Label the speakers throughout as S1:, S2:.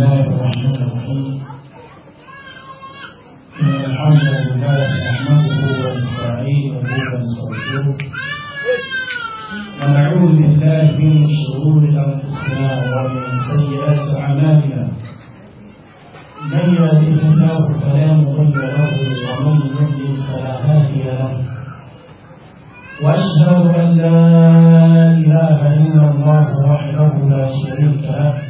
S1: الله
S2: الرحمن الرحيم إن الحمد لله نحمده ونستعينه ونستغفره ونعوذ بالله من شرور أنفسنا ومن سيئات أعمالنا من يهده الله فلا مضل له ومن فلا هادي له وأشهد أن لا إله إلا الله وحده لا شريك له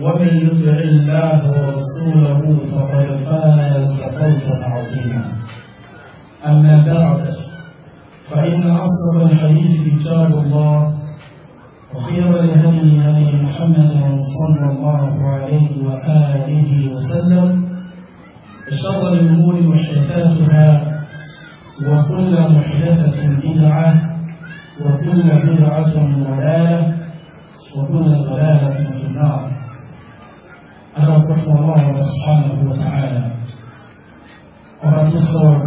S2: ومن يطع الله ورسوله فقد فاز فوزا عظيما اما بعد فان اصدق الحديث كتاب الله وخير الهدي هدي محمد صلى الله عليه واله وسلم وشر الامور محدثاتها وكل محدثه بدعه وكل بدعه ضلاله وكل ضلاله في النار أنا وقفت الله سبحانه وتعالى ورد الصور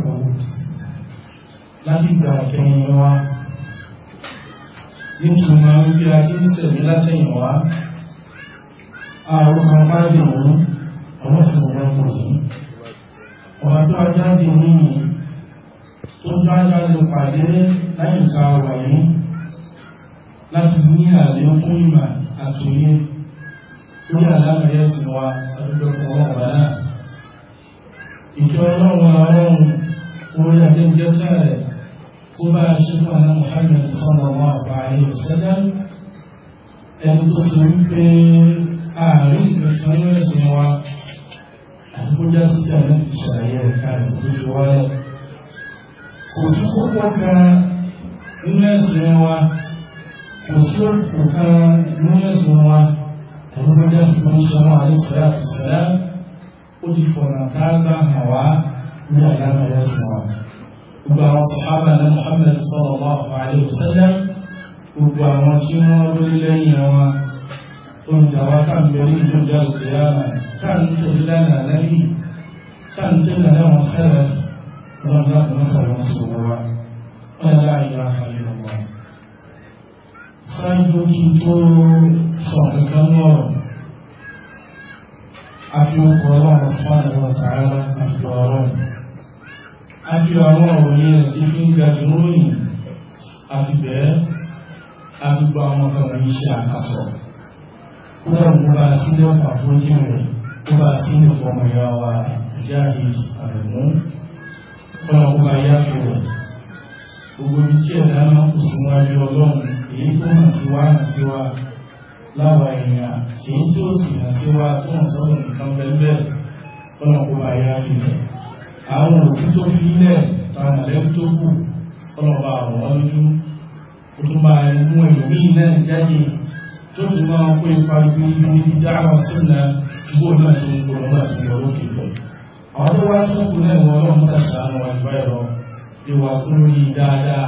S2: لا تدعى كين يوا يمكن ما يمكن أن يستمر لا تنوى أعرف ما يدعون ونفسه يقول ọ̀rọ̀ tó ajáde ní tó jájáde pàdé láyìnká wà ní láti ní àlẹ́ fún ìmà àtòyé lórí àlámọ̀rí ẹ̀sìn wa àdúgbò fún ọmọ wa náà ìjọ ọlọ́run ọlọ́run orí àdéjọ́tà rẹ̀ ó bá aṣíkò àná Muhammad sọ́nà wọn àbáyé ìṣẹ́dá ẹni tó sọ wípé ààrin ìgbẹ̀sán ẹ̀sìn wa àdúgbòjá sí ti àná ti ṣàyẹ̀ ẹ̀ka ìdójú wáyé kò sí púpọ̀ kan nínú ẹ̀sìn wa kò sí òkú kan nínú ẹ̀sìn wa òun ló jẹ́ fún ṣọmọ́ àdísọ́lá ìṣẹ́lá ó ti fọ̀nà tààtà àwá ní àyàmà ẹ̀sìn wa gbogbo àwọn sọ̀hábà ní Muhammad sallallahu alaihi wasallam gbogbo àwọn tí wọ́n lórí lẹ́yìn wọn tó ń dàwá káàkiri tó ń dàrú kìíyàmà káàkiri lánàá lẹ́yìn káàkiri lánàá wọn sẹ́rẹ̀ wọn dákùn sọ̀rọ̀ sọ̀rọ̀ wa wọn láàyè àkàlẹ̀ wọn. sáájú kí tó sọ nǹkan lọ́rọ̀ àfi okùn ọlọ́run fún àwọn ọ̀sàrà àfi ọ̀rọ̀ àfi àwọn òye ti fi ń ga lóyìn àfi bẹ́ẹ̀ àfi gba àwọn ọmọ iṣẹ́ àkàsọ̀ kúrò ní bá sílẹ̀ àfojú rẹ̀ tó bá sílẹ̀ fọmọ ìyá wa jáde àrùnú fọlọ́ kó bá yá tó rẹ̀ gbogbo ibi tí ẹ̀dá máa kù síwájú ọlọ́run èyí tó hàn sí wa hàn sí wa láwọn èèyàn kìí tí ó sì yà sí wa tó ń sọ́nà nǹkan bẹ́ẹ̀ tọ́nà kó bá yá jù lọ àwọn òbí tó fi lẹ̀ tààrà lẹ́fù tó kù tọ́nà bá àwọn lójú ó tún máa mú èmi náà jáde tó tún máa kó ipa ibi níbi dáhà sínú gbogbo náà tó ń kó lọ́wọ́ àti ìyọ̀ lókè àwọn tó wá tó kù náà wọn lọ́wọ́ sàṣà àwọn àjùbá ẹ̀rọ ìwà kúrò ní dáadáa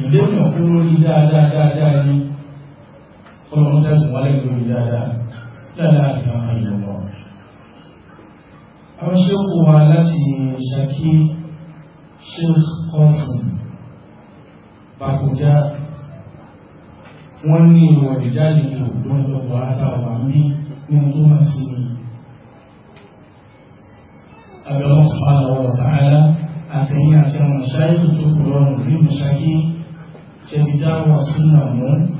S2: ìlẹ́yìn kúrò ní dáadáa dáadáa ni ọlọ́run sẹ́kùn wálé lórí dáadáa dáadáa ìgbà ìlú wọn. àwọn ṣéèkù wa láti ṣàkí sheikh kọ́sùn bàkújá wọ́n ní ìwọ̀n ìjáde ìwọ̀n lọ́wọ́ àtàwà mí nínú tó máa sí ni abẹ́wọ́n sọ̀rọ̀ ọ̀rọ̀ tààlà àtẹ̀yìn àti àwọn ṣáyé tó kù lọ́rùn nínú ṣáyé tẹ̀bí sínú àwọn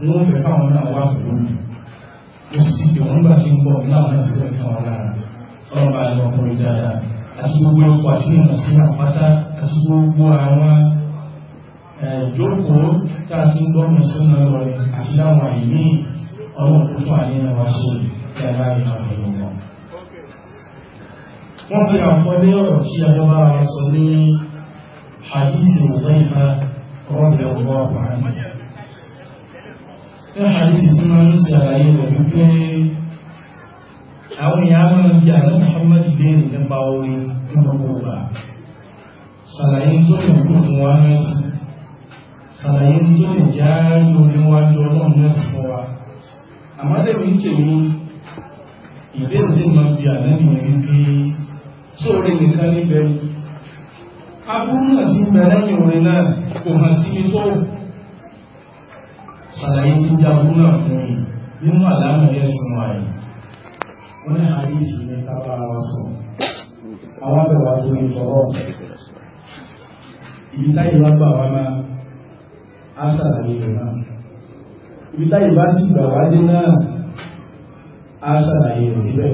S2: ní wọ́n fẹ́ káwọn náà wà pẹ̀lú mi mo sì ti wọ́n gbà tí ń bọ̀ láwọn náà ti fẹ́ káwọn náà ọ̀rọ̀ bá lọ ọkùnrin dáadáa àti gbogbo ọkọ̀ àti ìrìnà sí àpáta àti gbogbo àwọn ìjókòó tá a ti ń gbọ́ mi sí ọ̀nà lọ́rẹ̀ àti láwọn àìní ọ̀rọ̀ tó fún àníyàn wa ṣe dáadáa ìrìnà pẹ̀lú wọn. wọ́n fi àkọlé ọ̀rọ̀ tí a bá sọ ní hadith ìwọ̀n ìfà náà àdìsí tí wọ́n ń Muhammad léèrè nípa orí tó gbogbo gbà ṣàlàyé tó kù kù fún wa mẹ́sì ṣàlàyé tó lè já lórí wa jọ náà mẹ́sì fún wa àmọ́dẹ̀mí ń tèmi ìbéèrè tó máa ń bí ṣàlàyé tí jagunlá fún yìí nínú àlámọ̀ ẹ̀sùn wáyé wọ́n ní àdéhùn ní kápá wa sọ àwọn abẹ́wà tó ní tọrọ ibi táyé wá gbà wá máa á ṣàlàyé rẹ̀ náà ibi táyé bá sì gbà wá dé náà á ṣàlàyé rẹ̀ níbẹ̀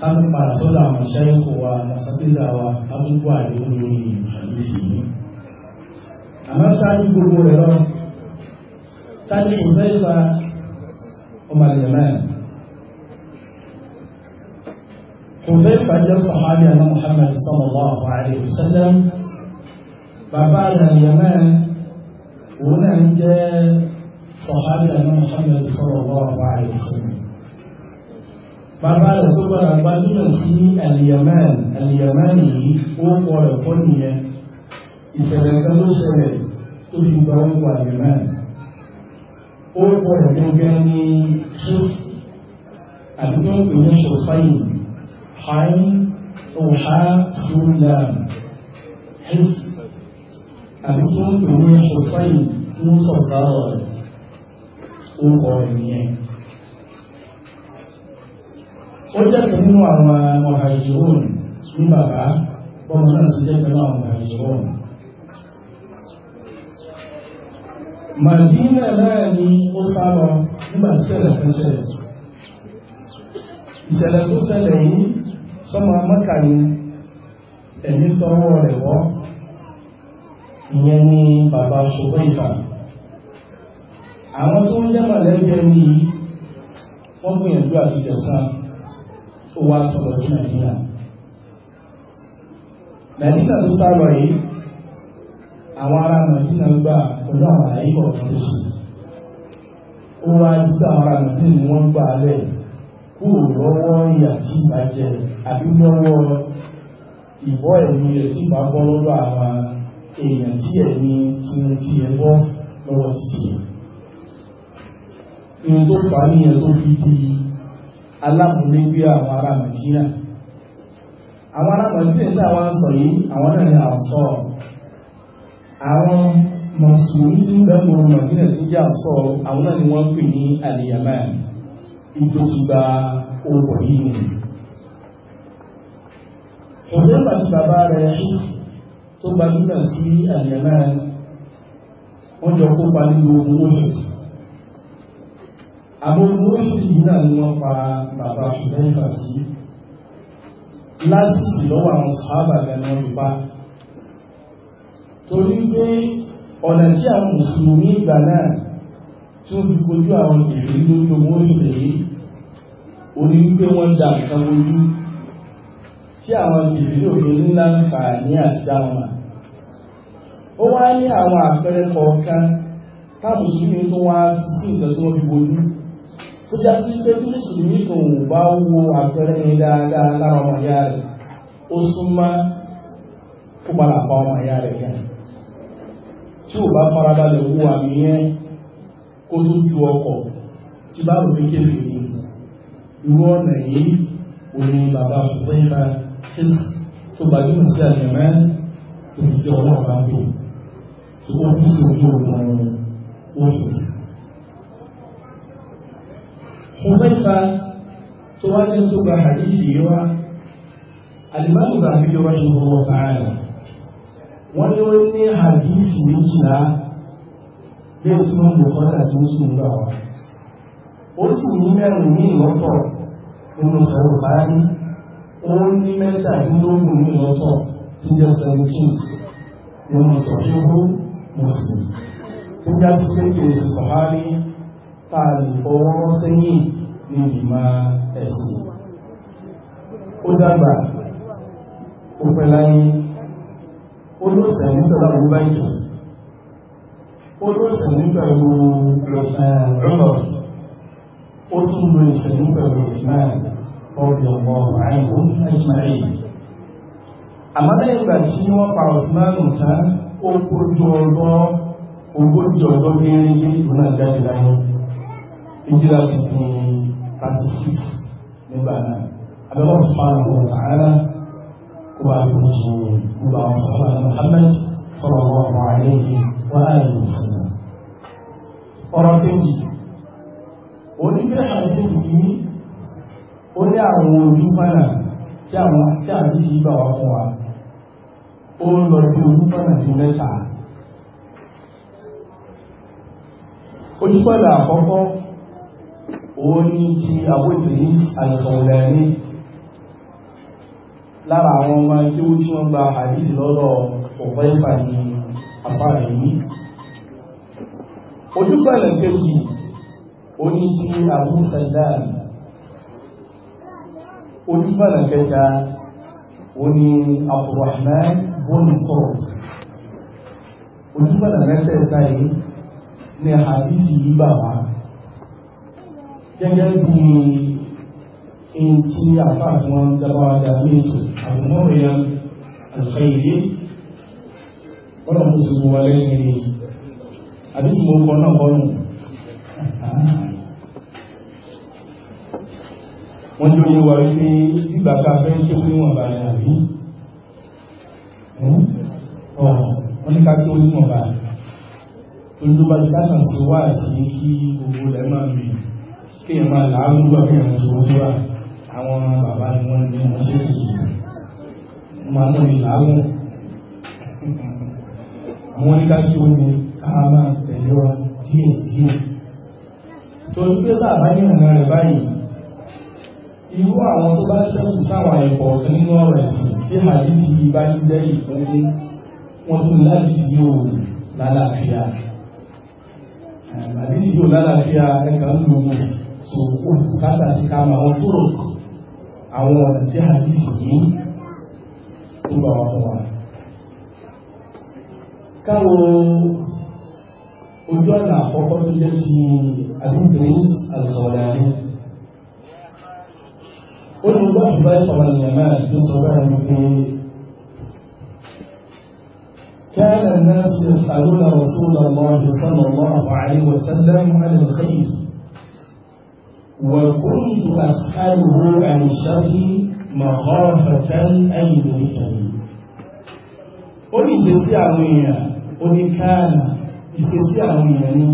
S2: ká tó padà sọ́dọ̀ àwọn iṣẹ́ ẹ̀kọ́ wa àṣàtúndà wa ká tó kó àdéhùn lórí àdéhùn yìí àmọ́ sáré gbogbo rẹ̀ lọ́wọ́ كان حذيفة أم اليمان حذيفة جاء صحابي أن محمد صلى الله عليه وسلم بعد اليمان هنا جاء صحابي أن محمد صلى الله عليه وسلم بعد rẹ̀ tó gbára gbajúmọ̀ sí aliyaman aliyaman yìí ó kọ ẹ̀kọ́ nìyẹn ìṣẹ̀lẹ̀ ó gbọ́dọ̀ gẹ́gẹ́ ní truth àdúgbò ìpínlẹ̀ ṣọ̀sáyì hain ọ̀há ṣúlá his àdúgbò ìpínlẹ̀ ṣọ̀sáyì ń sọ̀rọ̀ orúkọ ìyẹn ó jẹ́ pé nínú àwọn ọ̀hà ìṣòro ní bàbá ọmọ náà sì jẹ́ pẹ̀lú àwọn ọ̀hà ìṣòro Màdínà náà ni ó sábà nígbà ìṣẹ̀lẹ̀ kan ṣẹlẹ̀. Ìṣẹ̀lẹ̀ tó ṣẹlẹ̀ yìí sọ́mọ Mọ́kà ni ẹ̀mí tọwọ́ rẹ̀ wọ́. Ìyẹn ni bàbá ṣòfò ìfà. Àwọn tó ń jẹ́ mọ̀lẹ́bí ẹni yìí, wọ́n gbìyànjú àti tẹ̀sán ó wá sọ̀rọ̀ sí Nàìjíríà. Nàìjíríà tó sábà yìí, àwọn ará Nàìjíríà gbà pẹ̀lú àwọn àlàyé ọ̀tún lè ṣe ó wá gbà ara nìdí ni wọ́n gbà lẹ̀ kúrò lọ́wọ́ ìyà tí ìgbà jẹ àbí lọ́wọ́ ìbọ́ ẹ̀mí rẹ̀ tí ìgbà bọ́ lọ́wọ́ àwọn èèyàn tí ẹ̀mí tí ń ti ẹ̀ bọ́ lọ́wọ́ títí rẹ̀ ohun tó fà ní ẹ̀ tó fi di alábùlégbé àwọn ará Nàìjíríà àwọn ará Nàìjíríà tí àwọn sọ yìí àwọn náà ni àwọn sọ àwọn mùsùlùmí tí ń bẹ mọ̀ màdínà tí yà sọ àwọn náà ni wọ́n pè ní àlìyàmán ìjọ ti gba orúkọ yìí nù ọ̀rẹ́ bàtí bàbá rẹ̀ tó gba nígbà sí àlìyàmán wọ́n jọ kópa nínú ogun wọ́n àmọ́ wọ́n yìí náà ni wọ́n pa bàbá ṣùgbọ́n ìfà sí lásìkò lọ́wọ́ àwọn sàábà lẹ́nu ọ̀rùpá torí pé ọ̀nà tí a mùsùlùmí ìgbà náà tí ó fi kojú àwọn ìrìn lórí owó ìrìn orí wípé wọ́n dà nǹkan ojú tí àwọn ìrìn òkè ńlá ń fà ní àṣà ó wá ní àwọn àpẹẹrẹ kọ̀ọ̀kan mùsùlùmí tó wá sí nǹkan tí wọ́n fi kojú tó já sí pé tí mùsùlùmí kan ò bá wo àpẹẹrẹ yẹn dáadáa lára ọmọ ìyá rẹ̀ ó súnmọ́ padà ọmọ ìyá rẹ̀ yẹn tí ò bá farabalẹ̀ owó àmì yẹn kó tó ju ọkọ̀ tí bá rò kékeré ní irú ọ̀nà yìí òní bàbá fún ìbá tó gbajúmọ̀ sí àyẹ̀mẹ́ tó fi jẹ́ ọlọ́run bá gbé tó ó kú sí ojú ọ̀gbọ̀n oṣù. Mo fẹ́ tó wá ní tó gba àdéhìí wa, àdìmọ́ ìgbà fi ìwọ̀n ọ̀tá rẹ̀ wọ́n ní wọ́n ní àdíìsì méjìlá bí o tí wọ́n lè kọ́ta tí ó sùn gbà wá ó sì ní mẹ́rin ní ìlọ́tọ̀ nínú sọ̀rọ̀ báyìí ó ní mẹ́ta nínú ní ìlọ́tọ̀ tí jẹ́ sẹ́ńtì nínú sọ̀rọ̀ ìhó mùsùlùmí tí já sí pé kí èsì sọ̀hárí ta lè fọwọ́ sẹ́yìn ní ìmọ̀ ẹ̀sìn ó dàgbà ó pẹ́ láyé olóṣèlú pẹ̀lú àbúbáyé olóṣèlú pẹ̀lú rọ́lọ̀ ó tún lo ìṣèlú pẹ̀lú ìsmáà ọ̀bí ọmọ àìkú ẹ̀smáì àmọ́lẹ́ ìgbà tí wọ́n pa ọ̀túnmánù tán ó kójú ọgbọ́ ogójì ọjọ́ gẹ́gẹ́ ìgbóná jáde láyé ìjìlá ti sin 36 nígbà náà abẹ́wọ́n sọ fún àwọn ọ̀tàrà وأنفسهم وبأصحاب محمد صلى الله عليه وآله وسلم ورابطه onígbé àdéhùn yìí ó ní àwọn ojúmọ́nà tí àwọn tí a ní ìgbà wá fún wa ó ń lọ bí ojúmọ́nà ní mẹ́ta ojúmọ́nà àkọ́kọ́ òun ni ti àbójútó ní lára àwọn ọmọ tí ó tí wọ́n gba àdísì lọ́dọ̀ ọ̀pọ̀ ìfà ní àpáàrẹ yìí ojúgbọ̀nà kejì ó ní tí Abu Sallam ojúgbọ̀nà kẹta ó ní Abdurrahman bọ́nù kọ̀ọ̀ ojúgbọ̀nà mẹ́tẹ̀ẹ̀ta in tí àfáà tí wọ́n dábàá dàbí ètò àbùmọ́rìyà àlùfẹ́yìí wọ́n mú sí gbogbo wọlé ní rí àbí tí mo kọ náà kọ́nù wọ́n tí ó yíwa wípé bíbà ká fẹ́ tí ó níwọ̀n bá ní àbí wọ́n ní ká tí ó níwọ̀n bá tó ń tó bá ti dákàn sí wá sí kí gbogbo rẹ̀ máa mẹ́ kí èèyàn máa làágùn gbà kí èèyàn tó wọ́n tó wà àwọn ọmọ bàbá ni wọ́n ní wọ́n ṣe kì í máa ń rìn láàmú àwọn oníkájú ni ká máa tẹ̀lé wa díẹ̀ díẹ̀ torí pé bàbá ní ọ̀nà rẹ̀ báyìí irú àwọn tó bá ṣẹ́kù sáwọn ẹ̀kọ́ nínú ọ̀rọ̀ ẹ̀sìn tí àdídì bá ń jẹ́ ìpínlẹ̀ wọn tún láti yóò lálàáfíà àdídì yóò lálàáfíà ẹ̀ka ń lò mọ̀ so ó bùkátà sí ká máa wọn tó rọ̀ على جهة الدين تبارك الله كانوا وجودنا فقط يجي أبو بريس الخولاني قلوا الله بايق من يمان يصبحهم في كان الناس يسألون رسول الله صلى الله عليه وسلم عن الخير وكنت أسأله عن شري مخافة أن يدركني ó ní ìṣesí àwọn èèyàn oníkáàlà ìṣesí àwọn èèyàn ni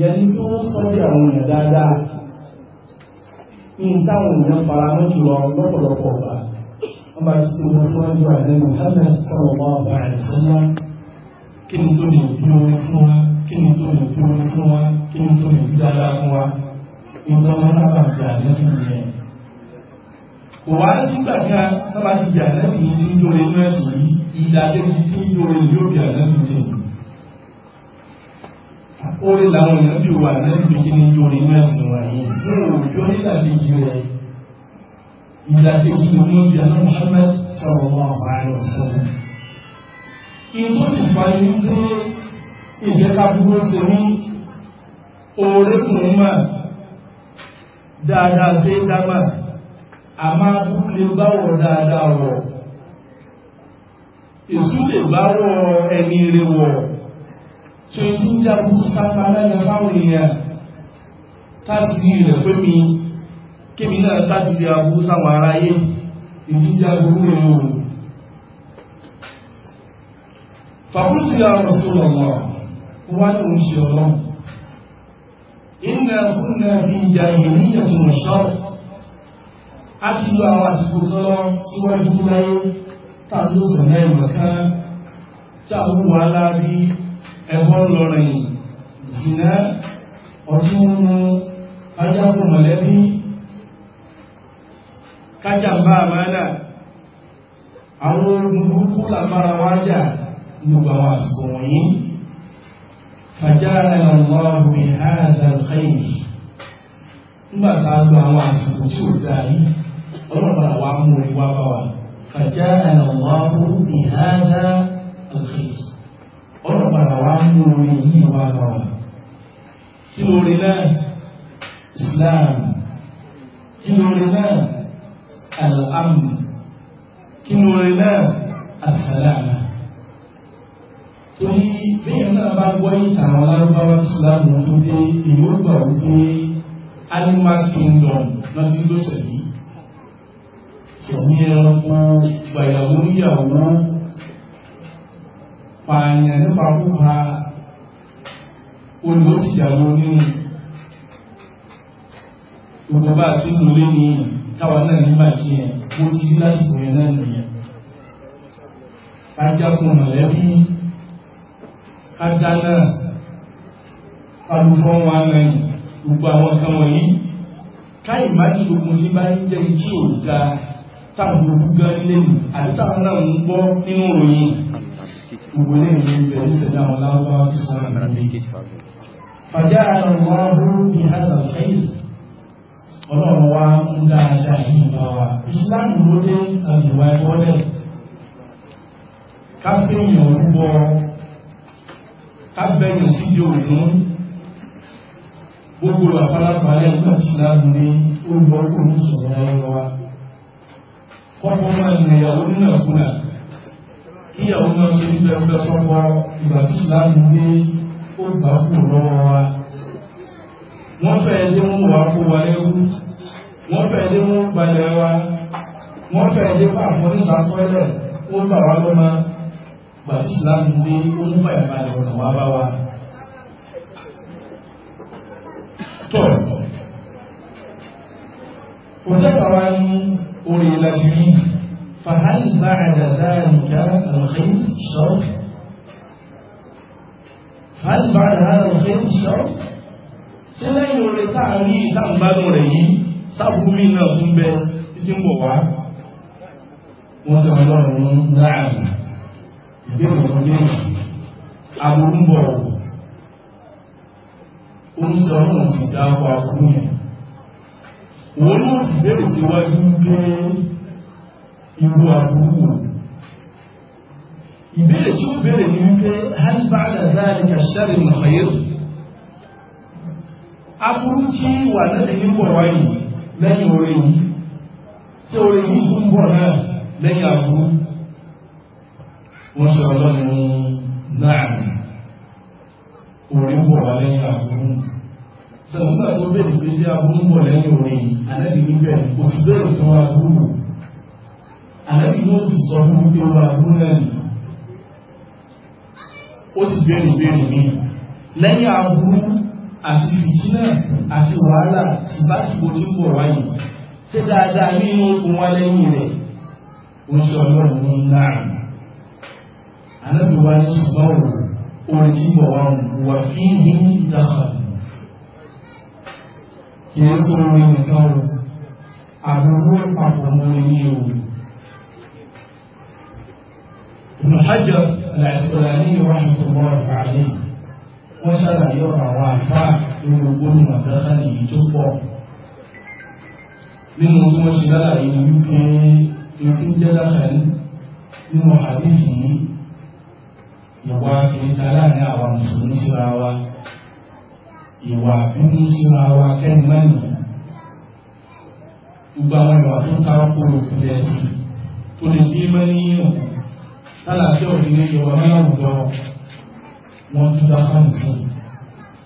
S2: yẹni bí wọ́n sọ́dí àwọn èèyàn dáadáa ní táwọn èèyàn fara jùlọ lọ́pọ̀lọpọ̀ bá wọ́n bá ti wọ́n tó wájú àdẹ́nu Muhammad sallallahu alaihi wasallam kí ni tó lè dúró fún wa kí ni tó lè dúró fún wa kí ni tó lè dáadáa fún wa nǹkan wọn sábà jà lẹ́bí yẹn kò wá ní sígbà kan sábà ti jà lẹ́bí yìí tí ń dóore inú ẹ̀sùn yìí ìdájọ́ yìí tí ń dóore yóò bí àlẹ́bí jẹ orí làwọn èèyàn bí wà lẹ́bí kí ní dóore inú ẹ̀sùn wà yìí yóò yóò ní tàbí jù rẹ ìdájọ́ yìí tó ní bí àlẹ́ máa dáadáa ṣe é dámà àmọ́ lè bá wọ̀ dáadáa wọ̀ èṣù lè bá wọ̀ ẹni rẹ̀ wọ̀ tí ó ti ń jábú sápá lẹ́yìn fáwọn èèyàn táàtì rẹ̀ fẹ́ mi kébì náà táàtì rẹ̀ abú sáwọn aráyé ìjíjá burú rẹ̀ mọ̀ fàkúntì àwọn ọ̀sọ̀rọ̀ wọn wá ní òun ṣe ọlọ́run iná kúnnà fi ìjà ìrìnlẹ̀ tí wọ́n ṣọ́ a ti lọ àwọn àtìkò tó lọ síwájú láyé tàbí òsìnlẹ̀ ìmọ̀kan tàbí aláàbí ẹ̀họ́ lọ́rin zina ọdún mú ajábò mọ̀lẹ́bí kájàmbá àmàdà àwọn olùgbùkú làmára wájà gbogbo àwọn àsìkò wọ̀nyí فجعلنا الله بهذا الخير nígbà tá a lo àwọn àsìkò tí ò dáa yìí ọlọ́pàá wa mú orí wá bá wa فجعلنا الله بهذا الخير ọlọ́pàá wa mú orí yìí wá bá wa kí lóore náà Islam kí lóore náà al-amn kí lóore náà as-salama torí lẹ́yìn náà bá gbọ́ ìtàwọn lárúbáwá ìsìláàmù tó dé ìwọ́tọ̀ wípé animal kingdom lọ́dún lọ́sẹ̀ yìí sẹ̀mí ẹranko gbàyàwó níyàwó pààyàn nípa púpa olùsìyàwó nínú gbogbo bá tí ń lólé ní káwà náà nígbà tí ẹ̀ ó ti rí láti sọ̀rọ̀ náà nìyẹn ajákùn mọ̀lẹ́bí kájá náà alùpọ̀ wọn náà gbogbo àwọn kan wọ̀nyí káì má ti gbogbo ní bá ń jẹ́ ìtú òga táwọn gbogbo gan lẹ́nu àti táwọn náà ń gbọ́ nínú ìròyìn gbogbo lẹ́nu ní ibẹ̀ ń sẹ̀dá àwọn lábáwá tó sọ fàjá àwọn ọmọ ọdún ní àtàkẹ́yìn ọlọ́run wa ń dáadáa yìí bá wa islam ló dé àjùwà ẹgbọ́lẹ̀ káfíńyàn rúbọ kábẹ̀yìn sí ti òun gbogbo àfárafàálẹ̀ ìgbàtíláàmù ní olùgbọ́kùn ní ṣùgbọ́n ẹ̀yọ́ wa kọ́kọ́ máa ń ìyàwó nínà fúnà kíyàwó máa ṣe ní pẹ́pẹ́ sọ́pọ̀ ìgbàtíláàmù ní olùgbàkùn lọ́wọ́ wa wọ́n fẹ́ lé wọn wà kó wa lẹ́rú wọ́n fẹ́ lé wọn gbalẹ̀ wa wọ́n fẹ́ lé pàmò ní sàkọ́lẹ̀ ó bà wá lọ́mọ gbàtí ìsìláàmù dé onímọ̀ ìbàdàn ọ̀nà wà bá wa tọ́ òtẹ́ta wa ní orí ìlàjìrí fàhálì bá àdàdà nìkà àlùkẹ́ sọ́ọ̀k fàhálì bá àdàdà àlùkẹ́ sọ́ọ̀k tí lẹ́yìn orí táàrí ìtàǹbádùn rẹ̀ yìí sábúmí náà fún bẹ títí ń bọ̀ wá wọ́n sọ ọlọ́run láàrín ìbéèrè wọn ní aburú ń bọ̀ ó ń sọ ọ́nà sì dáko aburú yẹn wọn ní wọ́n sì bẹ̀rẹ̀ síwájú pé irú aburú wọn ìbéèrè tí ó bèèrè ní wípé halbáàdà záàríkà ṣàrí mọ̀kàyẹ́rù aburú tí wà náà ní bọ̀ lẹ́yìn orí yìí tí orí yìí tún bọ̀ náà lẹ́yìn aburú wọ́n ṣe ọlọ́run náà orí bọ̀ wà lẹ́yìn àbúrú sọ̀rọ̀gbà tó bèèrè pé sí àbúrú bọ̀ lẹ́yìn orí alẹ́bí níbẹ̀ kò sì bẹ̀rẹ̀ fún àbúrú alẹ́bí ló sì sọ fún pé ó àbúrú lẹ́yìn ó sì bẹ̀rẹ̀ bẹ̀rẹ̀ ní lẹ́yìn anábìwá ní ṣùgbọ́n orin tí bọ̀ wá wà fí ní ìdáhà kì í tó orin nìkan o àbúrú papọ̀ mọ́ ní o ìmọ̀hájọ́ làìsọ̀rọ̀ ní rahmatullahi alayhi wọ́n ṣàlàyé ọ̀rọ̀ àwọn àfáà lórí tí wọ́n jẹ́ lákàní nínú àdéhùn yìí ìwà kìíta láàrin àwọn mùsùlùmí síra wa ìwà bíbí síra wa kẹ́ni mẹ́nu gbogbo àwọn ìwà tó ń ta kúrò kúlẹ̀ sí tó lè bí mẹ́ni yíyàn lálàájọ́ òdìrí ìjọba mẹ́làwùjọ wọn tún dá fáwọn sí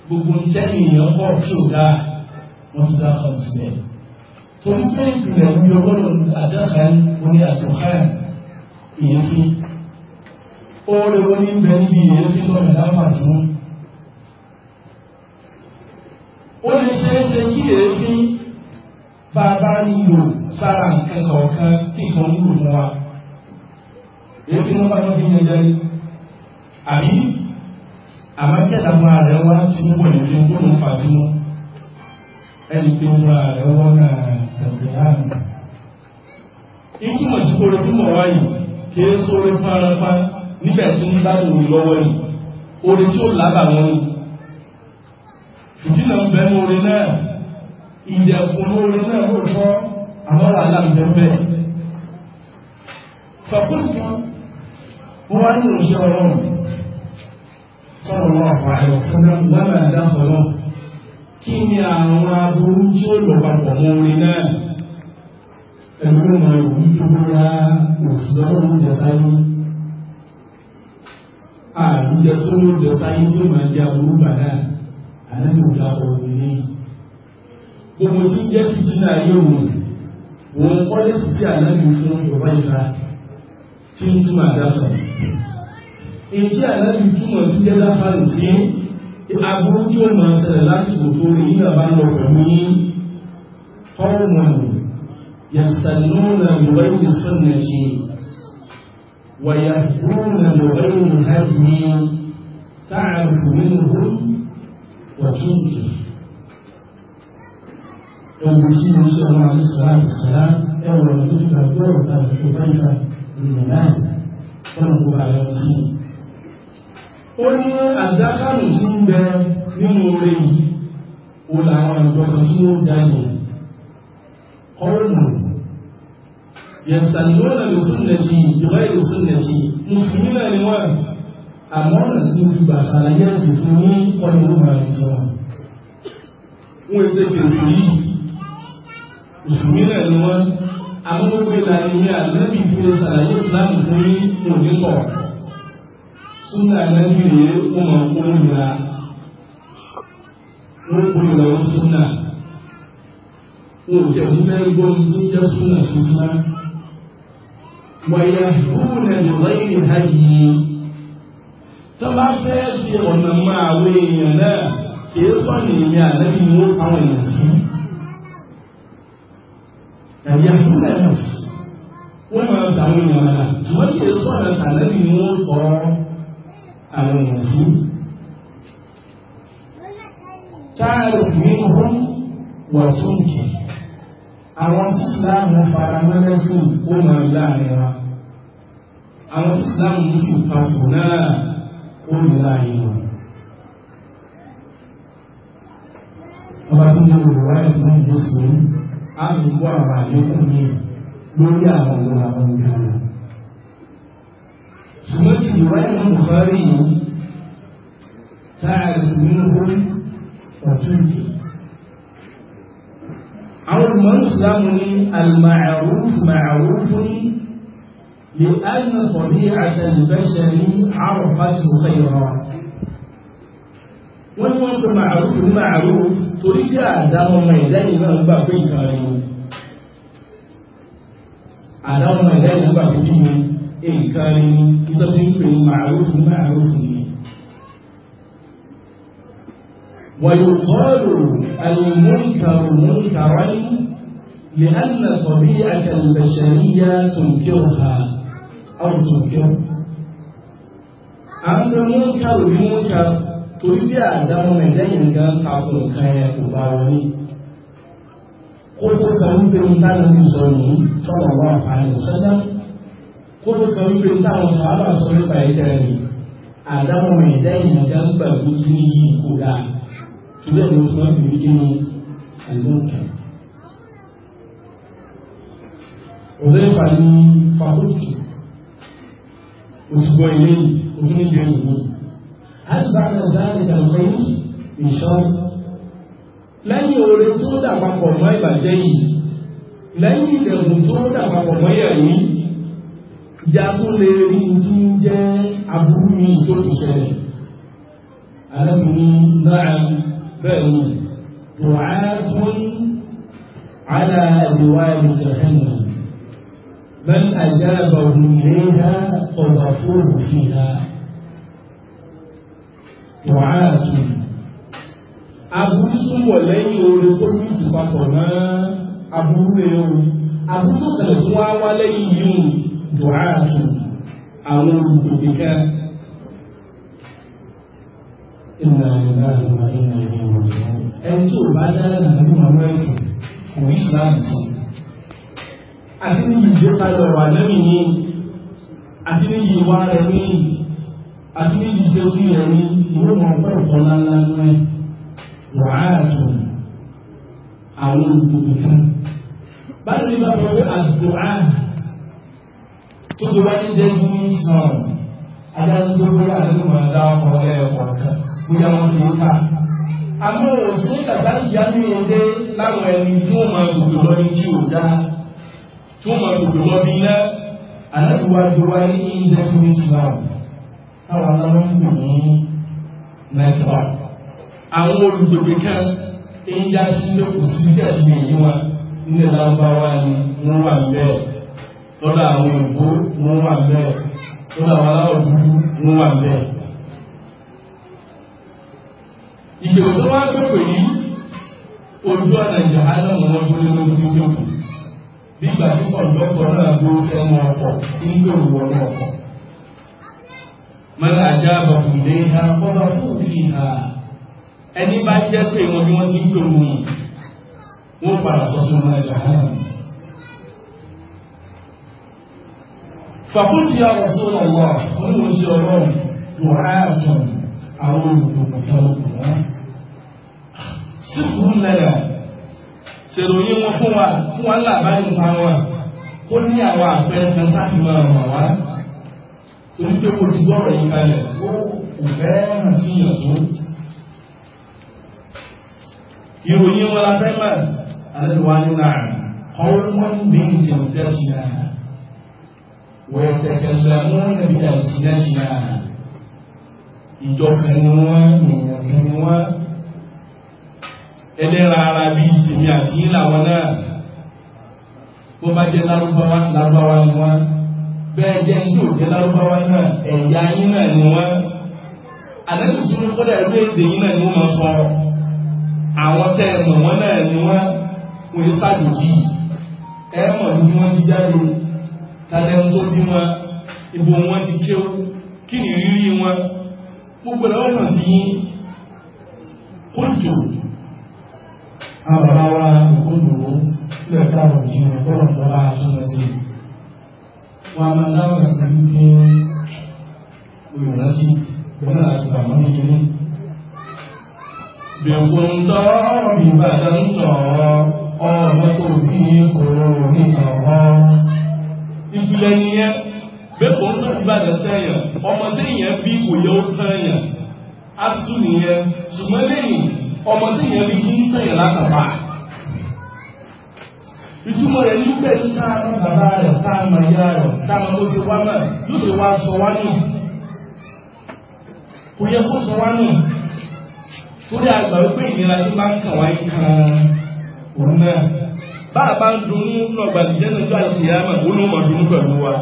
S2: gbogbo ń jẹ́ èèyàn pọ̀ tí ò dáa wọn tún dá fáwọn sí ẹ̀ torí pé ìpìlẹ̀ ń yọ gbọ́dọ̀ àdáhàn oní àdóhàn èèyàn fi oore wo ní bẹ níbi ìyẹn tí lọ rẹ̀ lápá sí wọn. ó lè ṣeé ṣe kí èéfín bá a bá nílò sára nǹkan kọ̀ọ̀kan kí nǹkan wúlò fún wa. èéfín ló bá wọn fi yẹn jẹrí àbí àbájáde àwọn ààrẹ wa ti ń wọ̀ níbi ó ló ń fa sí wọn. ẹni pé ó ààrẹ wọn náà tẹ̀lé àmì. ikú mọ̀ sí sórí fún mọ̀ wáyé kì í sórí fún ara fún níbẹ̀ tí ń bá wù lọ́wọ́ yìí orin tí ó lábà wọn ni ìdínà bẹnu orin náà ìdẹ̀kùn orin náà ó tọ́ àwọn wàhálà bẹ́ẹ̀ fàkúntù wọn wá ní òṣè ọlọ́run sọ̀rọ̀ wọn àwọn àìsàn wọn máa dá sọ̀rọ̀ kí ni àwọn aburú tí ó lọ papọ̀ mọ́ orin náà ẹ̀rọ máa wù ú tó òṣìṣẹ́ ọlọ́run jẹ sáyé àlùjọ tó ń lọ sáyé tó máa jẹ aburú bàdá àlẹ́mọ̀lá obìnrin gbogbo tí ń jẹ́ fìtínà ayé òun wọn kọ́lé sí sí àlẹ́mọ̀ fún yorùbá ìfà tí ń túmọ̀ àdáfà èyí àlẹ́mọ̀ túmọ̀ tí jẹ́ láfà sí aburú tí ó máa ṣẹlẹ̀ láti òtó rí nígbà bá lọ pẹ̀lú ní ọ̀rùn yàtàlónà yorùbá ìfẹsẹ̀ nàìjíríà ويهدون بغير هدي تعرف منهم وتنكر ان شاء الله عليه وسلم أول ذكر الدور كان حذيفة بن كما هو على المسيح قل أدخل جنبا من نوري قل أعلم بكثير دنيا قوم yẹ̀sànlọ́nà lè súnnàtí ìjọba ìlú súnnàtí mùsùlùmí náà ni wọ́n àmọ́ ọ̀nà tí ó fi gbà sàlàyé àti fún ní ọdún ọmọ rẹ̀ tí wọ́n wọ́n ṣe pèsè yìí mùsùlùmí náà ni wọ́n àmọ́ gbogbo ìlànà ní àlẹ́bí fi sàlàyé ìsìlámù fún ní òníkọ̀ súnnà àlẹ́bí rẹ̀ wọ́n máa kó ìlà wọ́n kó ìlà wọn súnnà wọ́n jẹ̀ wọ́n fẹ́ gbọ́ ní tí jẹ́ súnnà tuntun náà wọ̀yẹ̀húnẹ̀ lọ́yìn hajji tó bá fẹ́ ṣe ọ̀nà máa wé èèyàn náà kìí sọ nìyí àlẹ́bí ni ó fáwọn èèyàn sí ẹ̀yẹ̀húnẹ̀ wọ́n máa sàwọn èèyàn náà ṣùgbọ́n kìí sọ ọ̀nà tàlẹ́bí ni ó sọ àwọn èèyàn sí táàrù mìíràn wà tún kìí àwọn tí ìsìláàmù faramẹ́lẹ́ fún ó mọ̀ láàrin wa àwọn tí ìsìláàmù sì papọ̀ náà ó mọ̀ láàrin wa. ọba tó ní olùwà ẹ̀sán ìgbésùn á lè kó àwọn àlékún ní lórí àwọn ọmọ àwọn obìnrin. ṣùgbọ́n tí ìwà ẹ̀sán Bukhari yìí táà lè nínú ọtún yìí àwọn olùmọ̀ ìsìlámù ní al-ma'ruf ma'rufun lè ánà tọ̀bí àtàlùbẹ́sẹ̀ ní àrọ̀fà ti rọ̀ ìrọ̀ wọ́n ni wọ́n pè ma'ruf ní ma'ruf torí kí àdámọ́ ọmọ ìdáyìn náà ọmọ ìdáyìn ويقال المنكر منكرا لأن طبيعة البشرية تنكرها أو تنكره أنت منكر بمنكر torí àdámọ́ ẹ̀lẹ́yìn ga ń takùn nǹkan ẹ̀ kò bá wọn ní kó tó ka wípé ń dáná ní sọ ní sọ́nà wà fàáyé sẹ́dá kó tó ka wípé ń dáná sọ àbá sọ nípa ẹ̀jẹ̀ rẹ̀ àdámọ́ ẹ̀lẹ́yìn ga ń gbàgbó sí yìí kó dáa going ṣùgbọ́n ìlú sọ ìlú nínú àìlọ́ọ̀kà òlẹ́fà ní fàkóòtù òṣùgbọ́ ilé òfin ìjọ ìlú àìbára dáàrí àgbẹ̀ ìṣọ́ lẹ́yìn oore tó dàpapọ̀ mọ́ ìbàjẹ́ yìí lẹ́yìn ìdẹ̀rùn tó dàpapọ̀ mọ́ ìyàwó ìjà tó lè rí ojú jẹ́ aburú mi tó ti ṣẹlẹ̀ alábùnú náà bẹ́ẹ̀ ni dùcátún ala diwaani jahannam man ajaaba wuliyayha ọ̀gáfóòrù fiha dùcátún. aburú tún wọ̀ lẹ́yìn oore tó ní ìsìpapọ̀ náà aburú rẹ̀ o aburú tó tẹ̀lé fún wa wá lẹ́yìn yìí dùcátún àwọn olùdókè kan ìnà ìlà ìlà ìnà ìlà ẹni tí ò bá dára nínú àwọn ẹ̀sìn kò ní ìsìláàmù sí àti ní ìgbékalẹ̀ ọ̀rọ̀ àlẹ́mì ní àti ní ìwà rẹ̀ ní àti ní ìṣe sí rẹ̀ ní ìwé wọn pẹ̀lú ọ̀la ńlá ńlá wàhálà àwọn olùdókòwò fún báyìí ní bá sọ pé àdùá tó ti wáyé jẹ́ kí ń sàn adájọ́ pé àdéhùn àdáhùn ọ̀rẹ́ ọ̀kan bóyá wọn fi ń kà àmọ́ òsín tàbí ìyáni ẹdẹ láwọn ẹni tí wọn máa gbogbo lọ ní tí ò dá tí wọn máa gbogbo lọ bí iná aláàbíwájú wa ní ilẹ̀ tí wọn ti wà táwọn aláwọ̀ ń pè ní nàìjíríà àwọn olùgbègbè kan ń yá sí ilé kò sí jẹ́ sí èyí wọn nílẹ̀ lábáwá ni wọ́n wà bẹ́ẹ̀ lọ́dọ̀ àwọn òyìnbó wọ́n wà bẹ́ẹ̀ lọ́dọ̀ àwọn aláwọ̀ dúdú wọ́n wà bẹ́ẹ̀. ìgbèrò tó wá pèpè yìí ojú ọ̀nà ìjàhánà wọn tó lé lórí tí ó kù nígbà tí kọ̀ǹdọ́kọ̀ náà tó sẹ́nu ọkọ̀ tí ń gbèrò wọn ọkọ̀ mọ́lá ajá àbàkù lé ha kọ́lá fún fi ha ẹni bá jẹ́ pé wọn bí wọ́n ti ń gbèrò wọn wọ́n padà sọ sí ọmọ ìjàhánà fàkúntì yà wọ́n sọ́nà wọ́n wọ́n ń ṣe ọlọ́run dùn áàtùn àwọn olùdókòtà olùkọ́ síkù lẹ́nà ṣèròyìn wọn fún wa fún wa ńlá báyìí nípa wọn ó ní àwọn àpẹẹrẹ kan sáfì máa ràn wá torí pé kò ti gbọ́rọ̀ yìí kalẹ̀ ó kò fẹ́ hàn sí ìyàtọ̀ ìròyìn wọn la fẹ́ mọ̀ alẹ́lùwà ní náà ọ̀rọ̀mọ́n bíi jẹ̀mùtẹ́sìnà wẹ̀tẹ̀kẹ̀lẹ̀mọ́n nàbí àìsínà ìjọkànnì wọn ìyànkànnì wọn ẹlẹ́ra ara bí ìtìmí àti ìlàwọn náà bó bá jẹ́ lárúbáwá lárúbáwá ni wọ́n bẹ́ẹ̀ jẹ́ tí ò jẹ́ lárúbáwá náà ẹ̀yà yín náà ni wọ́n àdéhùn tí wọ́n kọ́dà ẹ̀rú èdè yín náà ni wọ́n máa sọ àwọn tẹ́ ẹ mọ̀ wọ́n náà ni wọ́n wọ́n ṣàjòjì ẹ mọ̀ ní wọ́n ti jáde tàbí ẹni tó bí wọn ibo wọn ti kéwò kí ni rírí wọn gbogbo ẹ̀ wọ́n náà sí yín kó jòjò àwọn bàbá wa ògbóǹdòwó tí ó dáwọ̀ yìí sí i wọn a máa dáwọ̀ kàkà ní pé ìrántí ìrántí àti àwọn ìdílé bẹ̀kùn tọ́rọ̀ ìbàdàn tọ̀rọ̀ ọ̀rọ̀ tó bí kòrò ní ọ̀rọ̀ ìpìlẹ̀ nìyẹn bẹ́kùn tó ti bàdàn sẹ́yìn ọmọdé yẹn bí kò ó tẹ́yìn asùn nìyẹn ṣùgbọ́n lẹ́yìn ọmọ tí yẹn bí jí sẹ́yìn látàbà ìtumọ̀ rẹ̀ ní pẹ̀ ní táàmù bàbá rẹ̀ táàmù ayá rẹ̀ táàmù tó ṣe wá náà ló ṣe wá sọ wá nù kò yẹ kó sọ wá nù torí àgbà wípé ìnira tó bá ń kàn wáyé kan òun náà bá a bá ń dunnú lọ́gbà ìjẹ́ níjọ́ àti ìyá mọ̀ òun ló mọ̀ dunnú pẹ̀lú wa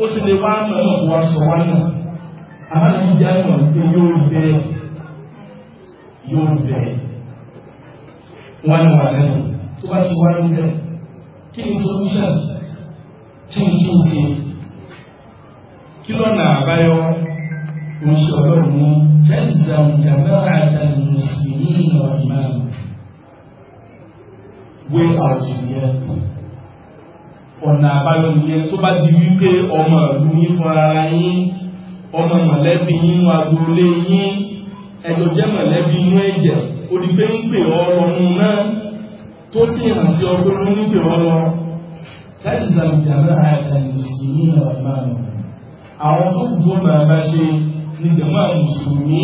S2: ó sì lè wá mọ̀ wá sọ wá nù àbá nàìjíríà mọ̀ pé yóò rí bẹ́ẹ̀ yóò bẹ̀rẹ̀ wọ́n ni wà lẹ́nu tó bá ti wá ní bẹ́ẹ̀ kí ni solution kí ni kí n ṣe kí lọ́nà àbáyọ ń ṣe ọlọ́run mú tẹ́lifíṣàn jàmẹ́rà àtàlù mùsùlùmí ìlọ ìmáàmù wé àwọn ìyẹn ọ̀nà àbáyọ nìyẹn tó bá ti wí pé ọmọ ìlú yín fúnra yín ọmọ mọ̀lẹ́bí yín wà dúró lé yín ẹjọ́ jẹ́ mọ̀lẹ́bí inú ẹ̀jẹ̀ ó di pé ń pè ọ́ lọ mú náà tó sì hàn sí ọgbẹ́ ló ń pè ọ́ lọ. láti sàmìjàmọ́ àìsàn ìsìnkú náà máa nù. àwọn tó gbọ́ máa bá ṣe ní jẹ̀mọ́ àmùsùnmí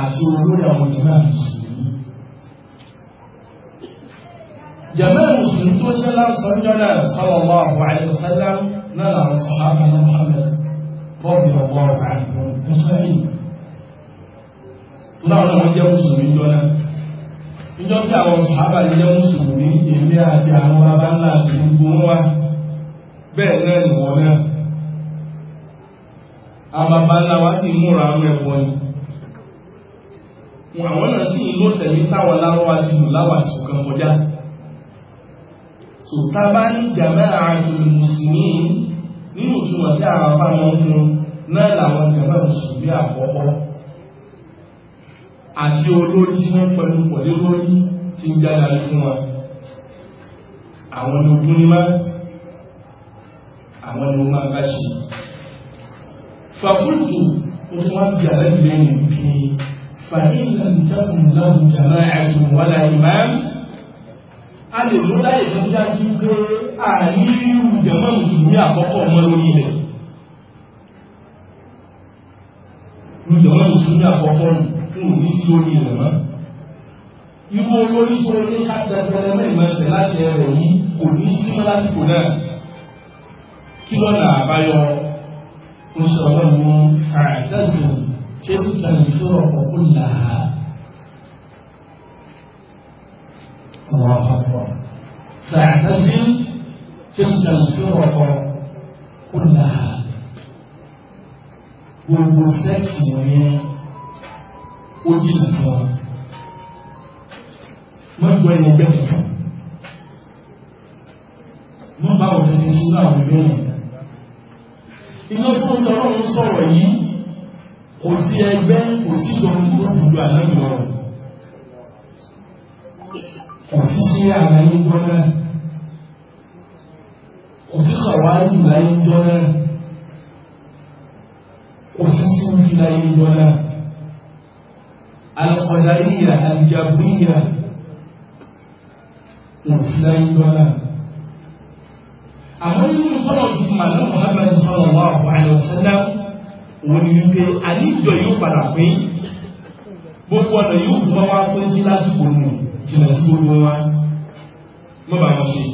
S2: àti olórí àwọn jẹ̀mọ́ àmùsùnmí. jẹ̀mọ́ àmùsùnmí tó ṣe lásán jọ́nà náà làwọn sọ̀rọ̀ àbẹ̀lẹ̀ tó láwọn náà wọ́n jẹ́ mùsùlùmí jọ náà níjọ́ tí àwọn sàhábà lè jẹ́ mùsùlùmí èmi àti àwọn bàbá ńlá àti gbogbo wọn wá bẹ́ẹ̀ náà ni wọ́n náà àwọn bàbá ńlá wa sì múra àwọn ẹ̀wọ̀n ni àwọn náà sì inú sẹ̀mí táwọn lárọ́wà ti lù láwàsù kan kọjá so tá ní jàmẹ́ àjòlù mùsùlùmí nínú ìtumọ̀ tí àwọn afá máa náà làwọn jàmẹ́ mùsùlùmí àkọ́kọ́ àti olórí tí wọ́n pẹ̀lú pọ̀lé lórí tí ń dára fún wọn àwọn ni ogun ní máa àwọn ni ó máa bá ṣe fàkúrùtù ó tún wá bí alẹ́bìnrin ní bí fàílà ń tẹ́kùn láhùn jàmá àìsùn wà láì máa a lè mú láyé tó já sí pé àríwú jàmá mùsùlùmí àkọ́kọ́ mọ́ lórí ilẹ̀ jàmá mùsùlùmí àkọ́kọ́ nù tí ò ní sí orí rẹ̀ mọ́. Irú olórí tó ní kájà tẹ́lẹ̀ mẹ́rin ẹsẹ̀ láti ẹ̀rọ yìí kò ní sí mọ́ lásìkò náà. Kí lọ́nà àbáyọ ń sọ lọ́nu àìsẹ́sìn tí ó kàn ní sọ̀rọ̀ ọ̀pọ̀ là á. Ọ̀rọ̀ ọ̀pọ̀. Fàtẹ́sìn tí ó kàn sọ̀rọ̀ ọ̀pọ̀ là Gbogbo sẹ́ẹ̀sì wọ̀nyẹn ó jìnà fún ọ mọ́jọ ẹni ẹgbẹ́ nìkan wọ́n bá ọ̀dọ́ ní sí àwọn ẹgbẹ́ nìkan iná fún ọlọ́run sọ̀rọ̀ yìí kò sí ẹgbẹ́ kò sí ìjọba tó dùdú àlẹ́yìn ọ̀rọ̀ kò sí sí àlàyé jọ́nà kò sí kàwárí ìlàyé jọ́nà kò sí sí ìlàyé jọ́nà alkọ̀dáríyà alìjàbúríyà mùsùlùmí àwọn nínú tọ́lọ̀ ti fi màlúù Muhammad sallallahu alaihi wasallam wọ́n ni wípé àníjọ yóò padà pé gbogbo ọ̀nà yóò gbọ́ wá pé sí lásìkò nù jìnà sí gbogbo wa mọ́bà wọn ṣe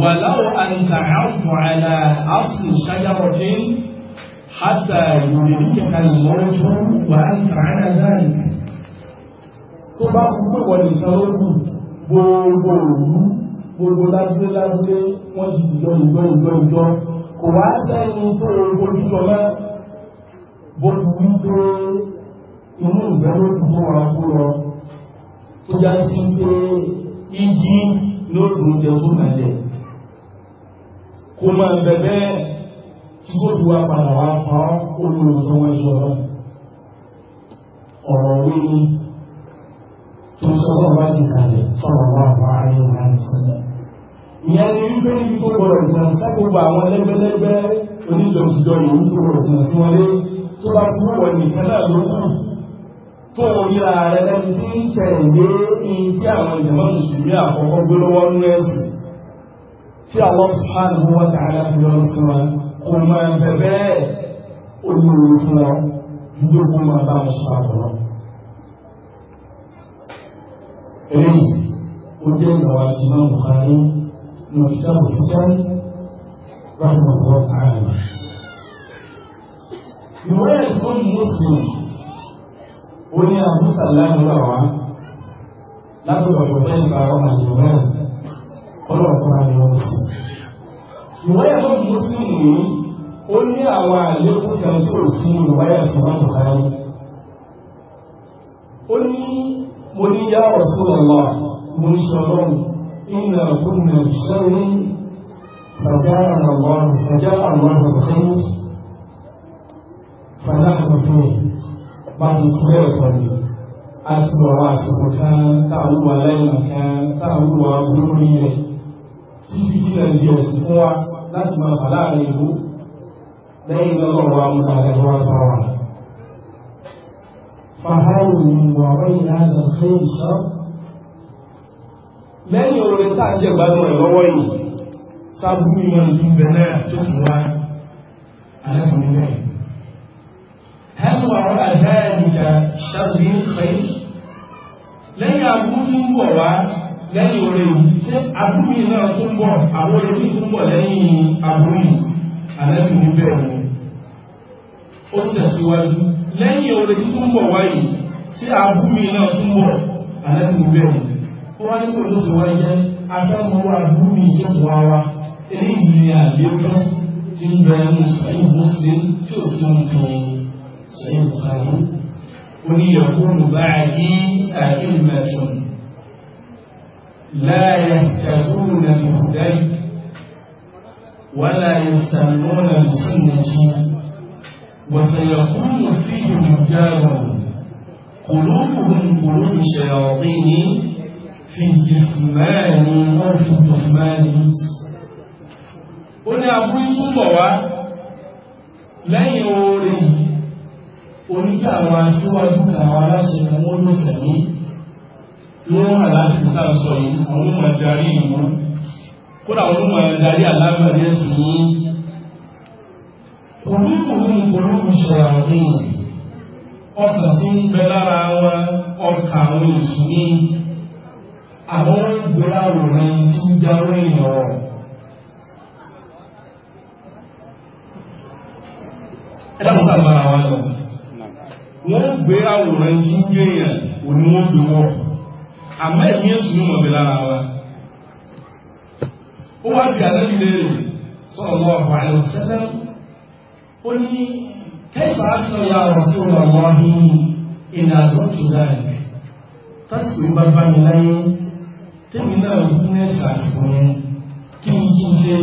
S2: wà láwọ̀ àǹtà àǹtà àlà àṣìṣàyàwọ̀ tí حتى يدركك الموت وأنت على ذلك tó bá kú pé wọ́n lè sọ lókù gbogbo òru gbogbo ládúgbé ládúgbé wọ́n ti ìjọ ìjọ ìjọ ìjọ kò wá sẹ́ni tó gbogbo ìjọ mẹ́ gbogbo wípé inú ìgbẹ́ ló kù tó wà kú lọ tó já sí pé iyì ló dùn jẹ tó mẹ́lẹ̀ kò mọ̀ bẹ̀bẹ̀ sóòtù wa padà wá fa olóòrùn tó wọ́n jọ lọ ọ̀rọ̀ orí ni tó sọ́kọ̀ bá di kalẹ̀ sọ̀rọ̀ wá wá ayé wá sílẹ̀ ìyẹn ni wípé ibi tó gbọdọ̀ jìnnà sẹ́kùgbà àwọn lẹ́gbẹ́lẹ́gbẹ́ oníjọ́síjọ́ yìí tó gbọdọ̀ jìnnà sí wọlé tó bá kú wọ̀ nìkan rẹ̀ lẹ́nu tí ń tẹ̀lé in tí àwọn ìjọba mùsùlùmí àkọ́kọ́ gbé lọ́wọ́ nú tí àwọn sùpáàlù wọn kàá láti lọ sí wọn kò máa bẹ̀rẹ̀ olóòrò fún ọ yóò kó máa bá wọn sọ àbọ̀rọ̀. èyí ó jẹ́ ìgbàwá sí náà bùkárí ní ọ̀ṣẹ́ àbòkúta láwọn ọ̀pọ̀ ààrẹ. ìwé ẹ̀sùn mùsùlùmí ó ní àbúsà láàrin àwọn látọ̀dọ̀ ọ̀pọ̀ bẹ́ẹ̀ ọmọ ìlú náà ọlọ́ọ̀kọ́ àyọ̀ ọ̀sìn ìwáyà tó kìí sí ìlú ó ní àwọn àlékún kan tí ò sí ìwáyà tí wọ́n tó káyé ó ní mo ní yá ọ̀sùn ọ̀lá mo ní sọ̀rọ̀ ìnà kúnnà sẹ́rí fàjá àwọn fàjá àwọn ọ̀sán fàjá àwọn bá ti kú bẹ́ẹ̀ kọ́ ni a àsìkò kan táwọn wà lẹ́yìn kan táwọn wà lórí rẹ̀ títí tí ẹ̀ di ẹ̀sìn fún wa láti máa fà láàrin ìlú lẹ́yìn lọ́wọ́ wa mú àlejò wa tọ́ wa. فهل من وراء هذا الخير شر؟ lẹ́yìn orin tá jẹ́ gbádùn ẹ̀ lọ́wọ́ yìí sábúrú ìmọ̀ ìbẹ̀ náà tó tún wá alẹ́kùnrin náà hẹ́nu àwọn àjá ẹ̀dìjà ṣàbí ń fẹ́ lẹ́yìn agbúrú bọ̀ wá lẹ́yìn orí tí abúrú yìí náà tún bọ̀ àwọn orí tún bọ̀ lẹ́yìn abúrú yìí alẹ́bí ní bẹ́ẹ̀ ni ó tẹ̀síwájú lẹ́yìn orí tún bọ̀ wáyìí tí abúrú yìí náà tún bọ̀ alẹ́bí ní bẹ́ẹ̀ ni ó wá ní kò ló ti wáyé akẹ́kọ̀ọ́ abúrú yìí tó wá wá eléyìí ni àlékún tí ń bẹ ẹnu sẹ́yìn muslim tí ó tún fún sẹ́yìn buhari ó ní yẹ̀kú báyìí àìlmẹ̀tún لا يهتدون بهديك ولا يستنون بسنتي وسيكون فيهم رجال قلوبهم قلوب الشياطين في جثمان وفي الرحمن ó ní abúrú túnbọ̀ wá lẹ́yìn oore oníkà àwọn aṣíwájú kàwọn aláṣẹ ìwọ́n ló sẹ̀mí yóò hàn lásìkò tá a sọ yìí àwọn ọmọ adarí ìlú kódà àwọn ọmọ adarí alágbàdé sí i. olùkùnrin ìpolówó sọ̀rọ̀ àwọn èèyàn ọkàn tí ń bẹ lára wọn ọkàn àwọn èṣù ní àwọn ìgbéyàwó rẹ ti ń jáwé ìrọ̀rùn. ẹ̀dàkùn bá bára wa lọ wọ́n gbé àwòrán jíjẹ́ yẹn òní wọ́n gbé wọ́n àmọ́ ẹ̀mí èṣù ní mọ̀bí lára wa ó wá bí alẹ́ ìlérè sallallahu alaihi wasallam ó ní kayfa asra ya Rasulullah ìnà àdọ́tù dáàbì tásìkò bá bá mi láyé tẹ́mi náà ń ní ẹ̀sà àṣìṣàn yẹn kí n kí n ṣe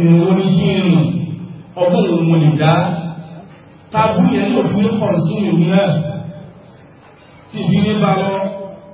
S2: ìrìn orí kí n rìn ọgbọ́n òun lè dá tábú yẹn ní òfin fọ̀rọ̀ sí tìbí ní bá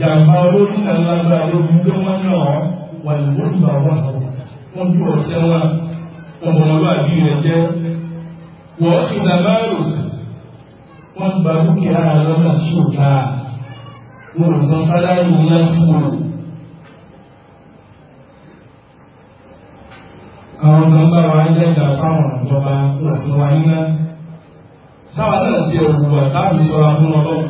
S2: jàmbá olórin alágbà lórí ló wọ́n náà wà lórílà wọn wọ́n bí ọ̀sẹ̀ wọn wọn bọ̀ lọ́wọ́ àbí rẹ̀ jẹ́ wọ́n ìgbà márùn wọ́n gba dúkìá lọ́nà tí ò dáa wọn ò san sáláì ní lásìkò àwọn kan bá wa ń jẹ́jà fáwọn ìjọba wọn fún wa níná sáwọn náà ti ọ̀gbùn àtàbí sọ́ra fún ọlọ́run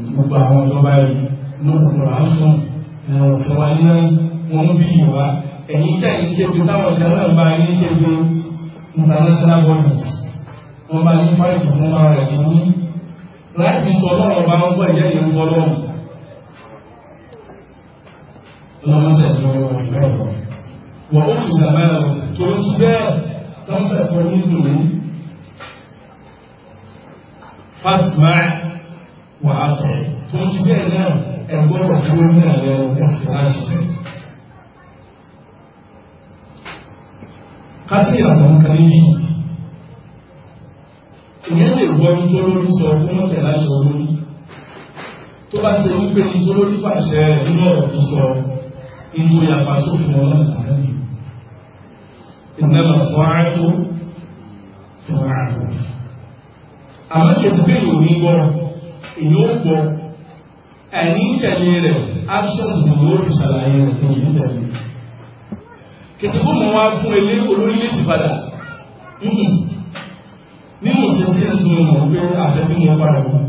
S2: gbogbo àwọn ìjọba yìí ló ń kọ̀ọ̀rọ̀ ń sùn ẹ̀rọ fún wa ní wọn bí ìwà ẹ̀yìn tẹ̀ ní kéde táwọn ìjọba náà bá yín ní kéde international bodies wọn bá ní fáìlì fún wa rẹ̀ ti ní láti ń tọ́ lọ́rọ̀ bá ń gbọ́ ìjẹ́ ìlú bọ́lọ́ lọ́mọdé tó ìfẹ́ lọ. wọ́n ó sì wà á tọ̀ tó ń ṣiṣẹ́ náà ẹ gbọ́dọ̀ dúró ní àlẹ́ ẹ̀sìn náà ṣiṣẹ́. kásì àwọn nǹkan yìí ìyẹn lè wọ ní tó lórí sọ fún ọ̀tẹ̀ láti sọ lórí tó bá ti ń pè ní tó lórí pàṣẹ nínú ọ̀rọ̀ tó sọ inú yàpá sófin ọlọ́run sílẹ̀ yìí ìnáwó fún ara tó fún ara tó àmọ́ kìí sí pé ìròyìn gbọ́rọ̀ èyí ó gbọ́ ẹ̀yìn tẹ̀lé rẹ̀ absent ìdìbò ó fi ṣàlàyé rẹ̀ ní ìlú tẹ̀lé kìtìkú mọ̀ wá fún ilé olórí lè sì padà nínú òṣèṣẹ́ tí mo mọ̀ pé àfẹ́sí mo padà mọ́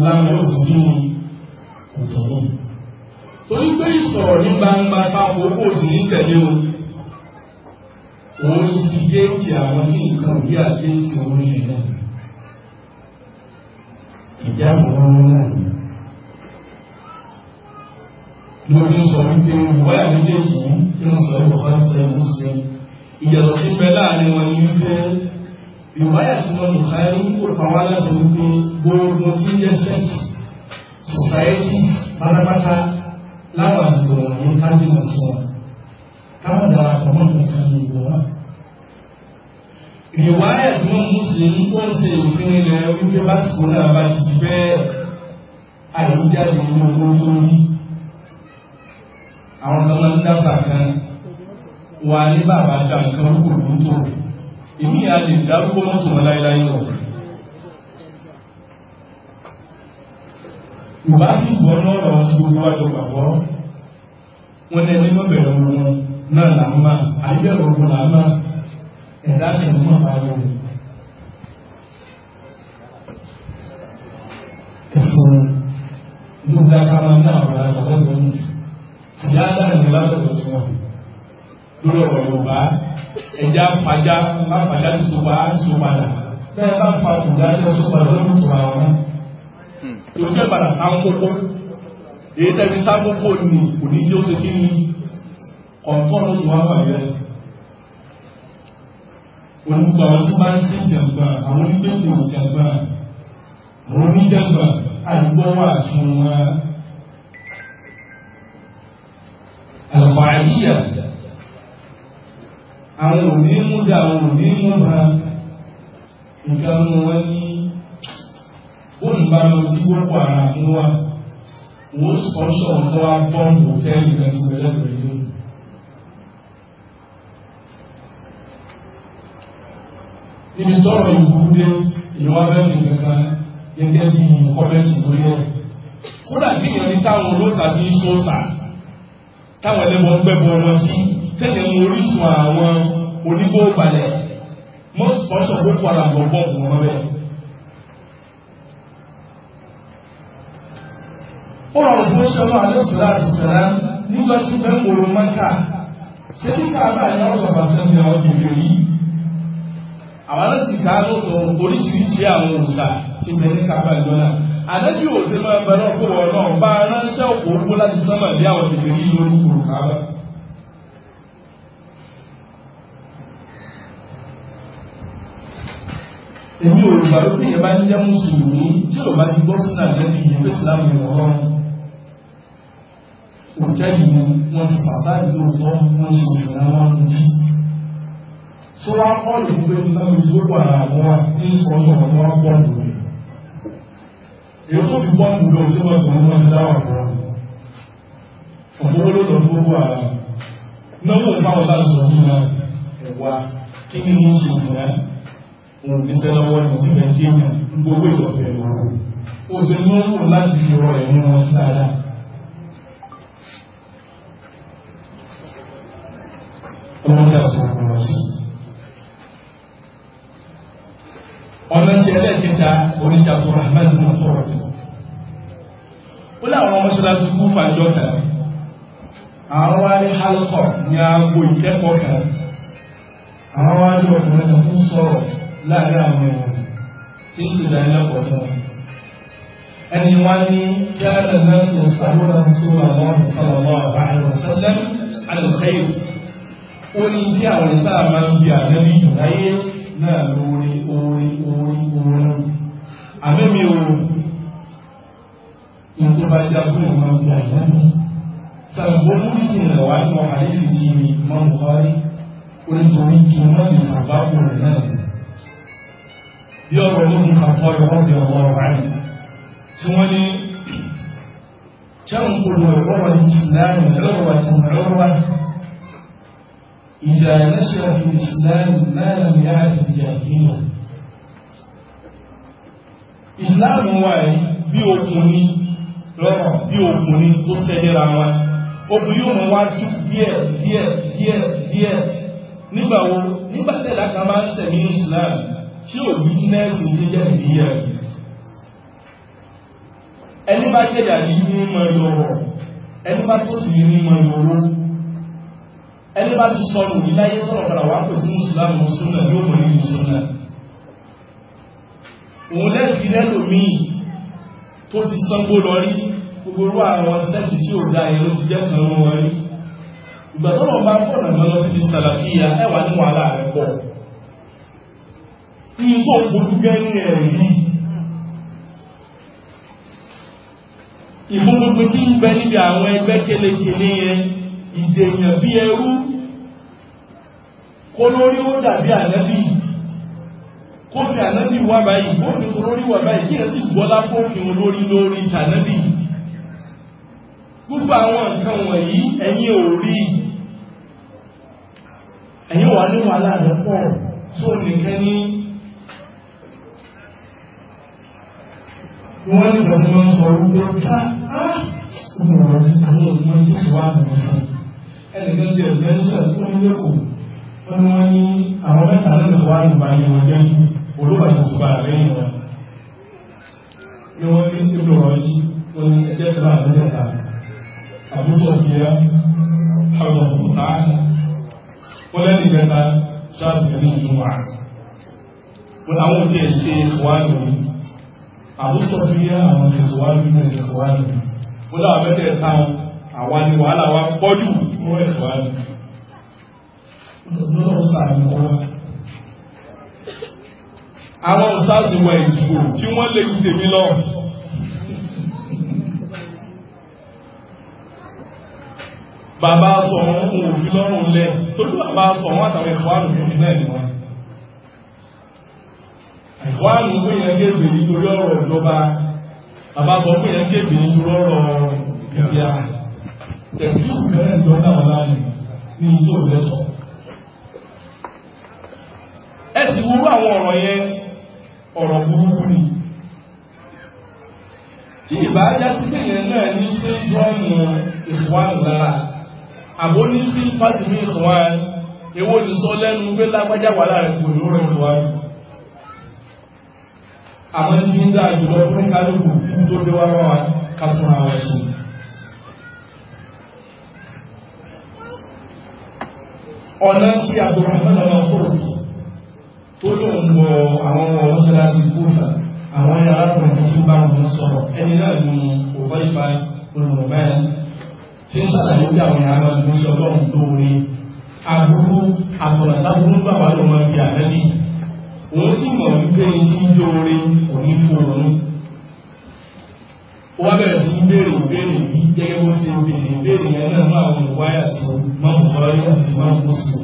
S2: láwọn òṣìṣẹ́ mi kò tẹ̀lé torí pé ìsọ̀rọ̀ ní gbangba táwọn owó òsì ní tẹ̀lé o òun ti gé ti àwọn tí nǹkan bí àgbé sí orí ẹ̀ náà ìjáàbù wọn náà ni lórí sọ wípé wáyà méjèèjì tí wọ́n sọ ẹ̀kọ́ bá ń sọ ẹ̀mú sí ìyàtọ̀ tí fẹ́ láàrin wọn ni wípé ìwáyà tí wọ́n lò ká ní àwọn aláṣẹ wípé gbogbo tí yẹ sẹ́ẹ̀tì society pátápátá láwọn àdìgbò wọ̀nyí ká jìnnà káwọn dára pọ̀ mọ́ nǹkan ìgbò rìwáyà tí wọ́n mùsùlùmí ó ń ṣe òfin ilẹ̀ wípé lásìkò náà bá ti ti fẹ́ àìyíjáde ní owó lórí àwọn ọmọ ń dásà kan wà ní bàbá dá nǹkan kò lóòótọ́ èmi à lè dárúkọ mọ́tò wọn láéláé lọ ìbá sì gbọ́ lọ́rọ̀ gbogbo àjọ pàpọ̀ wọn ẹni mọ́bẹ̀rẹ̀ wọn náà làmà àyẹ̀rọ̀ wọn làmà reaction fún àbáyọ. Ẹ̀sìn yóò dá kára ní àwọn àgbàdo ní ìyáàdá ìgbàlá tọ̀tọ̀ sí wọn. Lórí ọ̀rọ̀ Yorùbá, ẹja fàjá má fàjá ti sopa á ti sopa dà. Bẹ́ẹ̀ bá fa tòun dájú ọ̀sọ́ padà lọ́dún tó ra wọn. Yóò fẹ́ padà ká ń kókó. Èyí tẹ̀lé ká kókó ni kò ní yóò ṣe kí ni kọ̀ǹtọ́nù tó wá wà yẹn orúkọ àwọn tí máa ń sí ìjàmbá àwọn onígbèsè ìjàmbá àwọn oníjàmbá àdúgbò wà fún wa àlùkò àyíyà àwọn òní mú dá àwọn òní mú bá nǹkan mú wọn ní olùbámu tí wọ́n kọ ara fún wa wọ́n sọ̀rọ̀ sọ̀rọ̀ fún wa bọ́ọ̀mù tẹ́lifẹ̀ẹ́ tẹ́lifẹ̀ẹ́ yìí. níbi tọ́rọ ìgbúgbé ìlúwàbẹ́fì kankan gẹ́gẹ́ bí kọ́mẹ́ntì lórí ẹ̀ kódà kí ìrìn táwọn olóòsà ti ń sóòsà táwọn ẹlẹ́bọn gbẹ́bọn wọn sí tẹ́lẹ̀ mú orísun àwọn onígbó balẹ̀ mọ́sọ̀ tó kọ́ ara bọ̀ bọ̀ wọn bẹ́ẹ̀. ó rọrùn bó ṣe lọ́wọ́ alẹ́sọ̀rọ̀ àdìsẹ̀rá nígbà tí fẹ́ mọ̀rọ̀ mọ́kà ṣe ní káàbà ní ọ̀sọ̀ bàtẹ́ ní ọdún yìí àwọn náà sì ká lóòótọ́ oríṣiríṣi àwọn òòṣà ti bẹ ní kápá ìjọ náà àdébí òsè máa bẹ náà kó wọ náà bá ránṣẹ́ òkú owó láti sánmà lé àwọn tètè yìí lórí kòrò kábà. èmi ò rògbà ló péye bá ń jẹ́ mùsùlùmí tí ò bá ti gbọ́ sínú àdébí yìí pé sílámù ìwọ̀n òjẹ́ yìí wọ́n ti fàṣà ìlú ọ̀tọ̀ wọ́n ti òṣùwọ̀n wọn jí tó wá kọ́ọ̀lù pé sísẹ́mi tí ó wà àwọn ìṣọ́ṣọ́ àwọn bọ́ọ̀lù rẹ̀ èyí tó fi bọ́ọ̀lù lọ sí ọ̀sán wọn ti dáwà bọ́ ọ̀pọ̀ olóòtọ̀ tó wà lọ́wọ́ ìbáwọ̀ bá sọ nínú ẹ̀wà kí ni mo ṣe ìrìnà òun ní sẹ́lọ́wọ́ ní sí nàìjíríà gbogbo ìlọ̀bẹ̀ lọ́wọ́ ó sì mú fún láti yọ ẹ̀mú wọn sára ọmọ sáà sọ̀rọ̀ sí i oníjà oníjà tó rahman mú tọrọ tó ó láwọn ọmọ ṣọláṣí fún fàájọ kan àwọn wá ní hálùkọ ní aago ìkẹ́kọ̀ọ́ kan àwọn wá ní ọkùnrin kan fún sọ̀rọ̀ láàárín àwọn èèyàn tí ń ṣèjà ẹlẹ́kọ̀ọ́ fún wọn ẹni wá ní kí á lè náà sọ sàrúnà sọlọ àwọn sọlọ àwọn àbáyọ sẹlẹm alùkẹyì ó ní tí àwọn ìsáàmà ń fi àjẹmí ìdáyé náà lórí orí orí orí àmẹ́mi o ìjọba jẹ́ fún ìmọ̀ ìgbà ìlànà sàgbó lórí sí ilẹ̀ wà ní ọ̀hà yìí ti di ìmọ̀ ìfọ́rí onítorí kí wọ́n lè sàbá fún rẹ̀ náà bí ọ̀rọ̀ ló mú kàfọ́ ìwọ́n di ọ̀rọ̀ rẹ̀ tí wọ́n ní jẹun kúrò ìwọ́n wà ní ìsìláàmù ẹlọ́rọ̀ wà ti إذا نشأ في الإسلام ما لم يعرف جاهله ìsìláàmù wa yìí bí okùn ní lọ́rọ̀ bí okùn ní tó sẹ́lẹ̀ra wọn okùn yóò mọ̀ wá tú díẹ̀ díẹ̀ díẹ̀ díẹ̀ nígbàwo nígbàtẹ̀lá kan máa ń sẹ̀mí ìsìláàmù tí ò bí nẹ́ẹ̀sì ní jẹ́ ìdíyẹ̀ ẹni bá jẹ́jà ní mímọ̀ yọ̀rọ̀ ẹni bá tó sì ní mímọ̀ yọ̀rọ̀ ẹni bá ti sọnù ìláyé sọ̀rọ̀ padà wá kò sí mùsùlùmí mùsùlùmí yóò mọ̀ ní mùsùlùmí òun lẹ́ẹ̀kì lẹ́lò míì tó ti sanwó lọ rí gbogbo orú àwọn sẹ́ẹ̀sì tí ò dá ẹ̀rọ ti jẹ́ kan wọn rí ìgbà tó wọn bá fọ̀nà mọ́ lọ sí ti sàlàkíyà ẹwà ní wàhálà rẹ̀ pọ̀ nǹkan òkúrú gẹ́rin rẹ̀ rí ìfúngbogbo tí ń bẹ níbi àwọn ẹgbẹ́ kélekèlé yẹn ìdènyàn bí ẹrú kó lórí ó dàbí ànábì kó fi ànábì wà báyìí kó fi lórí wà báyìí kí ẹ sì gbọ́lá kó fi lórí lórí tànábì gbogbo àwọn nǹkan wọ̀nyí ẹ̀yin ò rí ẹ̀yin wà ní wàhálà rẹ̀ pọ̀ tó nìkan ní wọ́n ní ìgbàtí wọ́n sọ wípé ká ọmọ ọ̀rọ̀ àwọn ìgbàtí wọ́n sọ wá ẹnìkan tí ẹ̀gbẹ́ sọ ẹ̀kọ́ nílẹ̀kùn wọ́n ní wọ́n ní àwọn mẹ́ta lẹ́nu wá ìgbà ní wọ́n jẹ́ olóòwà ìjọba lẹ́yìn wọn ni wọ́n ní ìlú ọ̀rọ̀ yìí wọ́n ní ẹjẹ́ tó bá àdúgbò ta àbúṣọ ìgbéra àwọn ọ̀tá wọ́n lẹ́nu ìgbẹ́ta ṣáàtì ní ìjọba wọ́n àwọn tí ẹ̀ ṣe ìwádìí wọn àbúṣọ ìgbéra àwọn ìwádìí wọn ìwádìí wọn láwọn mẹ́tẹ̀ẹ̀ta àwọn àwàlẹ̀ wàhálà wa pọ́jù wọ́n lọ́wọ́ sàánú wọn. Àwọn ìsáàsì wọ ìṣò tí wọ́n lè jù tèmi lọ. Bàbá sọ̀rọ̀ ohun òfin lọ́rùn lẹ, tó ló bàbá sọ̀rọ̀ àtàwọn ẹ̀kọ́ àrùn ní ìpínlẹ̀ ni wọn. Ẹ̀kọ́ àrùn pé yẹn kébè nítorí ọ̀rọ̀ ìjọba, bàbá sọ pé yẹn kébè nítorí ọ̀rọ̀ ìbíà. Tẹ̀síù bẹ́ẹ̀ lọ́dà wọn láàyè ní ìṣòro lẹ́sọ̀ọ́ ẹ sì wúrú àwọn ọ̀rọ̀ yẹn ọ̀rọ̀ burúkú ni tí ìbá yá sí èèyàn náà ní sí jọ́ọ̀nù ìfúwánù lára àbó ní sí fásitì ìfúwánù èwo ní sọ lẹ́nu pé lágbájá wà láàrin kò ní rẹ̀ ìfúwánù àwọn ní ń dá àjùlọ fún kálukú tó dé wá wá kásùn àwọn ẹ̀sùn ọ̀nà tí àbúrò àbúrò náà fòrò tó lóun wọ àwọn ọmọ mọ́ṣáláṣí kúfà àwọn ẹ̀rọ arákùnrin tí ó bá wọn sọ̀rọ̀ ẹni náà ni òwò ìfà olùmọ̀mẹ́rin tí ń sàlàyé pé àwọn ẹ̀rọ arákùnrin sọ lọ́run lóore aburú àtọ̀nàtàbùrú gbà wà lọ́mọ ibi àmẹ́lì òun sì mọ̀ wípé tí ń lóore kò ní fún òun ó wá bẹ̀rẹ̀ sí béèrè ìbéèrè yìí gẹ́gẹ́ bó ti béèrè ìbéèrè yẹn náà máa ń wáyà sí máa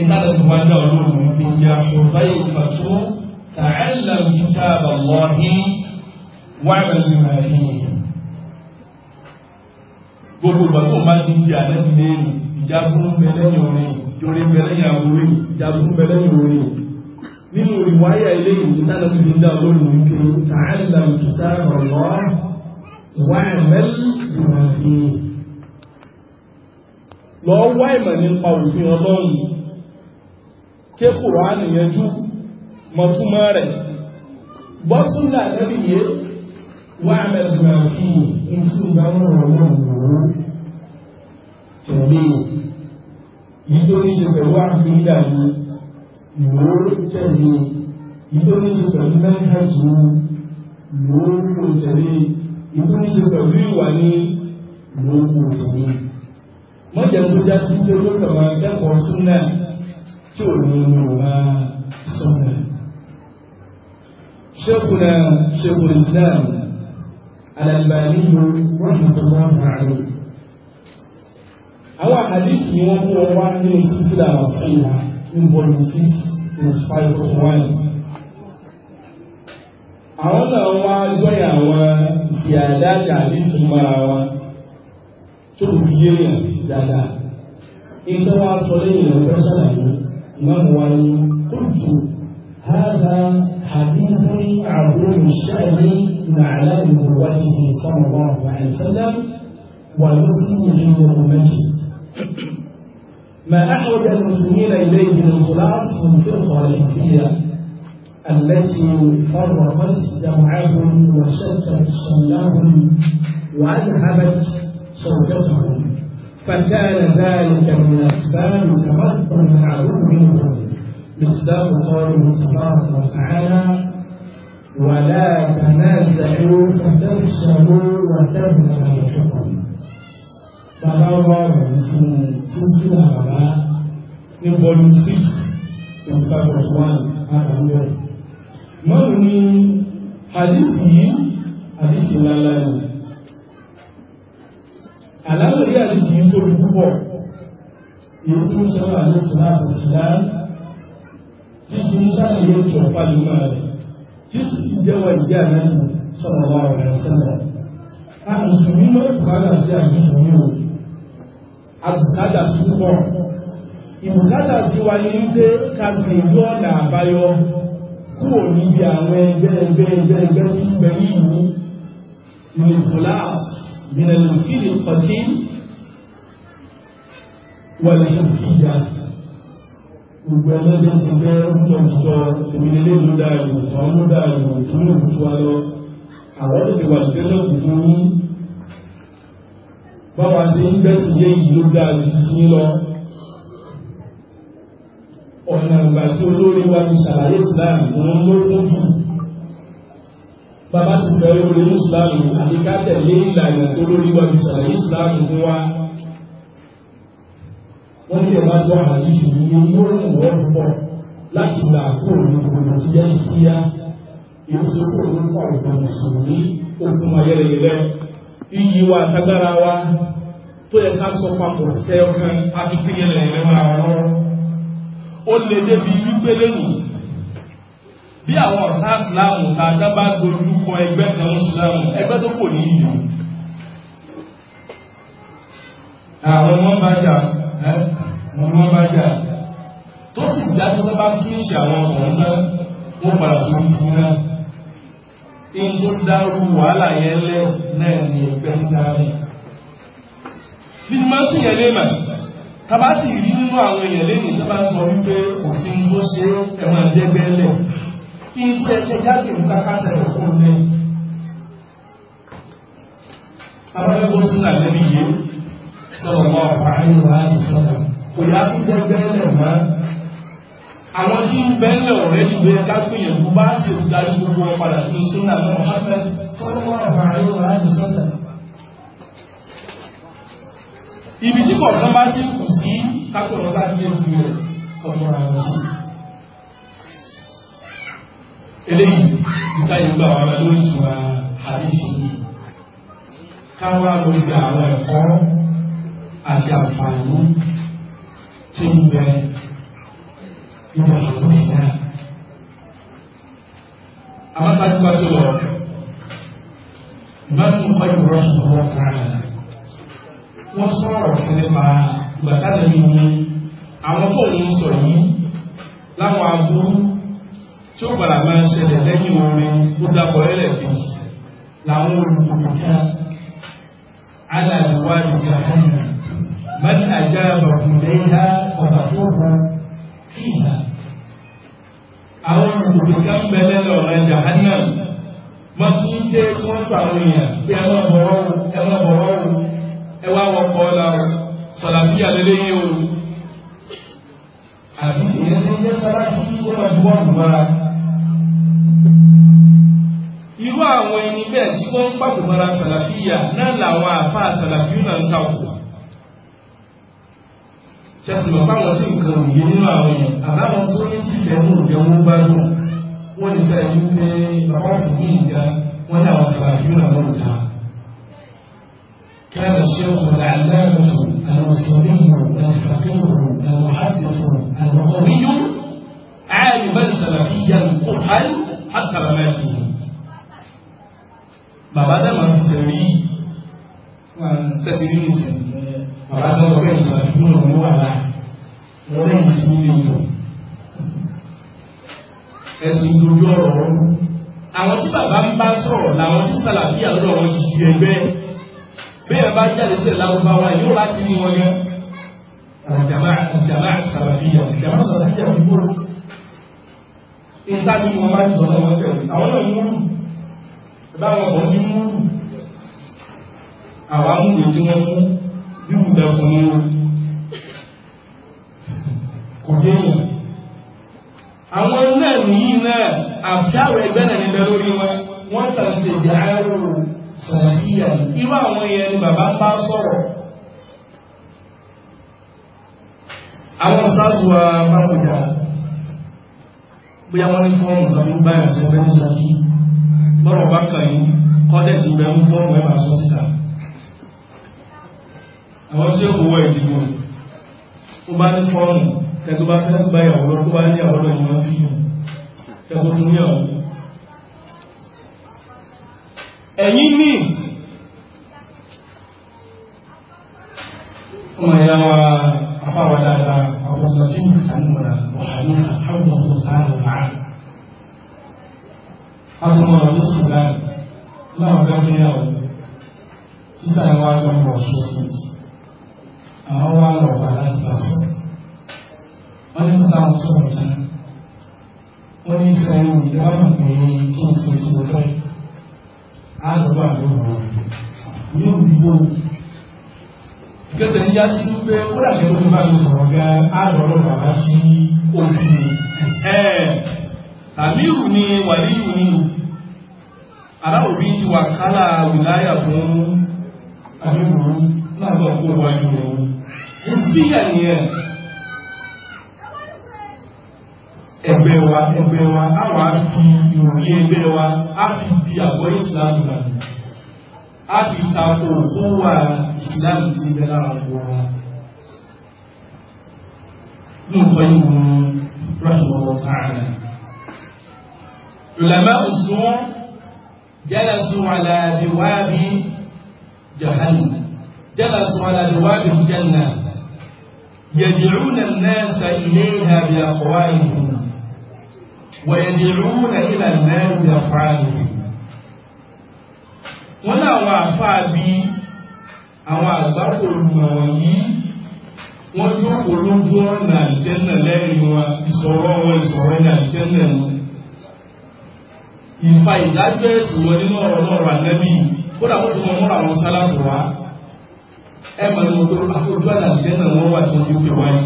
S2: ìtàlẹ̀ tó wájá olóògùn fi jẹ́ àṣọ́bá ìfàtó tààlà ìsáàbà lọ́hí wà lẹ́yìnrẹ́yì gbogbo ìgbà tó máa ti di àlẹ́bí léèrè ìjà fún bẹlẹ́yìn orin yorí bẹlẹ́yìn àwòrán ìjà fún bẹlẹ́yìn orin nínú ìwáyà ilé ìwé tààlà tó fi ń dá olóògùn kí tààlà ìsáàbà lọ́ lọ wá ìmọ̀ nípa òfin ọlọ́run ké kùránì yẹjú mọ̀túnmọ́ rẹ̀ bọ́ súnà lẹ́bí yé wà mẹ́lùmọ́ kí n sí ìgbàmọ́ ọ̀rọ̀ ọ̀rọ̀ tẹ̀lé yìí tó ní ṣe pẹ̀lú àkíńdà yìí lòó tẹ̀lé yìí tó ní ṣe pẹ̀lú mẹ́kàtù lòó kò tẹ̀lé yìí tó ní ṣe pẹ̀lú ìwà ní lòó kò tẹ̀lé mọ́jẹ̀ tó já sí pé ló kàmá kẹ́kọ̀ọ́ súnà tí ò ní yorùbá sọ̀rọ̀ ṣékùnà ṣékùn islam alàgbàní rahmatullahi alayhi àwọn àdìkì ni wọ́n mú wọn wá nínú sísílà àṣàyà ní bọ́ọ̀lù six ní five one àwọn náà wá gbọ́yà àwọn ìyàdá tàbí súnmọ́ra wọn tó kù yé yàn dáadáa. Ìgbà sọ lẹ́yìn ìrọ̀lẹ́sọ̀rọ̀ yìí. من قلت هذا حديث عظيم الشأن مع لام قوته صلى الله عليه وسلم ويسلم لأمته ما أعود المسلمين إليه من الخلاص من الفرقة الإسلامية التي فرقت دمعهم وشتت شملهم وأذهبت شوكتهم فكان ذلك من أسباب تبطل المعروف منه مصداق قوله تبارك وتعالى ولا تنازعوا فتفشلوا وتذهب ريحكم bàbá wa rẹ̀ sínú sísí àbá ní volume six nǹkan plus one àtàwọn mọ́rùn-ún ní àdìsí yìí àlàlórí àdìsí yìí tó púpọ̀ èyí tó sọ́rọ̀ àlẹ́ ìsìláàmù ìsìláàmù tí kì í sáà yóò tọ̀ pálímọ̀ rẹ̀ tí sì ti jẹ́wọ́ ìyá sọ̀rọ̀ wà rẹ̀ sẹ́lẹ̀ a mùsùlùmí ló ń bùkátà sí àmùsùlùmí o a bùkátà sí púpọ̀ ìbùkátà sí wa ní pé ká fi ìlú ọ̀nà àbáyọ kúrò níbi àwọn ẹgbẹ́ ẹgbẹ́ ẹgbẹ́ tí ń bẹ ìlú fúláàsì من الوكيل القتيل والحفية وقال لهم سبحانه وتعالى من الليل داري وقام داري وقام وقام àwọn tó ti wà lẹ́lẹ́ òkùnkùn yí báwa tí ń bẹ́sì yé yìí ló dáa ju sí lọ ọ̀nà ìgbà tí olórí wa ti ṣàlàyé Islam òun ló kún jù bàbá ti fẹ́ lórí ìsìláàmù àti ká tẹ̀lé ìlànà tó lórí wa ti sàrẹ̀ ìsìláàmù fún wa wọ́n ní ọba tó àyè ìṣòro ní orí ìwọ̀ púpọ̀ láti là kúrò ní gbogbo ti jẹ́ ìsíyá ìrúsọ kúrò ní pa òkun mùsùlùmí òkun ayẹyẹlẹ iyì wa tágbára wa tó yẹ ká sọ papọ̀ fẹ́ ọkàn àti fíyẹlẹ ìrẹ́wà ọ̀rọ̀ ó lè débi wípé lẹ́yìn bí àwọn ọ̀tá ìsìláàmù ta sábà dojú kọ ẹgbẹ́ kan ìsìláàmù ẹgbẹ́ tó kò ní ìlú àwọn ọmọ bá jà ọmọ bá jà tó sì dájú tó bá tún ṣe àwọn ọ̀rọ̀ náà wọ́n padà tó ń fún náà in tó dárú wàhálà yẹn lẹ́ náà ní ẹgbẹ́ ìsìláàmù bí mo sì yẹn lé màá tàbá sì rí nínú àwọn èèyàn lẹ́yìn tó bá sọ wípé kò sí ní tó ṣe ẹ̀wọ̀n ẹgbẹ́ lẹ́yìn iṣẹ́ jáde òkúta kásẹ̀ òkú lẹ́ abẹ́gbẹ́ súnà lẹ́bí yìí sọ̀rọ̀ mọ́ àfààní wa ní sọ̀rọ̀ kò yá kí gbẹ́gbẹ́lẹ̀ mọ́
S1: àwọn tí ń bẹ́lẹ̀
S2: ọ̀rẹ́ ìgbé kápẹ́yẹ̀kú bá sì darí gbogbo ọ̀padà sí súnà lọ́wọ́ hafẹ́ sọ̀rọ̀ mọ́ àfààní wa ní sọ̀rọ̀ ibi tí kọ̀ọ̀kan bá sì kù sí kápẹ́rọ̀ sáà eléyìí níta ìgbà wà ló ń tura àdéhùn yìí káwá lórí àwọn ẹ̀kọ́ àti àǹfààní tí ń bẹ nínú àwọn ìṣẹ́ àbáṣájúwá tó lọ mẹ́rin kọ́ ìrọ̀ ìṣòro ọ̀tàrà wọ́n sọ̀rọ̀ fún nípa ìgbàsáde yìí àwọn tó ń sọ yìí láwọn aburú tí ó padà máa ṣẹlẹ̀ lẹ́yìn orin tó dákọ̀ ẹlẹ́sìn làwọn olùkọ́kọ́ alàlùwájú jahannà man ajaba ilayha ọ̀bà tó wọ kíyà àwọn olùkọ́kọ́ ń bẹ lẹ́nu ọ̀rẹ́ jahannà wọ́n ti ń dé tí wọ́n pa àwọn èèyàn bí ẹ máa bọ̀ wọ́wọ́ ẹ máa bọ̀ wọ́wọ́ ẹ wá wọkọ̀ ọ̀la sàlàfíà lélẹ́yìn o àbí èèyàn ti ń jẹ́ sáláṣí kó máa ju bọ́ọ̀lù mọ́ra irú àwọn ẹni bẹ́ẹ̀ tí wọ́n ń pàtó mara sàlàfíà náà làwọn àfa sàlàfíà náà ń kàwọ́ tẹ̀sí lọ́pọ̀ àwọn tí nǹkan òye nínú àwọn yẹn àbáwọn tó ní tìfẹ́ mú òjò wọn gbádùn wọ́n ní sẹ́yìn wípé bàbá òkú ní ìdá wọ́n ní àwọn sàlàfíà náà wọ́n dá كان الشيخ العلامة المسلمي الفقيه حتى مماته bàbá dàmà ń sẹ rí sẹ́sì rí nìsẹ̀ bàbá dàmà ọ̀rẹ́ ìjọba fún ọmọ wà láà ọ̀rẹ́ ìjọba ní ọ̀tọ̀ ẹ̀sùn ìdójú ọ̀rọ̀ ọ̀rọ̀ àwọn tí bàbá ń bá sọ̀rọ̀ làwọn tí sàlàfíà lọ́dọ̀ wọn ti ju ẹgbẹ́ bẹ́ẹ̀ bá jáde sí ìlàwọ́fáwá yóò rá sí ní wọn gan ọ̀jàmá ọ̀jàmá sàlàfíà ọ̀jàmá sàlàfíà ń bọ̀ nígbà tí wọ́n bá jọ lọ́wọ́ tẹ̀lé àwọn náà ń múlù báwọn kan tí wọ́n rù àwọn amúgbò tí wọ́n mú yíò jẹ fún ní wọn kò déyìn àwọn náà nìyí náà àfíàwọ̀ ẹgbẹ́ náà níbẹ̀ lórí wọn wọ́n tàn sí ìdí àárò sàlàyé irú àwọn yẹn ni bàbá bá sọ̀rọ̀
S1: àwọn sáàtù wa
S2: máa ń gbà bóyá wọ́n ní fọ́ọ̀mù lọ́dún báyìí sí ẹgbẹ́ ní bọ́rọ̀ bá kàn yí kọ́dẹ̀ tí bẹ̀rún fọ́ọ̀mù ẹ̀bà sọ síta àwọn tí ó kò wọ ìdìbò ó bá ní fọ́ọ̀mù tẹ́tù bá fẹ́ gba ìyàwó tó bá ní àwọn ọ̀nà ìwọ̀n fíyàn tẹ́kù fún yàwó ẹ̀yìn ní ọmọ ìyá wa afáwà dáadáa àwọn atúmọ̀ ọdún sudan láwọn ọ̀gáfẹ́ yàwó sísà ni wọ́n á gbọ́n bọ̀ ṣọ́ọ̀ṣì àwọn wà lọ bá láti sàṣọ wọ́n ní kọ́ta wọn sọ̀rọ̀ tán wọ́n ní sẹ́yìn ìdáhùn pé kí n ṣe ti fẹ́ á lọ bá àdúgbò yóò bí bó gẹ́gẹ́ ní yá sí pé ó dàgbẹ́ ló ń bá mi sọ̀rọ̀ gẹ́ á lọ lọ́ọ̀ àmírù ni wàlíyù ni ará òbí ti wà kálà wìláyà fún àmírù láàbọ̀ kó wáyé wọn ìbíyà ni ẹ̀ ẹgbẹ́ wa ẹgbẹ́ wa àwọn àfi ìròyìn ẹgbẹ́ wa àfi bí àgbọ́ ìsìláàmù náà àfi tako kó wà ìsìláàmù ti lára wa ní rẹ̀ lọ́wọ́ علماء السوء جلسوا على بواب جهنم جلسوا على بواب الجنة يدعون الناس إليها بأقوالهم ويدعون إلى النار بأفعالهم wọ́n láwọn àfáà bí àwọn àgbákò olùmọ̀wọ̀n yìí wọ́n yóò kó lójú ọ̀nà àjẹ́nà lẹ́yìn wọn ìsọ̀rọ̀ wọn ìsọ̀rọ̀ ní wọn ìfà ìdájọ́ ẹ̀sùn lọ nínú ọ̀rọ̀ lọ́rọ̀ ànábì kódà wọ́n tún mọ́ra àwọn sálàtù wá ẹ mọ̀ ní mo tó àfojú àlàjẹ́ náà wọ́n wà tí wọ́n ti fi wáyé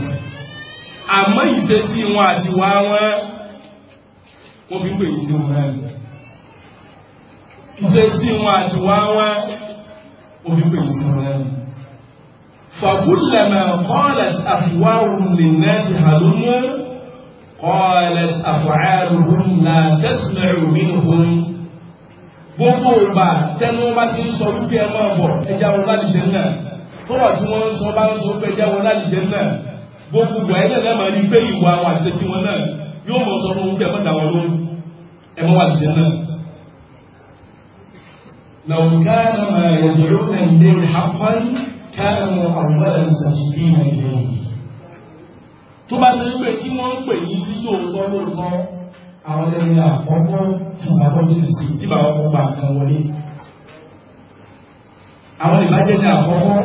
S2: àmọ́ ìṣesí wọn àti wá wọn wọ́n fi pè ní ìṣesí wọn ìṣesí wọn àti wá wọn wọ́n fi pè ní ìṣesí wọn fàbúlẹ̀mẹ̀ kọ́ọ̀lẹ̀ àfiwáwù lè nẹ́ẹ̀sì àlùmọ́ qalat af'aluhum la tasma'u minhum gbogbo ìgbà tẹnu bá ti ń sọ wípé ẹ máa bọ̀ ẹja wọn láti jẹ náà tọ́wọ̀ tí wọ́n ń sọ bá ń sọ pé ẹja wọn láti jẹ náà gbogbo ẹ̀ náà máa rí pé ìwà àwọn àṣẹṣe wọn náà yóò mọ̀ sọ fún wípé ẹ máa dà wọn lóhùn ẹ máa wà lè jẹ náà. لو كان ما يدعون إليه حقا كانوا أولا سبيلا إليه tó bá ṣe wípé tí wọ́n ń pè ní sí tòótọ́ lóòótọ́ àwọn ẹni àkọ́kọ́ tí bàbá tó ti tí bàbá kó bá kan wọlé àwọn ìbàjẹ́ ní àkọ́kọ́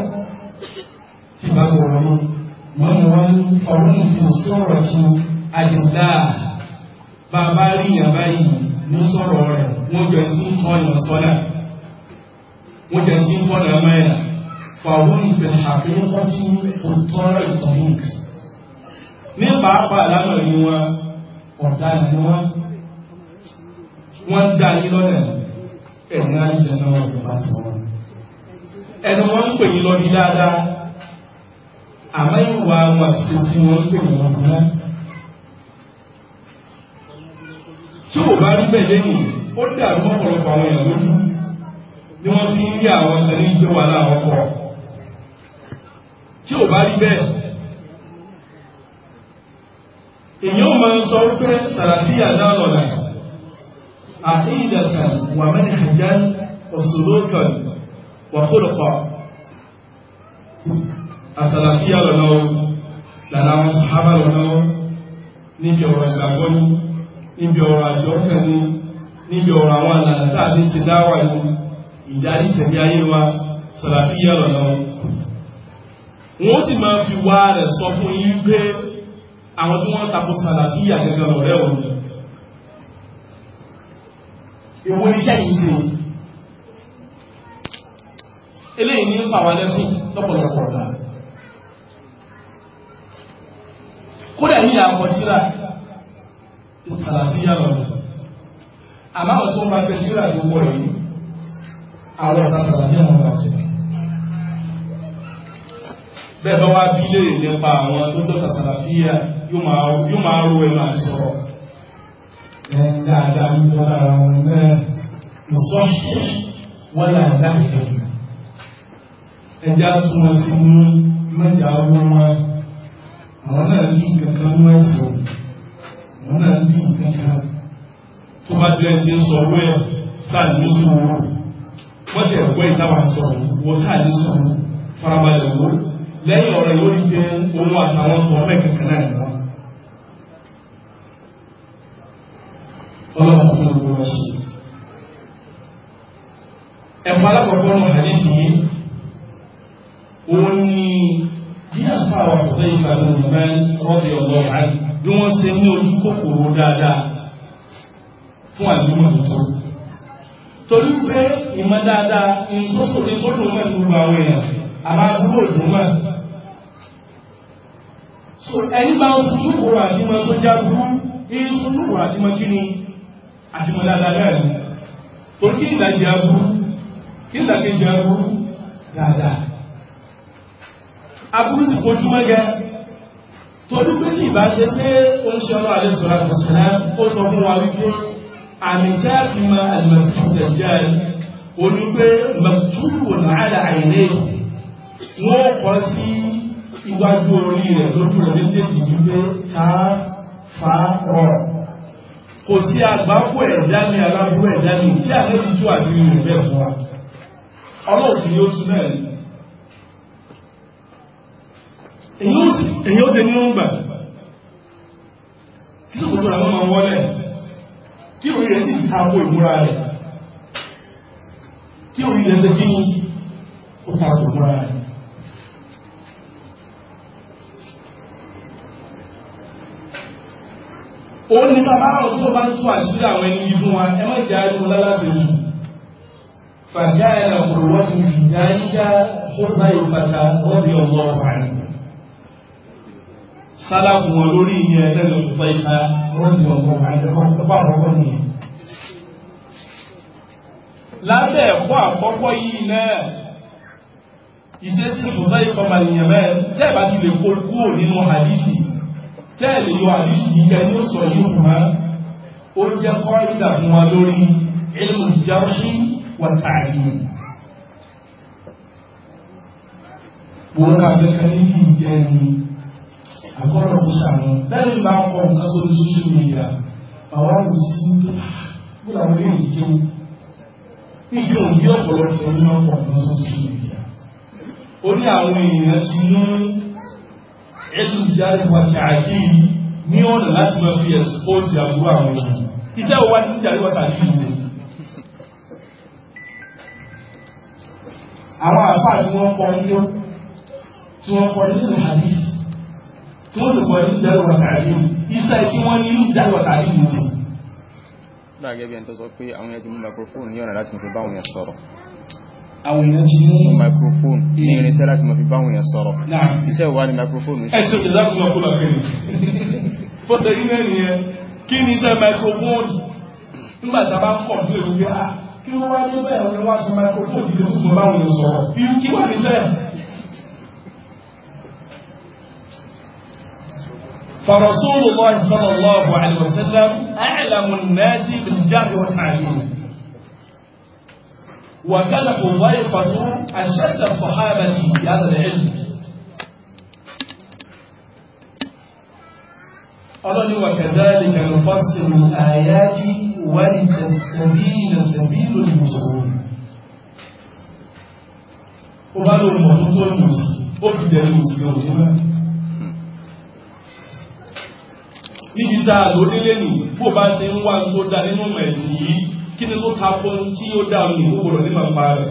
S2: tí bàbá wọlé wọ́n ní wọ́n ọ̀rọ̀ nìkan sí ọ̀rọ̀ tí àjùdá bàbá rí ìyàn báyìí ló sọ̀rọ̀ rẹ̀ wọ́n jọ tí ń kọ́ ìyàn sọ́dà wọ́n jọ tí ń kọ́ ìyàn máyà fàwọn ìfẹ̀hàfẹ́ fọ́tí òtọ́rọ̀ ìtọ́mù nǹkan ní pàápàá lánàá ni wọn ọ̀dà ni wọn wọn dá yín lọ́nà ẹ̀yìn àjẹ náà wọn kò bá sọ wọn. ẹnu wọn ń pè yín lọ ní dáadáa àmọ́ ìwà wọn sì sí wọn ń pè yín lọ náà. tí ò bá rí bẹ́ẹ̀ lẹ́yìn ó dàrú ọ̀pọ̀lọpọ̀ àwọn èèyàn lójú ni wọ́n fi ń rí àwọn ẹni tó láwọn kọ̀. tí ò bá rí bẹ́ẹ̀ èyàn máa ń sọ pé sàràfíà náà lọ́la àti ìdàtà wà mẹ́rin hajjan ọ̀sùlókan wà fólùkọ́ àsàràfíà lọ́la lára àwọn sàhábà lọ́la níbi ọ̀rọ̀ ìgbàgbọ́ ní níbi ọ̀rọ̀ àjọ ọ̀kẹ́ ní níbi ọ̀rọ̀ àwọn àlànà tàbí ṣe dáwà ní ìdarí sẹ̀mí ayé wa sàràfíà lọ́la wọn sì máa fi wá rẹ̀ sọ fún yín pé àwọn tí wọ́n tako sàlàfíà gẹ́gẹ́ lọ́rẹ́ òun ìwọ ní sẹ́yìn sí o eléyìí ní ń fà wá lẹ́kùn lọ́pọ̀lọpọ̀ ọ̀la kódà ní àwọn tíra sàlàfíà lọ́rẹ́ àmọ́ àwọn tó ń bá fẹ́ tíra ló wọ̀ yìí àwọn ọ̀tá sàlàfíà wọn bá jẹ́ bẹ́ẹ̀ bá wá bí lè nípa àwọn tó dọ́kà sàlàfíà yóò máa rú ẹ máa sọ̀rọ̀ dáadáa ní ọ̀rọ̀ àwọn náà kò sọ wọ́n là dáadáa ẹjá tún wọn sí ní mẹ́jà ọmọ wọn àwọn náà dùn kankan mú ẹ̀sìn àwọn náà dùn kankan tó bá tilẹ̀ ti ń sọ wẹ́ sáà ní sọ̀rọ̀ wọ́n ti ẹ̀kọ́ ìtawà sọ̀rọ̀ wọ́n sáà ní sọ̀rọ̀ farabalẹ̀ wọ́n lẹ́yìn ọ̀rọ̀ ìwé ti ohun àtàwọn sọ lẹ́ẹ̀kan kan náà nìwọ̀n. ọlọ́run fún ọgbọ́n wọn ṣe. ẹ̀kọ́ alákọ̀ọ́kọ́ náà hàn níṣì yìí òun ni bí àǹfà àwọn ọ̀sẹ̀ ìgbà ló ń bẹ́ rọ́bì ọ̀dọ́ báyìí bí wọ́n ṣe ní ojú kòkòrò dáadáa fún àdúgbò tuntun torí pé ìmọ̀ dáadáa ìtòsòrò ìtòsòrò mẹ́rin gbogbo àwọn èèyàn àmọ́ àdúgbò dùn mọ́ ẹni bá ń sùúrù àti mọ́ tó já burú ní sùúrù àti mọ́ kí ni àti mọ́ dáadáa rẹ̀ torí kí ìlàjì aburú kí ìlàkejì aburú dáadáa aburú sì kojú mẹ́gẹ́ torí pé kí ìbá ṣe pé ó ń ṣe ọmọ àlẹ́ sọ̀rọ̀ àtọ̀sẹ̀lá ó sọ fún wa wípé àmì tí a fi mọ àlùmọ̀sí ìdẹ̀jẹ́ olùgbé mọ̀túrù nàálà àìlè wọ́n kọ́ sí iwájú orí rẹ̀ lójú rẹ̀ méjèèjì wípé ká fa ọ̀ kò sí àgbákò ẹ̀dá ní alábú ẹ̀dá ní tí àlejò tó àti rẹ̀ bẹ́ẹ̀ fún wa ọlọ́ọ̀sì ni ó tún náà rí
S1: èyí
S2: ó ṣe nínú gbà kí ló kòtò àwọn máa wọlé kí orí rẹ̀ sì tako ìmúra rẹ̀ kí orí rẹ̀ ṣe kí ó tako ìmúra rẹ̀ òun ni bàbá àwọn tí ó bá ń tú àṣírí àwọn ẹni yìí fún wa ẹ má jẹ́ àjùmọ̀ lálàsì yìí fàjá ẹ̀rọ òwò ti ìjà yíyá ṣọ́gbà ìfàjà ọ̀dẹ ọ̀gbọ̀ ọ̀fàní sálàfù wọn lórí ìyẹn ẹlẹ́nu ìfà ìfà ọ̀dẹ ọ̀gbọ̀ ọ̀fàní lábẹ́ ti lè kó kúrò tẹ́ẹ̀lì yóò àdíṣì ìkẹ́ ní ó sọ yìí mọ́ ó jẹ́ kọ́ ìdà fún wa lórí ilmù jáwí wà tààdì wọ́n ká bẹ́ẹ̀ ní kí jẹ́ ní àkọ́rọ̀ ìṣàmù lẹ́yìn bá ń kọ́ nǹkan sórí social media àwọn àwòsí ń tó kí ah, làwọn èèyàn ti jẹun ní kí òun bí ọ̀pọ̀lọpọ̀ ní ọkọ̀ nǹkan sórí social media ó ní àwọn èèyàn ti ní ẹlú jáde wà ṣàkí ní ọ̀nà láti lọ fi ẹ̀sùpọ̀sì àbúrò àwọn ènìyàn iṣẹ́ wà ní jáde wà tàbí ìṣe àwọn àfáà tí wọ́n kọ́ nílò tí wọ́n kọ́ nílò hadith tí wọ́n lè kọ́ ní jáde wà tàbí iṣẹ́ kí wọ́n nílò jáde wà tàbí ìṣe láàgẹ́bí ẹni
S1: tó sọ pé àwọn ẹjì mú microphone ní ọ̀nà
S2: láti fi báwọn yẹn sọ̀rọ̀ àwọn èèyàn ti mú microphone ní irinṣẹ́ láti mọ̀ fi báwọn èèyàn sọ̀rọ̀ iṣẹ́ wà ní microphone ní ṣe ṣe láti mọ̀ kúrò kẹrì fọ́sẹ̀ ilẹ̀ nìyẹn kí ni iṣẹ́ microphone nígbà tá a kọ̀ ní èrò pé kí wọ́n wá ní bẹ́ẹ̀ wọ́n wá sí microphone ìdílé fún báwọn èèyàn sọ̀rọ̀ irú kí wà ní bẹ́ẹ̀ فرسول الله صلى الله عليه وسلم أعلم الناس بالجهل والتعليم وكانوا ضيقة أشد الصحابة في هذا العلم قال وكذلك نفصل الآيات ولتستبين سبيل المسلمين وبالو الموضوع المسلم وكذا المسلمين níbi tá a lò nílé nì bó bá ṣe kí ni tó ta fún tí ó dá mi ìwú gbọdọ̀ ní màmá rẹ̀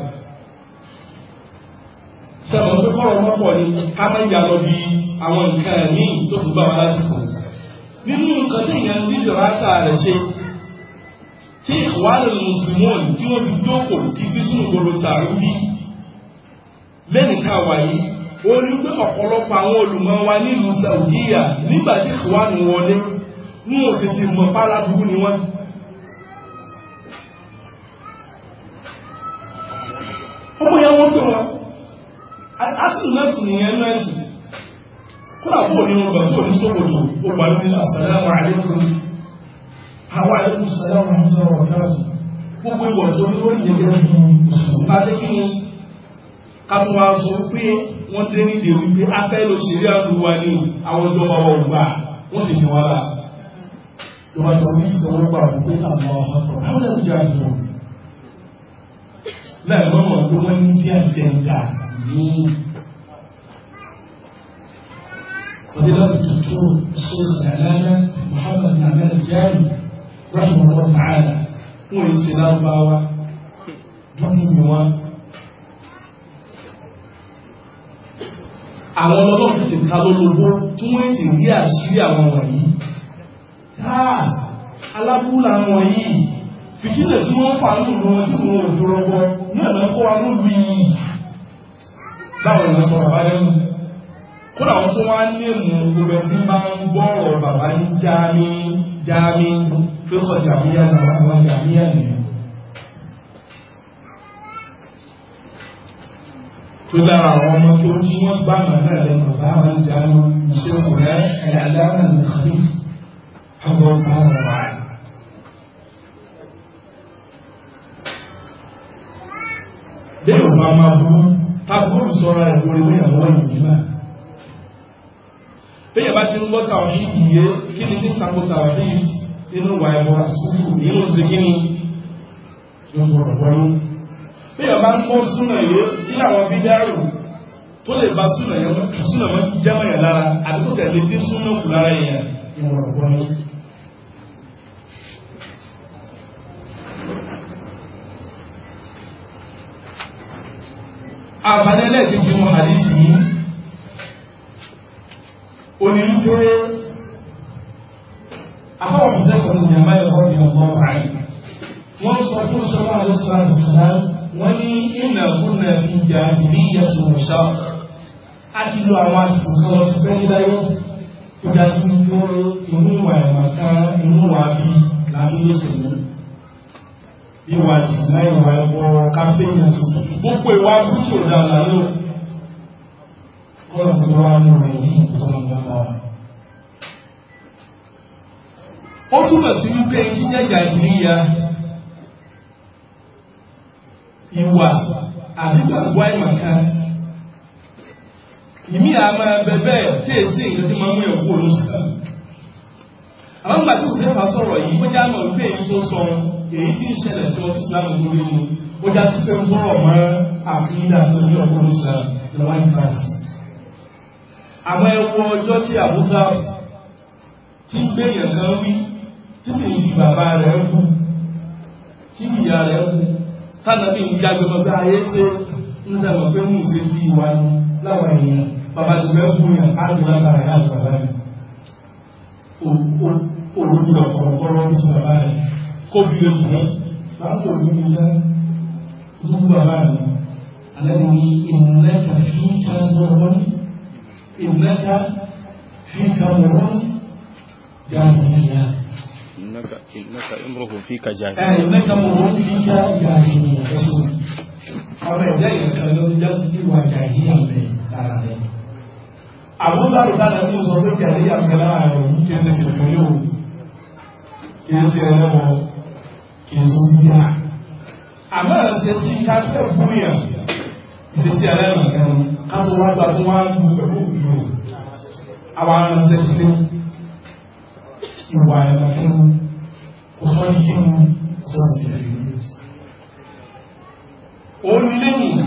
S2: sẹ́wọ̀n pé kọ́rọ̀ mọ́pọ̀ ni ká má yà lọ bí àwọn nǹkan ẹ̀mí tó fi gbà wá láti kù nínú nǹkan tí ìyẹn ní ìdọ̀rásà rẹ̀ ṣe tí ìwádìí mùsùlùmí tí wọ́n fi jókòó ti fi sínú gbogbo sàrúdì lẹ́nìkan wáyé ó ní pé ọ̀pọ̀lọpọ̀ àwọn olùmọ̀ wa nílùú Saudiya nígbà tí ìwádìí wọlé wọn ò tètè mọ̀ fáráàlú nìyẹn ní ẹ̀sìn kúrò àbúrò ní ọgbà tó ní sókòtò ó gbà ní àsàlámù àlékún àwọn àlékún sàlámù àtọrọ káàdì gbogbo ìwọ̀n tó ní lórí ìdẹ̀wọ̀ fún àti ni kápọ̀ aṣọ pé wọ́n dé ní ìdẹ̀wọ̀ pé afẹ́ ló ṣe rí àdúwà ní àwọn ìjọba wọn gbà wọ́n sì fi wọ́n lá ìwọ̀n aṣọ ní ìṣòwò pa àwọn pé wọ́n ní bí àjẹǹkà ní فضيلة الدكتور الشيخ العلامة محمد نعمان الجاني رحمه الله تعالى wọ́n yìí ṣe lárúbáwá dúdú ni wọ́n àwọn ọlọ́run ti ká lólobó tí wọ́n ti rí àṣírí àwọn wọ̀nyí táà alábúlà wọ̀nyí fìtílẹ̀ tí wọ́n fà ní ìlú wọn tí wọ́n ò dúró ní ọ̀nà kó wa lólu yìí báwọn ìlú sọ̀rọ̀ bá kódà wọn tó wá ní èmù gbogbo ẹni bá ń gbọ́rọ̀ bàbá ní jáàmí jáàmí fíkọ̀ jàmíyà àwọn jàmíyà nìyẹn tó dára àwọn ọmọ tó ń tí wọ́n bá màá náà lẹ́nu bá wọn jáàmí ṣe kò rẹ́ ẹ̀yà aláàrẹ̀ nìkan ọgbọ́n bá wọn wà á Dẹ́rù máa máa bú, tábùrù sọ́ra ẹ̀kọ́ ilé àwọn ìgbìmọ̀ téèyàn bá ti ń gbọ́ tàwọn yìí ìyé kí ni ní sàkó tàwọn yìí nínú wà ẹ̀mọ́ àsìkò nínú ti kí ni ìwọ̀rọ̀wọ̀rọ̀ téèyàn bá ń gbọ́ súnà yìí ní àwọn bídárù tó lè bá súnà yẹn súnà wọn jẹ́mọ̀ yẹn lára àdúgbò tẹ̀lé tí súnà kù lára yẹn ìwọ̀rọ̀wọ̀rọ̀ àbálẹ́lẹ́ kejì wọn àdéhùn yìí onídúró afọwọ́ ìdẹ́kùn ní àmà ẹ̀kọ́ ní ọgbọ́n báyìí wọ́n sọ fún sọ́wọ́ àlọ́sọ́lá àlọ́sọ́lá wọ́n ní ìnà fún nà fi jà ìbí ìyẹ̀sù ọ̀ṣà á ti lo àwọn àsìkò kan lọ sí pẹ́ẹ́lí láyé tó dá sí lóró inúwà ẹ̀wà kan inúwà bí láti ló sì mú ka àti kọ́lá tó bá wà lórí yìí tó ń dáná wa. ó túmọ̀ sí wípé jíjẹ́ jàìníyà ìwà àbígbàgbọ́ àìmọ̀ká ìmí àmà bẹ̀bẹ̀ tí è sí ìlú tí ma mú ẹ̀kú olóṣìṣà àwọn ìgbà tí òṣèlú fa sọ̀rọ̀ yìí ó já mọ̀ wípé èyí tó sọ èyí tí ń ṣẹlẹ̀ sí ọdún islam lórí mu ó já sí pé àmọ́ ẹwọ ọjọ́ tí àbúgbà tí ń gbé èèyàn kan wí tí sì ń fi bàbá rẹ̀ ń kú tí ìyá rẹ̀ ń kú tánà bí ń jágbé ọgbẹ́ ayé ṣe ń sẹ́wọ̀n pé mú ìṣe sí ìwà ni láwọn èèyàn bàbá ti fẹ́ fún yàn á dùn látara ẹ̀ àti bàbá rẹ̀ olóbi ọ̀pọ̀lọpọ̀lọ́ ní ti bàbá rẹ̀ kó bí lè fún ẹ̀ láti òbí mi jẹ́ olóbi bàbá rẹ̀ alẹ́ mi ìrìnlẹ́ kàfíńkà lọ́wọ́ ní إنك فيك امر جاهلية إنك إنك امرؤ فيك جاهلية إنك امرؤ فيك جاهلية ọ̀rọ̀ ẹ̀dá ìrìnkà ló ń jásí wà jàhíyà mẹ́ lára rẹ̀ àwọn bá rí tánà ní sọ pé jàhíyà mẹ́ lára rẹ̀ yìí kí ẹsẹ̀ kìfún yóò kí ẹsẹ̀ ẹlẹ́wọ̀ kí ẹsẹ̀ yíyà àmọ́ ẹ̀sẹ̀ sí káfẹ́ fún yà ìsẹ̀sẹ̀ ẹlẹ́wọ̀ káwọn wá gbà tó wá gbù pẹ̀lú ìlú àwọn aránṣẹ́ sílé ìwà ẹ̀mọ̀ fún òṣọ́ ní yíò òun lẹ́yìn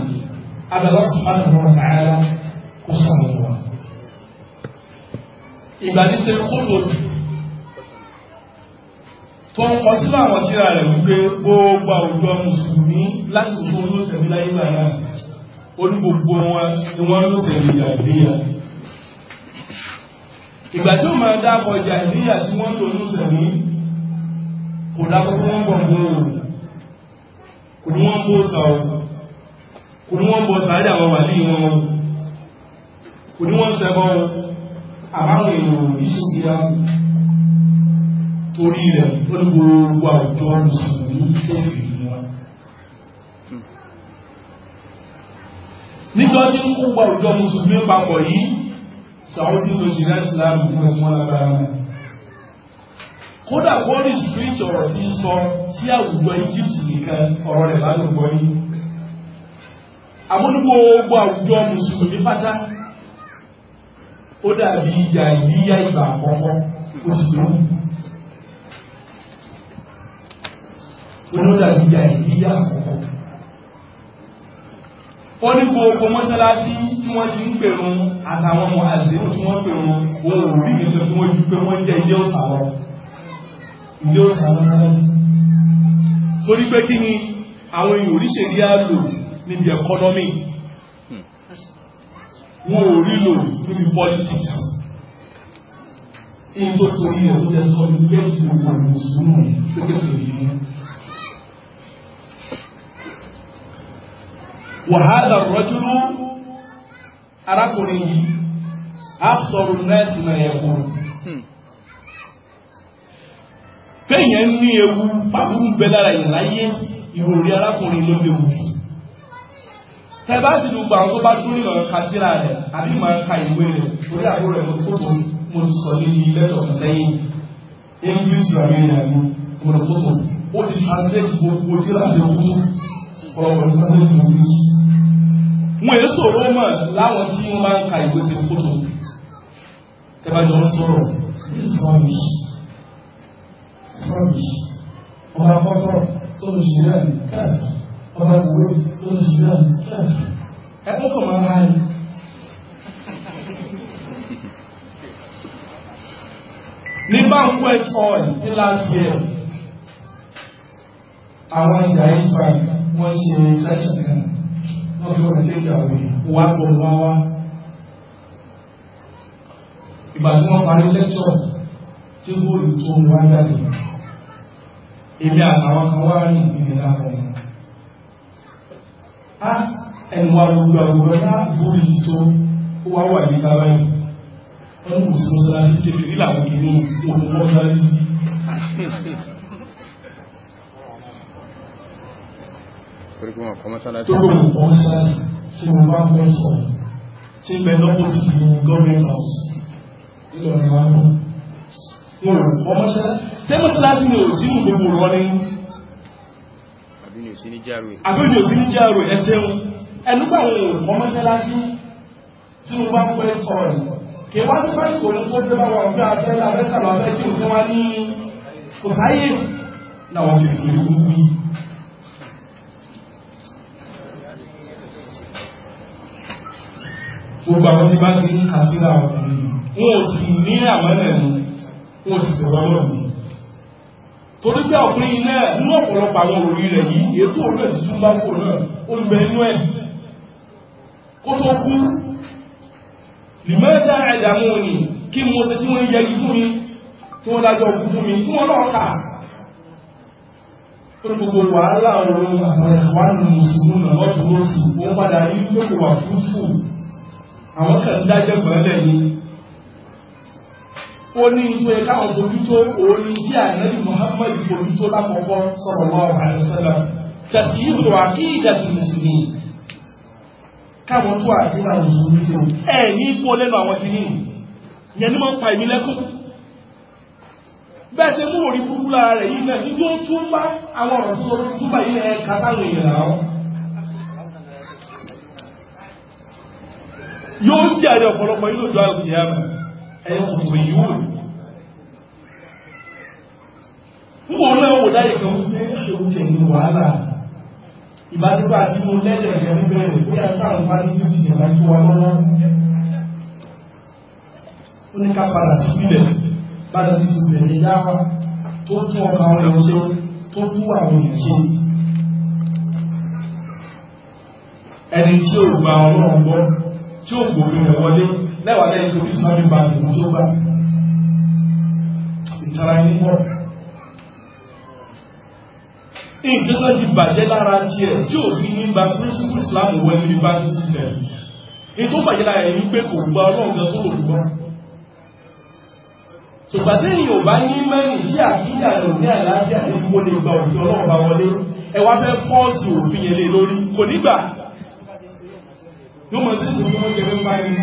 S2: adàlọ́sùn máa lọ́wọ́ tààrà kó sọ̀rọ̀ wa ìgbàdíṣẹ́ kúrò tó ń kọ sílẹ̀ àwọn tíra rẹ̀ wípé gbogbo àwùjọ mùsùlùmí láti fún olóṣèlú láyé gbà náà onígbogbo wọn ni wọ́n ló ṣe jàhìlíyà ìgbà tí ó máa dákọ̀ jàhìlíyà tí wọ́n lò ní sẹ̀mí kò dákọ̀ pé wọ́n gbọ̀n gbọ́n kò ní wọ́n bó sa ọ kò ní wọ́n bọ̀ sàádà àwọn wàlí wọn kò ní wọ́n sẹ́bọ̀ àbáwọn èèyàn ìṣúgbìyà torí rẹ̀ ó ní gbogbo àwùjọ mùsùlùmí tẹ́fì nítorí tí ó gbà òjò mùsùlùmí papọ̀ yìí sàúdí ló ṣe lẹ́sìláàmù fún ẹ̀sùn alábára náà kódà wọ́n street ọ̀rọ̀ tí ń sọ sí àwùjọ Egypt nìkan ọ̀rọ̀ rẹ̀ lálùgbọ́ yìí àmúlùgbò gbogbo àwùjọ mùsùlùmí pátá ó dàbí ìyà ìyíyá ìgbà àkọ́kọ́ òṣìṣẹ́ ó dàbí ìyà ìyíyá àkọ́kọ́ ó ní gbogbo mọ́ṣáláṣí tí wọ́n ti ń pèrún àtàwọn ọmọ àdéhùn tí wọ́n pèrún wọn ò rí nǹkan tí wọ́n ju pé wọ́n jẹ́ ilé òsà lọ ilé òsà lọ mọ́ṣáláṣí torí pé kí ni àwọn èèyàn oríṣiríṣi á lò níbi ẹ̀kọ́nọ́mì wọn ò rí lò níbi politics èyí tó torí ẹ̀ tó jẹ́ sọ ní bẹ́ẹ̀ sí gbogbo ìṣúná tó jẹ́ torí ẹ̀ wàhálà rọ́júlú arákùnrin yìí afsọ̀rọ̀ nẹ́ẹ̀sì náà ẹ̀kọ́ pẹ́yẹn ní ewu pàbúrú bẹ lára ìráyé ìròrí arákùnrin ló léwu tẹ́bá sì lùgbà tó bá dúró ìlànà ka síra rẹ̀ àbí máa ka ìwé rẹ̀ orí àbúrò rẹ̀ tó tó mo sọ níbi lẹ́tọ̀ sẹ́yìn english ramanian mo rẹ̀ tó tó ó ti translate gbogbo tí ra rẹ̀ kú ọ̀rọ̀ pẹ̀lú translate english wọn èyí sọ̀rọ̀ mọ̀ láwọn tí wọ́n máa ń ka ìwé ṣe fótó tẹ́bàjọ́ ń sọ̀rọ̀ rubbish rubbish ọba akọ́kọ́ sọ̀rọ̀ ṣìlẹ̀ kẹfì ọba ìwé sọ̀rọ̀ ṣìlẹ̀ kẹfì ẹ̀kọ́ kọ̀ máa ń ráyè ní banquet hall ní last year àwọn ìyá ìfà wọ́n ṣe session náà wọ́n fi wọ́n tẹ́jà rẹ̀ wà pọ̀ wá wá ìgbà tí wọ́n parí lẹ́tọ̀ tí bóòlù tó ń wá jáde èmi àtàwọn kan wá rí ìpínlẹ̀ lápọ̀ á ẹnu wa gbogbo àgbogbo ẹ̀ náà bóòlù tó wá wà ní kábáyì wọ́n kò sí mọ́sálásí torí pé wọn kọ́ mọ́sálásí. tó ló ń kọ́ mọ́sálásí tí mo bá fẹ́ sọ tí ń bẹ lọ́pọ̀ government house ìlọrin wa náà mo rò kọ́ mọ́sálásí tí mọ́sálásí ni ò sí mú gbogbo rọ ní. àbí ni ò sí ní járó ẹ̀. àbí ni ò sí ní járó ẹ̀ ṣeun ẹnu bá wọn ò kọ́ mọ́sálásí tí mo bá fẹ́ sọ rẹ̀ kí wọ́n ti bá ìṣòro tó dé bá wọn bí abẹ́lẹ́ abẹ́sàlọ́ abẹ́ tí mo fẹ́ wá ní kò sáyé náà wọ́n fi ìṣòro wí gbogbo àwọn tí bá ti ń kà síra ọkùnrin wọn ò sì ní àwọn ẹ̀mú wọn ò sì sọ̀rọ̀ náà ní torí pé ọkùnrin náà ní ọ̀pọ̀lọpọ̀ àwọn òròyìn rẹ̀ yìí ètò òun ẹ̀ tuntun bá kò náà ó ń bẹ inú ẹ̀ kó tó kú lìmọ́ta ẹ̀dàmú ni kí mo ṣe tí wọ́n yẹgi fún mi tí wọ́n dájọ́ òkú fún mi tí wọ́n náà kà gbogbo wàhálà ọ̀rọ̀ àwọn ẹ̀fọ́ àrùn mùsùlùmí náà lọ́tún lọ́sùn ó padà rí lókòwà fúfú àwọn kan dájẹ́ sọ̀rẹ́lẹ̀ ni ó ní tó yẹ káwọn bójútó òun ni tí ànábì Muhammad bójútó lákọ̀ọ́kọ́ sallallahu alaihi wasallam tẹ̀sí ìlú àkíyíjà ti mùsùlùmí káwọn tó àdúrà mùsùlùmí sí ẹ̀ ní ipò lẹ́nu àwọn ti ní yẹn ní máa ń pa ìmí lẹ́kùn bẹ́ẹ̀ ṣe mú òrí burúkú lára rẹ̀ yìí náà ní tó tún bá àwọn ọ̀rọ̀ tó tún bá yìí ẹ̀ kásáwọn náà yóò jẹ́rẹ ọ̀pọ̀lọpọ̀ inú ìjọ àìkìyàmù ẹ̀yẹ kòkò yíò wọ́n náà wò láyé kan ní ẹ̀kùnjẹ̀ ní wàhálà ìbájúgbà tí mo lẹ́lẹ̀ ẹ̀yẹ bẹ̀rẹ̀ pé àtàrùn bá ní jùjì jẹ̀ láti wà lọ́wọ́ ó ní ká padà sí sílẹ̀ bára ní ti bẹ̀rẹ̀ yáwá tó tún ọba ọ̀rẹ́ ọ̀ṣẹ́ tó tún àwọn ẹni tí ò gba ọlọ́run gbọ́ tí ó gbòòrò rẹ̀ wọlé lẹ́wàá lẹ́yìn tó fi sáré ba ìlú tó bá ìtara ẹni pọ̀. nǹkan náà ti bàjẹ́ lára tiẹ̀ tí ò fi ní ba principle Islam wọlé ní bá ti sílẹ̀ ètò bàjẹ́ lára ẹni pé kò gba ọlọ́run gan tó lò gbọ́. ṣùgbọ́n èyí ò bá ní mẹ́rin tí àkíyà lò ní àlàáfíà ní kó lè gba òfin ọlọ́run bá wọlé ẹ wá fẹ́ fọ́ọ̀sì òfin yẹn lórí kò nígbà yóò mọ̀ sí ìṣòro wọn jẹ́ bá yẹn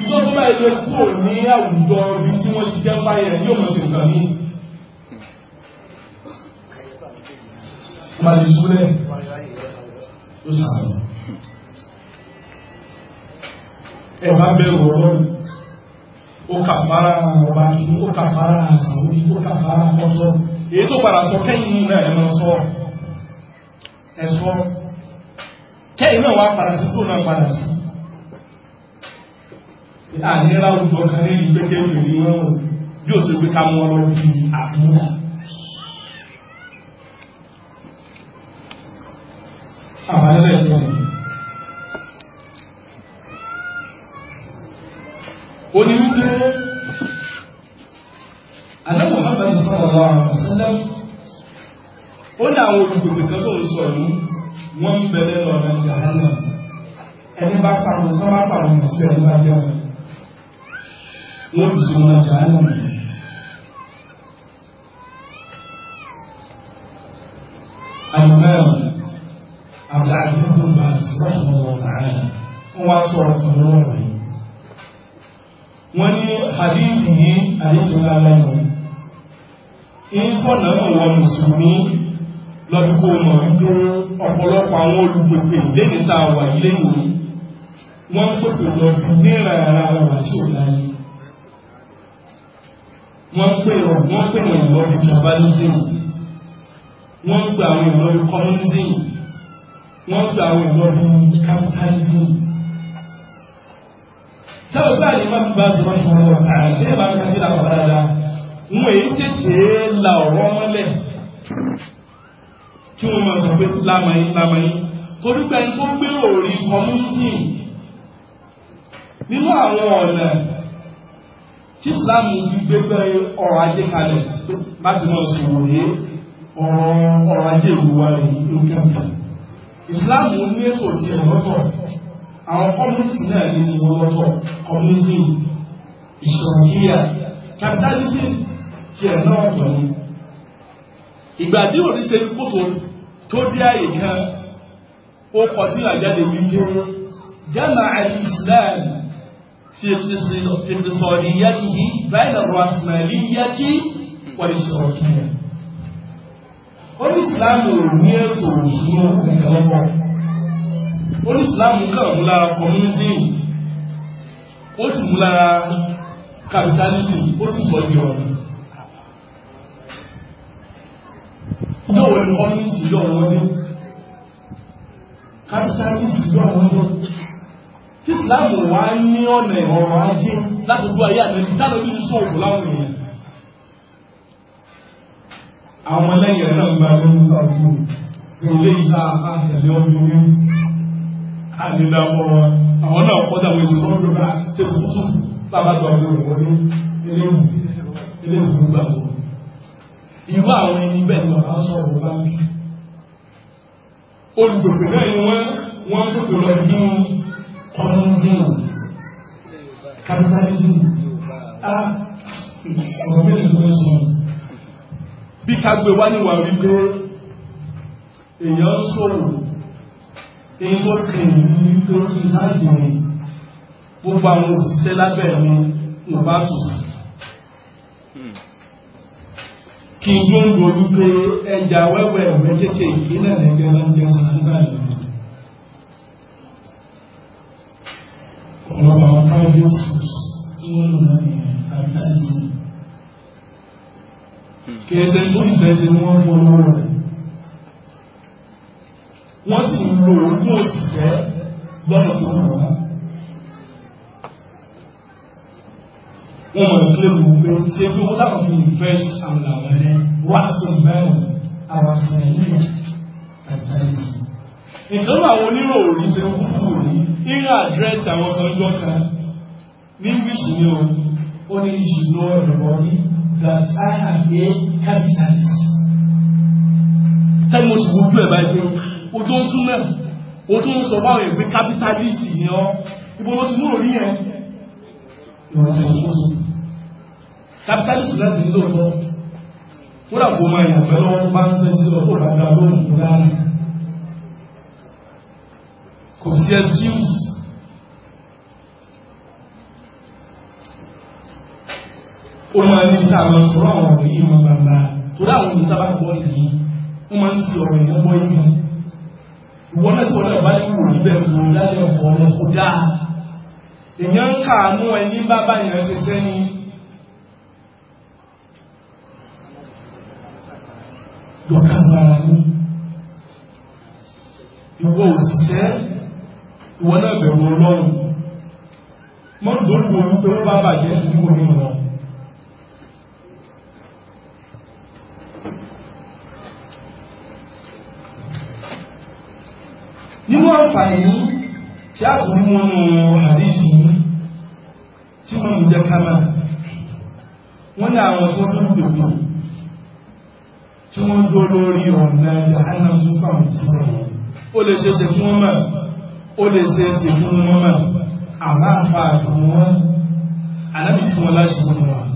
S2: ìjọ tó bá yẹ lè kúrò ní àwùjọ ibi tí wọ́n ti jẹ́ bá yẹn yóò mọ̀ sí ìgbà mí. Màlì Súlẹ̀ ló sàmì. Ẹ wá bẹ̀rù ọlọ́run. Ó kà fara ọba kìí, ó kà fara àṣàwọ̀ kìí, ó kà fara ọ̀tọ̀. Èyí tó padà sọ kẹ́yìn náà ẹ̀ máa sọ. Ẹ sọ kẹ́yìn náà wá padà sí tó náà padà sí àníra òjò kan ní ìgbẹ́jẹ́ ìrìn wọn yóò sì wí ká mọ́ ọlọ́rọ̀ bí àbúrà
S1: àbálẹ́lẹ̀ ìtọ́ ni
S2: ó ní wípé aláwọ̀ bàbá ìsọ́rọ̀ ọ̀sánlẹ́ ó ní àwọn olùgbègbè kan tó ń sọ yìí wọ́n ń bẹ̀rẹ̀ lọ́nà jàhánà ẹni bá pàrọ̀ tó bá pàrọ̀ ní sí ẹni bá jẹ́ wọ́n ti sùn wọn jàhánà mi. Àlùmọ́ọ̀ Abdulaziz bin Baz sọ́kùnrin wọn tààlà ń wá sọ̀rọ̀ pẹ̀lú ọ̀rọ̀ yìí. Wọ́n ní àdéhùn yìí àdéhùn lálẹ́ yìí ń fọ̀nà ìwọ̀n mùsùlùmí lọ́dún kó mọ̀ wípé ọ̀pọ̀lọpọ̀ àwọn olùgbòkè lẹ́yìn tá a wà lẹ́yìn wọ́n fòkè lọ bí náírà ara wà tí ò láyé wọ́n pè wọ́n pè wọ́n ìlọ́ bí wọ́n gba àwọn ìlọ́ bí wọ́n gba àwọn ìlọ́ bí sábà gbáà ní má bá ti wọ́n fún wọn àìlẹ́ bá ti wọ́n ti là wọ́n èyí tètè la ọ̀rọ̀ mọ́lẹ̀ kí wọ́n máa sọ pé lámàáyín lámàáyín torí pé ẹni tó gbé òòrí kọ́múnítì nínú àwọn ọ̀nà tí Islam gbígbé pé ọrọ̀ ajé kalẹ̀ bá ti máa sọ̀rọ̀ yé ọrọ̀ ajé ìlú wa rẹ̀ ló kẹ́kọ̀ọ́ Islam ní ètò ti ọ̀rọ̀tọ̀ àwọn kọ́múnítì náà ní ti ọ̀rọ̀tọ̀ kọ́múnítì ìṣòro kíyà capitalism ti ẹ̀ náà tọ̀ ni ìgbà tí ò ní ṣe ikú tó dé àyè kan ó kọ sí àjáde wípé jama al-islam fi iqtisadiyatihi bayna ar-rasmaliyati wal ishtirakiyya onísìláàmù ní ètò òṣùnú ìkàlọ́pọ̀ onísìláàmù kàn mú lára community ó sì mú lára capitalism ó sì sọ ọ̀nà yóò wọ́n ní ọ́fíìsì yóò wọ́n ní kápítálìsì yóò wọ́n ní tí ìsìláàmù wá ní ọ̀nà ọ̀rọ̀ ajé láti gbọ́ ayé àti dálójú ní sóòkù láwọn èèyàn àwọn ẹlẹ́yìn rẹ̀ náà gba lórí sàbúrò ní ilé ìta àtẹ̀lé ọdún ní àdídá ọmọ àwọn náà kọjá wọn ìṣòro ọdún bá ṣe tuntun bàbá gbàgbé òwò ní ilé ìgbàgbọ́ irú àwọn ẹni bẹ́ẹ̀ lọ bá sọ̀rọ̀ bá ń bí olùgbògbè náà ni wọ́n wọ́n ń gbògbè lọ bí kọ́nùzìn capitalism a ọ̀rọ̀ mẹ́rin ló ń sọ bí kágbé wá ní wà wípé èèyàn sọ̀rọ̀ èyí tó kè ní tó fi sáàjì mi gbogbo àwọn òṣìṣẹ́ lábẹ́ mi wọ́n bá tò sí kí n tó ń dojú pé ẹja wẹ́wẹ́ ìwé kéékèèké náà lẹ́gbẹ́ máa ń jẹ́ sísá ìlú. ọ̀pọ̀lọpọ̀ àwọn private schools tí wọ́n lò náà nìyẹn capitalism. kì í ṣe tó ìfẹ́ ṣe ni wọ́n fún ọlọ́rọ̀ rẹ̀. wọ́n sì ń lo ojú òṣìṣẹ́ lọ́nà tó wù wọ́n. wọ́n mọ̀ nílé mu pé ṣé fún wọn láwọn first and àwọn làwọn ẹ̀ wá aṣọ mẹ́rin àwọn aṣọ ẹ̀yìn àtàlẹ́sì. ìkan náà àwọn oníròrí ṣe ń kú fún òní ìrìn àdírẹ́sì àwọn kan jọ kan ní wíṣì ni o ó ní you know everybody that I have a capitalist. tẹ́lẹ̀ mo ti wojú ẹ̀ báyìí pé o tó ń súnmọ́ o tó ń sọ báwọn èèyàn pé capitalist ni ọ́ ibo ló ti mú òrí yẹn. Ìwọ̀n ṣe ìṣòro capitalist láti ní lóòótọ́ ó dà kó máa yàn fẹ́ lọ́wọ́ bá ń sẹ́ sí lọ́tọ́ bá dá lóòrùn kó dára kò sí excuse ó máa ní tá a lọ sọ̀rọ̀ àwọn ọ̀rọ̀ yìí máa bàbá tó dá àwọn ìsábà gbọ́ nìyí wọ́n máa ń sí ọ̀rọ̀ ìyẹn bọ́ yìí ìwọ náà tí wọ́n náà bá ní wò níbẹ̀ kò dájọ́ ọ̀pọ̀ ọ̀nà kó dáa èèyàn ń kàánú ẹni bá bá yẹn ṣe dọ̀kan lára ní ìwọ òṣìṣẹ́ ìwọ náà bẹ̀rù ọlọ́run mọ́n lórúkọ wípé ó bá bàjẹ́ ìwọ ní wọn nínú àǹfààní tí a kò mú ọ̀nà àríṣì tí wọ́n ń jẹ́ kámà wọ́n ní àwọn tí wọ́n lórúkọ tí wọ́n dó lórí ọ̀nà ìjàhánà tó fàwọn ìsìnkú ó lè ṣe ṣe fún ọmọ ó lè ṣe ṣe fún ọmọ àmá àfà fún wọn alábì fún wọn láti fún wọn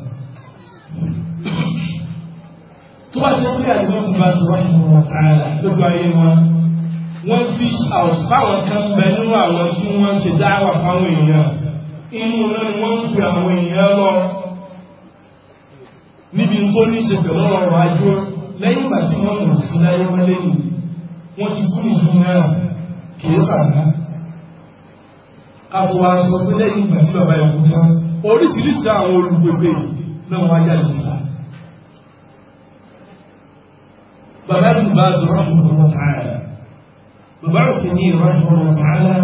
S2: tó wà tó pé àdúgbò ń bá sọ wọn ìmọ̀ wọn lójú ayé wọn wọ́n fi out fáwọn kan bẹ nínú àwọn tí wọ́n ṣe dáwà fáwọn èèyàn inú náà ni wọ́n ń fi àwọn èèyàn lọ níbi tó ní ṣe pẹ̀lú ọ̀rọ̀ lẹ́yìn ìgbà tí wọ́n mọ̀ sí láyé wọ́n lẹ́yìn wọ́n ti kú ìfún náírà kìí sàrá káfọ́ wa sọ pé lẹ́yìn ìgbà tí bàbá ìlú tán oríṣiríṣi àwọn olùgbègbè náà wá yà lùsà bàbá ìlú bá sọ rọ́pùpù wọn tààrà bàbá òfin ní ìrọ́pùpù tààrà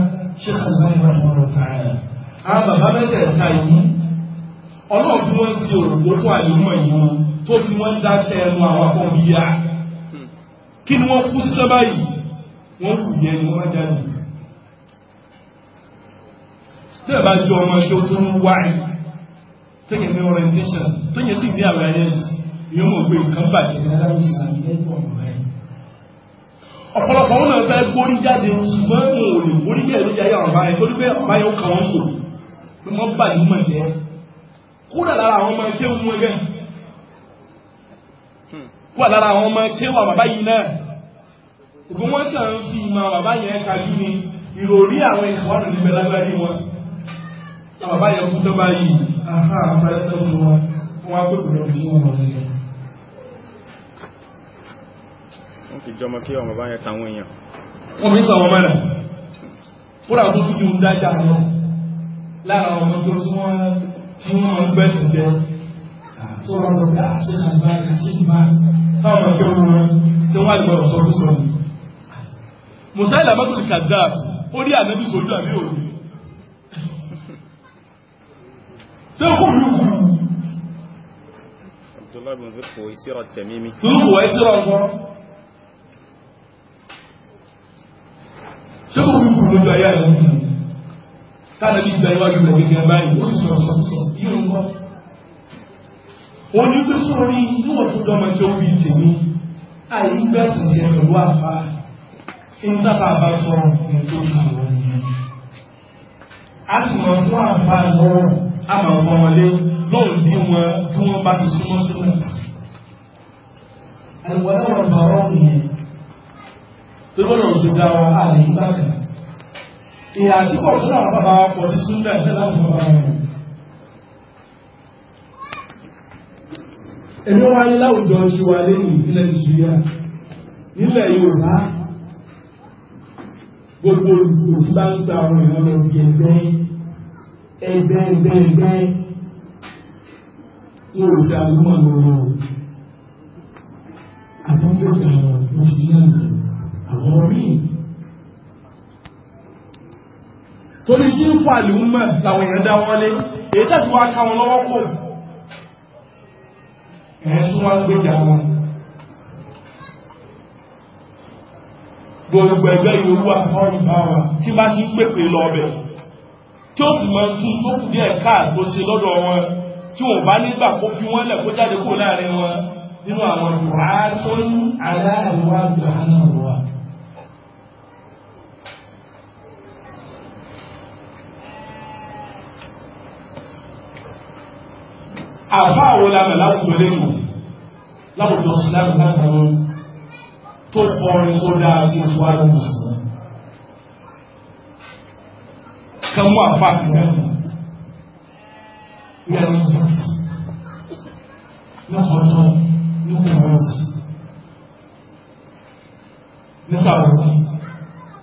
S2: tó fi wọ́n dá tẹ́ẹ̀nu àwọn akọ́bí yá kí ni wọ́n kú sí sábà yìí wọ́n kù yẹ ni wọ́n jáde tí ẹ̀ bá jọ ọmọ ẹjọ́ tó ń wáyé tẹ́yẹ̀ ní orientation tó yẹ sí ní awareness ni ó mọ̀ pé nǹkan bàjẹ́ ní aláwọ̀sí ọ̀pọ̀lọpọ̀ wọn náà fẹ́ gbórí jáde ṣùgbọ́n wọn ò lè gbórí yẹ̀ lórí ayé àwọn báyìí torí pé báyìí ó kàn wọ́n kò ló mọ́ bàjẹ́ mọ̀ jẹ́ kúrò lára àwọn ọmọ ẹgbẹ́ wọn gẹ́gẹ́ wà lára àwọn ọmọ kéwà bàbá yìí náà ìgbọ́n wọ́n sàn ń fi ìmọ̀ bàbá yẹn kájú ni ìròrí àwọn ìkọ́nù níbẹ̀ lágbárí wọn bàbá yẹn fún tọ́ba yìí aha àpẹẹrẹ sẹ́fún wọn fún wa pé kòrò fún wọn wọn nìyẹn.
S1: wọ́n fi jọmọ kí ọmọ bá yẹn táwọn èèyàn.
S2: wọ́n fi sọ ọmọ mẹ́rẹ̀ fúnra tó fi ju dájà lọ lára ọmọ tó tí wọ́n tí wọ́n gbẹ̀sìn jẹ́ tó rọrùn bí a ṣe àgbáyé àṣìṣe máa táwọn ọmọ kẹrù wọn tí wọ́n àgbà ọ̀sọ̀ tó sọ ní musaila mọ́tòlì kadaf ó rí ànábì sójú àbí òní tí ó kù
S1: yóò kù Abdullahi bin Zurfu wa
S2: Isira Tamimi. Zurfu wa Isira ọgbọ́n. Ṣé kò kú kúrò lójú ayé àyè? Káàdà bí ìgbà iwájú rẹ̀ gẹ́gẹ́ báyìí, ó sì sọ̀rọ̀ sọ̀rọ̀ yóò ń kọ́ wọ́n ní pé sórí inú ọ̀tún dọ́mọ tó bí tèmi àyígbà ti jẹ́ pẹ̀lú àfà ń sábà bá sọ ohun tó kà wọ́n ni a sì mọ̀ fún àfà lọ́wọ́ a mọ̀ fún wọn lé lóun dí wọn bí wọ́n bá ti súnmọ́ súnmọ́ àìwọ̀lẹ́wọ̀ bọ̀rọ̀ nìyẹn tó lọ́nà òsì dá wa àlè ìgbà kan ìhà tí kò tún àwọn bàbá wa pọ̀ ní súnmọ́ ẹ̀ ẹni wá ní láwùjọ ṣe wà lẹ́yìn ìpínlẹ̀ Nàìjíríà nílẹ̀ Yorùbá gbogbo òṣìláńtà àwọn èèyàn lọ bí ẹgbẹ́ ẹgbẹ́ ẹgbẹ́ ẹgbẹ́ ní òṣì àlúmọ̀ lọ́wọ́ àwọn yóò àwọn òṣìṣẹ́ àwọn orí torí kí ń fà lùmọ̀ làwọn èèyàn dá wọlé èyí tẹ́sí ká wọn lọ́wọ́ pọ̀ ẹ̀yẹn tó wọ́n gbé jàmọ́ gbogbo ẹgbẹ́ ìwòrú àkọ́rin báwa tí bá ti pèpè lọ ọbẹ̀ tí ó sì mọ́ tún tó kù díẹ̀ káà tó ṣe lọ́dọ̀ wọn tí wọ́n bá nígbà kó fi wọ́n lẹ̀ kó jáde kó láàrin wọn nínú àwọn ìwà tó ń aláàríwá gbà àfa àwọn lamẹ láwùjọ lẹ́kọ̀ọ́ láwùjọ sílámù láwùjọ tó kọrin tó dáa bí fún àwọn mùsùlùmí kan mú àfa àfihàn ní ẹni jẹ ní ọjọ́ ní kùmọ̀ọ́sì ní sàwùjọ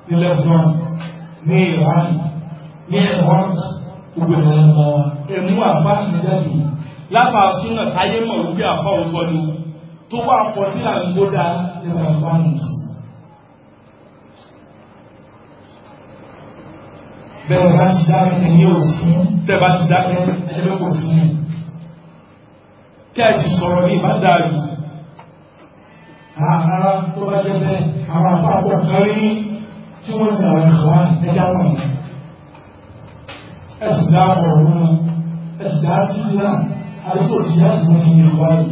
S2: ní lẹ́gbọ̀n ní ìran ẹ̀mú àfa àfihàn yìí lápá súnà táyé mọ̀ wípé àfọ́ òkọlù tó wà pọ̀ tí à ń gbódá nípa fáàmùsì bẹ̀rẹ̀ bá ti dákẹ́ ní òsì tẹ́bá ti dákẹ́ ẹgbẹ́ kò sí kẹ́ẹ̀sì sọ̀rọ̀ ní ìbádáàjù ààrá tó bá jẹ́ bẹ́ẹ̀ àwọn àpapọ̀ kan rí tí wọ́n ní àwọn ìṣọ́ ẹjá wọn ẹ̀sì dákọ̀ ọ̀run ẹ̀sì dákọ̀ الصوت لازم فيه إخوان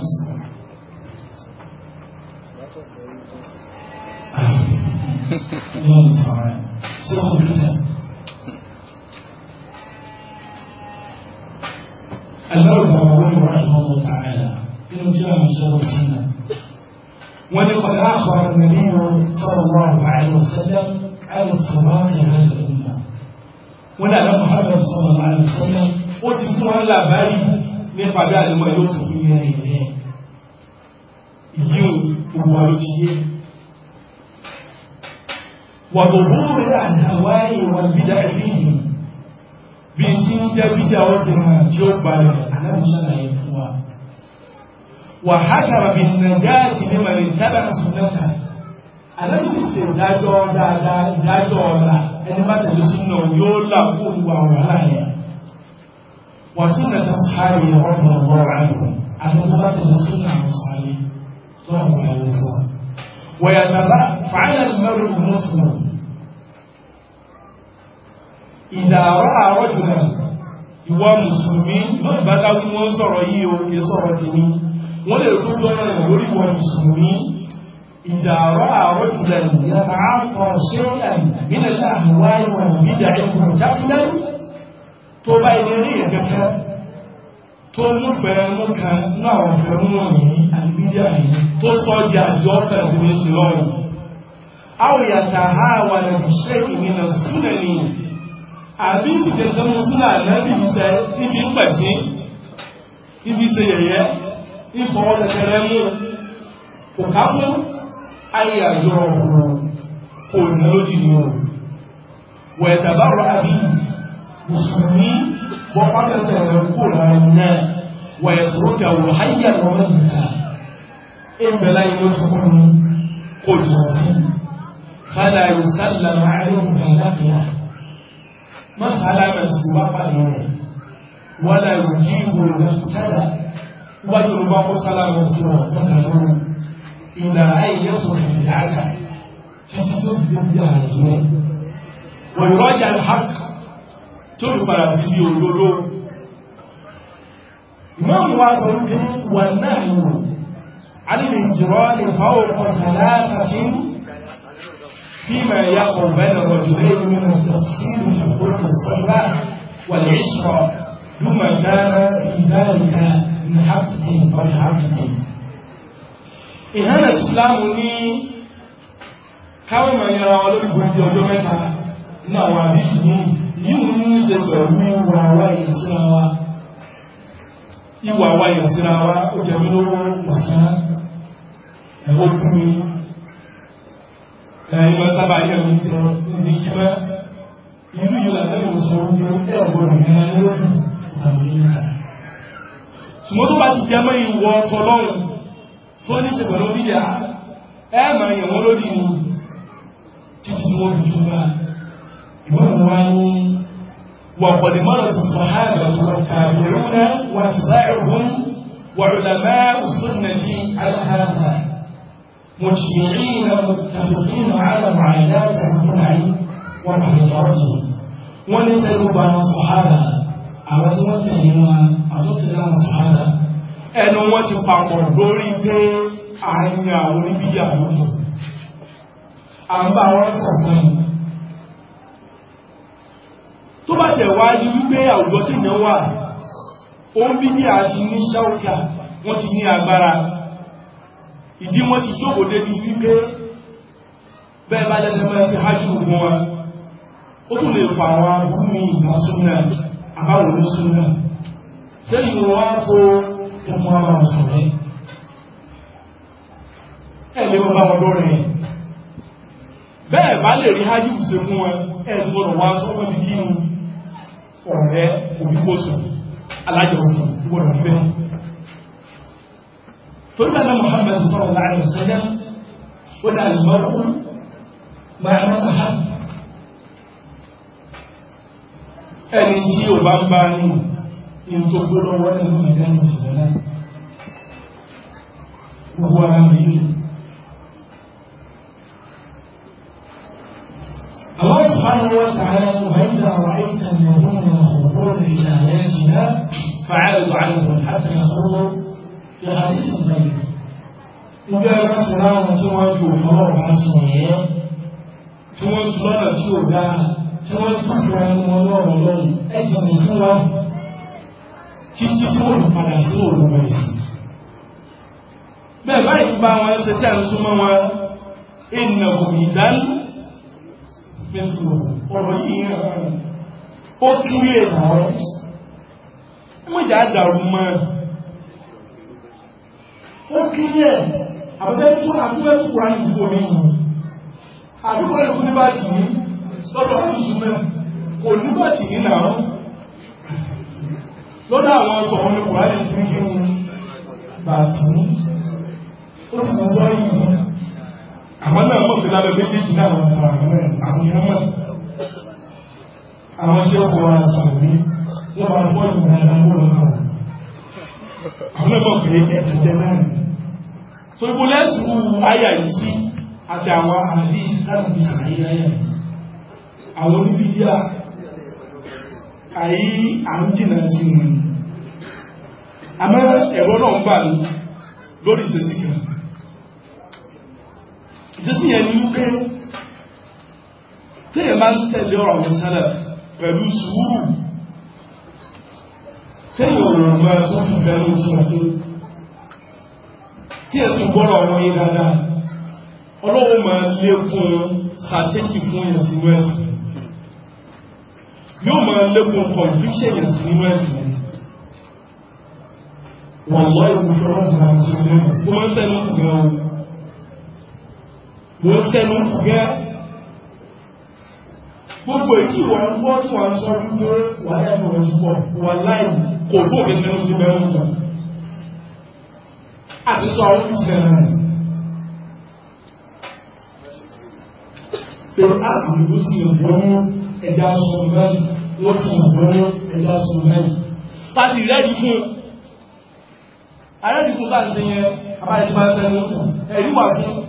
S2: الله المستعان سيأخذ الكتاب الأول النووي رحمه الله تعالى إنه جاء من شر السنة ولقد أخبر النبي صلى الله عليه وسلم عن الصراط هذه الأمة ولا محمد صلى الله عليه وسلم وتفوها لا بارد nípa bí àti mọ́ yóò sì fún ilẹ̀ ìrìn yíò gbogbo wa ló ti yé wà tó bú rẹ̀ àdáwáyé wà bídá ìfìdí bí tí ń jẹ́ bídá ó sì rán tí ó balẹ̀ aláìsàlàyé fún wa wà hákàrà bí nàjá àti ní wà lè tábà sùnẹ́ta aláìsẹ̀ ìdájọ́ dáadáa ẹni bá tẹ̀lé sínú yóò là ìwà wàhálà yẹn وسنة أصحابي رضي الله عنهم أن نتبادل السنة الصحابي اللهم عليه وسلم ويتبع فعل المرء المسلم إذا رأى رجلا ìwọ mùsùlùmí náà bá dáwí wọ́n sọ̀rọ̀ yìí o kìí sọ̀rọ̀ ti ní wọ́n lè tó tó ọ̀nà lórí ìwọ mùsùlùmí ìdàrọ́ àárọ̀ jùlọ ìyàtà àpọ̀ ṣe ẹ̀mí nílẹ̀ àmúwáyé wọn ìdàrẹ́ kùn jákúlẹ́rù tó bá ilé rí ìrẹ̀kẹ́kẹ́ tó nífẹ̀ẹ́ mú kan náà wọ́n fẹ́ mú wọ̀nyí àlùmídíà yìí tó sọ di àjọ pẹ̀lú oṣù lọ́rùn àwọn ìyàtà ha wà ní iṣẹ́ ìmìnà súnà ni àbí ìdẹ̀kẹ́ mú súnà lẹ́bí iṣẹ́ ibi ń pẹ̀sí ibi ṣe yẹ̀yẹ́ ìfọwọ́ tẹ̀tẹ̀rẹ̀ mú kò ká mú ayé àjọ ọ̀rọ̀ kò ní lójì ni ó wẹ̀ẹ̀tàbárọ̀ àbí مسلمين وقدس يقول الناس ويتركه حيا وميتا ان بلا يدخلني قلت لهم فلا يسلم عليهم بلاقيه ما سلام سباق اليوم ولا يجيب المبتلى ويرباه سلام سباق اليوم الى ان يصل بالعزم تجد بها اليوم ويراجع الحق tí ó gbàrà sí bí òdòdó mọ́mù wá sọ wípé wà náà ìwò alìlẹ̀ ìjìrọ́ lè fáwọ̀ kọ̀tàlátàtí fi ma ya ọ̀bẹ̀lẹ̀ ọjọ́lẹ̀ nínú tafsir ìfòkòrò sọ́lá wà lè ṣọ́ lúmọ̀ dára ìzáríká ní hafifi ọ̀nà hafifi ìhánà ìsìlámù ní káwọn mọ̀ yẹra ọlọ́gbọ̀n ọjọ́ mẹ́ta náà wà bí ìsinmi yíò ní ṣe pẹ̀lú ìwàwà ìsìnrawa ìwàwà ìsìnrawa ó jẹ́ lówó ọ̀sán ẹ̀wọ́ kúrú ẹ̀yìn wọ́n sábà yẹ́ orí tẹ ní kíkọ́ irú yóò látẹ́lẹ̀ oṣù orí ẹ̀wọ̀ ìrìnà lórí ìtàwọn ìrìnà ṣùgbọ́n tó bá ti وقد مرت الصحابة والتابعون واتباعهم وعلماء السنة على هذا مجمعين متفقين على معاينات المنع ومعايناته ونسأل بعض الصحابة àwọn tí wọ́n tẹ̀lé wọn àtúntẹ̀lé àwọn sàárà ẹnu wọ́n ti papọ̀ lórí pé àárín tó bá tẹ̀ wá ní wípé àwùjọ tí ìyàn wà ó ń bí ní àti ní ṣáúkà wọ́n ti ní agbára ìdí wọ́n ti jókòó débi wípé bẹ́ẹ̀ bá lẹ́nu máa ṣe hajj ogun wa ó tún lè fa àwọn abúrú ní ìgbà súnmọ́ àbáwò ní súnmọ́ sẹ́yìn wọn á tó ẹ̀fọn àwọn mùsùlùmí ẹ̀ lè wọ́n bá wọn lórí bẹ́ẹ̀ bá lè rí hajj ṣe fún wọn ẹ̀ tó gbọ́dọ̀ wá sọ́kọ́ bí ọ̀rẹ́ olùkóso alájọsìn gbọ́dọ̀ níbẹ̀ torí bàbá Muhammad sọ̀rọ̀ láàrin sẹ́dá ó dá ìgbọ́rún máa ń ha ẹni tí ò bá ń bá ní in tó gbọ́dọ̀ wọ́n nínú ìdáhùn ìṣẹ̀lẹ̀ gbogbo ara mi
S1: سبحانه وتعالى وإذا
S2: رأيت الذين يخوضون في آياتنا فعرض عنهم حتى يقولوا في حديث غيره níbi ẹgbẹ́ sàráwọn tí wọ́n ju òfòrò ọ̀rọ̀ sùn yẹn tí wọ́n ju lọ́nà tí ò dá tí wọ́n ní pàtó ẹnu wọn lọ́rọ̀ lọ́rùn ẹ̀jẹ̀ ní fún wọn títí tí wọ́n padà sí òòrùn ẹ̀sìn. bẹ́ẹ̀ báyìí bá wọn ṣe tẹ́ ń súnmọ́ wọn ènìyàn kò ní ìdánilẹ́ mẹ́sùn ọ̀rọ̀ yìí hàn ó kílé ọ̀rọ̀ mọ́jà dàrú mọ́ ó kílé àbúgbẹ́ fún àbúgbẹ́ kúrò ní ìsìnkú ní ìlú àdúgbò ẹ̀kú ní bá jì ní lọ́dọ̀ ọ̀sùn mẹ́ kò ní bá jì ní náà lọ́dọ̀ àwọn ọ̀sọ̀ wọn ni kùrò ní ìsìnkú bá jì ní ó sì sọ yìí àwọn náà mọ̀ sí lábẹ́ méjèèjì náà wọn fara rẹ̀ àwọn èèyàn mọ̀ àwọn ṣe ọkọ̀ wọn sọ̀rọ̀ ní wọ́n máa bọ́ ìwọ̀n ẹ̀rọ lọ́wọ́ náà àwọn náà mọ̀ pé ẹ̀jẹ̀ jẹ́ náà ni so ibo lẹ́tù ayà yìí sí àti àwọn àlè láti fi ṣàlàyé ayà yìí àwọn oníbìyà àyí àwọn jìnnà sí wọn àmọ́ ẹ̀rọ náà ń bà ní lórí ìṣesí kan ìsẹ́sí yẹn ni wípé tí èyàn máa ń tẹ̀lé ọ̀rọ̀ mi sẹ́lẹ̀ pẹ̀lú sùúrù tí èyàn rọrùn mọ́ tó fi bẹ̀rù ti ọdún tí èsì gbọ́rọ̀ ọmọ yìí dáadáa ọlọ́run máa lékún sàtẹ́kì fún yẹn sí wẹ́sì yóò máa lékún mò ń sẹ́nu gẹ́ gbogbo ètí wọ́n wọ́n tí wọ́n sọ wípé wà lẹ́nu rẹ̀ ti pọ̀ wà láì kò tó òkè nínú ti bẹ̀rù sọ àti sọ àwọn ìṣẹ́ náà pẹ̀lú àbùrù sí ìgbọ́nú ẹja sọ mẹ́rin wọ́n sì ìgbọ́nú ẹja sọ mẹ́rin pàṣẹ ìrẹ́dì fún àrẹ́dì fún bá ń se yẹn àbáyé bá sẹ́nu ẹ̀rí wà fún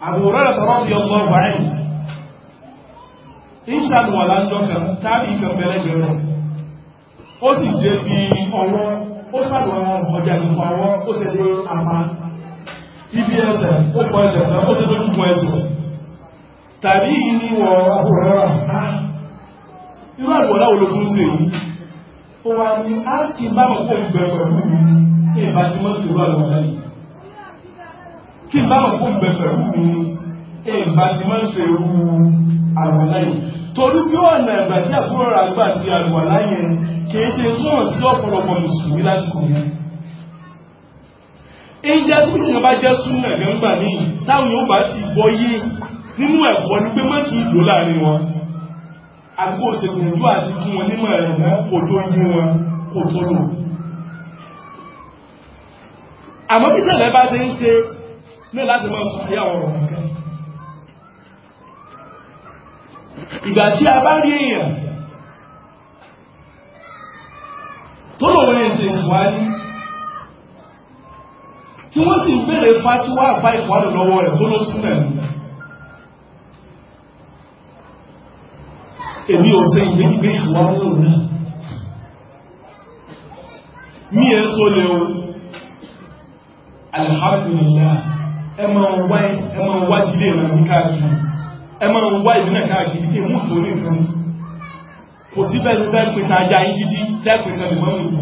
S2: Abu Hurairah radiyallahu anhu ìṣàlùwàlá lọ́kàn tàbí ìkànfẹ́lẹ́gbẹ̀ rẹ̀ ó sì dé fi ọwọ́ ó sàlùwàlá ọjà nípa ọwọ́ ó sì dé àmà ibi ẹsẹ̀ ó pọ̀ ẹsẹ̀ ó sì tó dùn ẹsẹ̀ tàbí ní wọ Abu Hurairah irú àlùwàlá olókun sí èyí ó wá ní á ti bá mọ̀ pé ìgbẹ̀rẹ̀ pẹ̀lú ìbá tí mọ́ sí irú àlùwàlá yìí tí bá mọ̀ fún bẹ̀fẹ̀ ní èèbà tí mọ́ ṣe rú àlùwàláyìn torí bí ọ̀nà ẹ̀gbà tí àbúrò rà gbà sí àlùwàláyìn kìí ṣe túnmọ̀ sí ọ̀pọ̀lọpọ̀ mùsùlùmí lásìkò yẹn ìjà sí ìjọba bá jẹ́ súnmọ̀ ẹ̀gbẹ̀ngbà ní táwọn yóò bá sì bọ́yé nínú ẹ̀kọ́ ní pé mọ́ sí ìlú láàrin wọn àgbò ṣègbìyànjú àti fún wọn nímọ̀ ẹ̀rọ kò tó yé wọn kò tó lò àmọ́ bí ṣẹlẹ̀ bá ṣe ń ṣe ní láti máa sọ pé àwọn ọ̀rọ̀ nǹkan ìgbà tí a bá rí èèyàn tó lò wọ́n ẹ̀sẹ̀ ìwárí tí wọ́n sì ń bèèrè fatiwa àbá ìfọ́dọ̀ lọ́wọ́ rẹ̀ tó ló súnmẹ̀ èmi ò sẹ́ ìgbégbé ìfọ́dọ̀ náà mi ẹ̀ sọ lẹ́wọ́ alhamdulillah ẹ máa ń wá ẹ máa ń káàkiri ẹ máa wá ìbínà káàkiri kí èmú ìtòrí ìfún kò sí bẹ́ẹ̀ bẹ́ẹ̀ pé ajá yín jíjí lẹ́pẹ̀ ìtọ́lẹ̀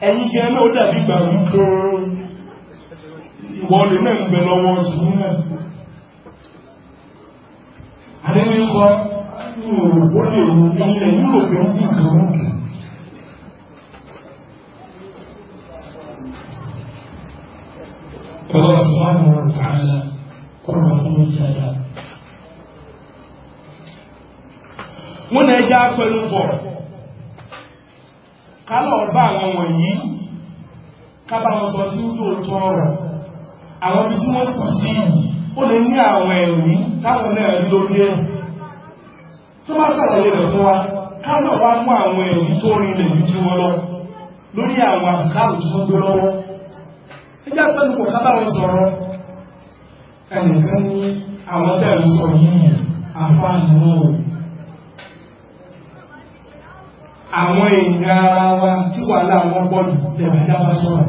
S2: ẹ̀yìn ó dàbí ìwọ́lé náà ń bẹ lọ́wọ́ ti náà adẹ́rẹ́kọ́ ní òwò lè mú ilẹ̀ yúrò tó ń wọ́n na ẹjá pẹ̀lú bọ̀ kálọ̀ ọ̀bá àwọn wọ̀nyí tí ó tó àwọn ibi tí wọ́n kù sí ó lè ní àwọn ẹ̀rí táwọn náà rí lórí ẹ̀ tó bá sàlàyé rẹ̀ fún wa káwọn wá mú àwọn ẹ̀rí tó rí lè ní tí wọ́n lọ lórí àwọn àkáàrù tí wọ́n gbé lọ́wọ́ ẹjá pẹ́lú kò sábà wọn sọ̀rọ̀ ẹnìkan ní àwọn tẹ́ẹ̀lú sọ yìí àfáàní náà àwọn èèyàn ara wa tí wà láwọn bọ́ọ̀lù tẹ̀mẹ̀dá wa sọ̀rọ̀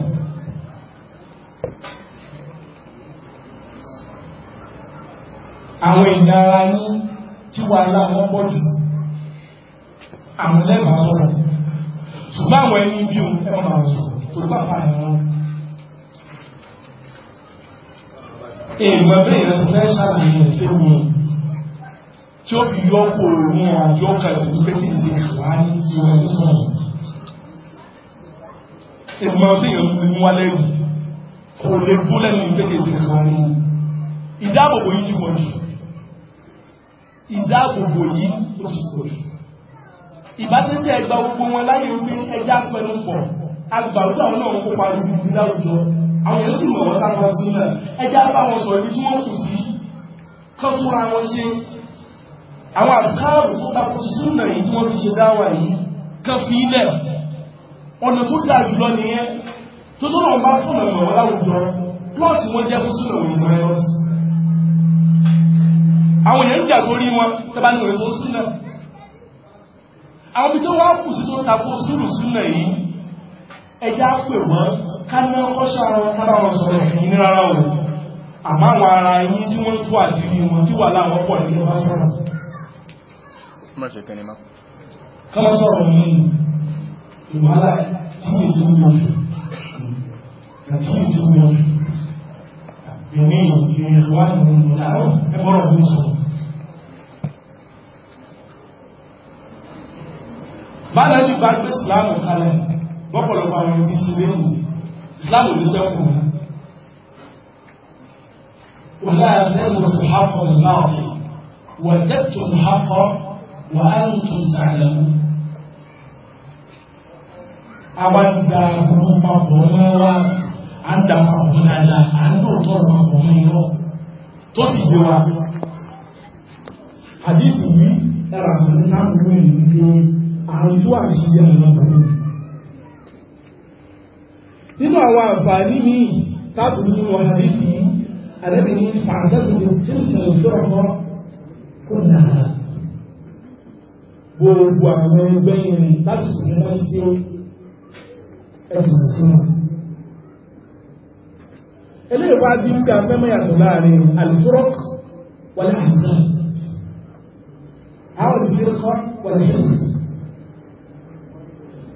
S2: àwọn ìdára ní tí wà láwọn pọ̀ jù àwọn lẹ́bàá sọ́rọ̀ ṣùgbọ́n àwọn ẹni bí ohun ẹwọ́n máa sọ tó pàpà ẹ̀wọ́n èèmọ̀ bẹ́ẹ̀ rẹ̀ fẹ́ sàlàyé ẹ̀fẹ́ mi tí ó fi yọ́pò ní àjọ́kà ìfẹ́tì sí wà ní sí ọ̀rẹ́ sọ̀rọ̀ èèmọ̀ bẹ́ẹ̀ rẹ̀ mú wálẹ̀ kò lè bó lẹ́nu ìfẹ́tì sí wà ní ìdáàbòbò yìí ti wọ́n jù ìdáàbòbò yìí tó ti sọ yìí ìbátẹ́tẹ́ ẹgbà gbogbo wọn láyé wípé ẹjá pẹ̀lú pọ̀ agbàlúgbà wọn náà kópa lórí láwùjọ àwọn èèyàn sì mọ̀ wọ́n sáfà sí náà ẹjá bá wọn sọ̀rọ̀ ibi tí wọ́n kù sí kán fúnra wọn ṣe àwọn àbúkáàbù tó tako súnà yìí tí wọ́n fi ṣe dáwà yìí kán fi ilẹ̀ ọ̀nà tó dáa jùlọ nìyẹn tó tó náà bá fún ọ̀nà ìmọ̀wọ́ láwùjọ plus wọ́n jẹ́ fún súnà òyìnbó àwọn èèyàn ń jà sórí wọn tẹ́bá ní òṣèlú súnà àwọn ibi tó wá kù sí tó tako súnù súnà yìí ẹjá pè wọ́n káná kọ́ṣọ́ ara wọn tára wọn sọ̀rọ̀ ìní rárá o àmọ́ àwọn ara yín tí wọ́n tó àdìrí wọn tí wà láwọn pọ̀ nínú bá sọ̀rọ̀ kọ́mọ sọ̀rọ̀ ní ìwàlá tí ètò ìwọ̀n àti ètò ìwọ̀n ìrìn ìrìn ìwà ìrìn ìlàrọ̀ ẹgbọ́rọ̀ bí sọ̀rọ̀ báyọ̀ ní bá gbé ìsìláàmù kalẹ̀ bọ́pọ̀lọpọ̀ àwọn ẹni tí ṣe lé wù ìsìláàmù ló jẹ́ kù wọ́n láyà lẹ́nu sùháfọ̀ náà wọ́n dẹ́tù sùháfọ̀ wọ́n á ń tún tààlẹ̀ mú. àwa ń da àwọn papọ̀ mọ́ wa à ń da papọ̀ dáadáa à ń lò tọ́ papọ̀ mọ́ irọ́ tó sì gbé wa. àdìsí yìí ẹ̀rọ àwọn ẹni náà ń lò ní ilé àánú àti àlàbàlẹ̀. nínú àwọn àǹfààní yìí tábù nínú àdìsí àdẹ́bì ní fàdẹ́bìnrin tí ń lè sọ̀rọ̀ kọ́ kó náà gbogbo àwọn ẹgbẹ́ ìrìn lásìkò ní wọ́n sí ó ẹ̀sùn sí wọn. eléyìí wá bí wípé afẹ́mọ́ yàtọ̀ láàrin alifurok wọlé àìsàn àwọn olùdíje kọ́ wọlé àìsàn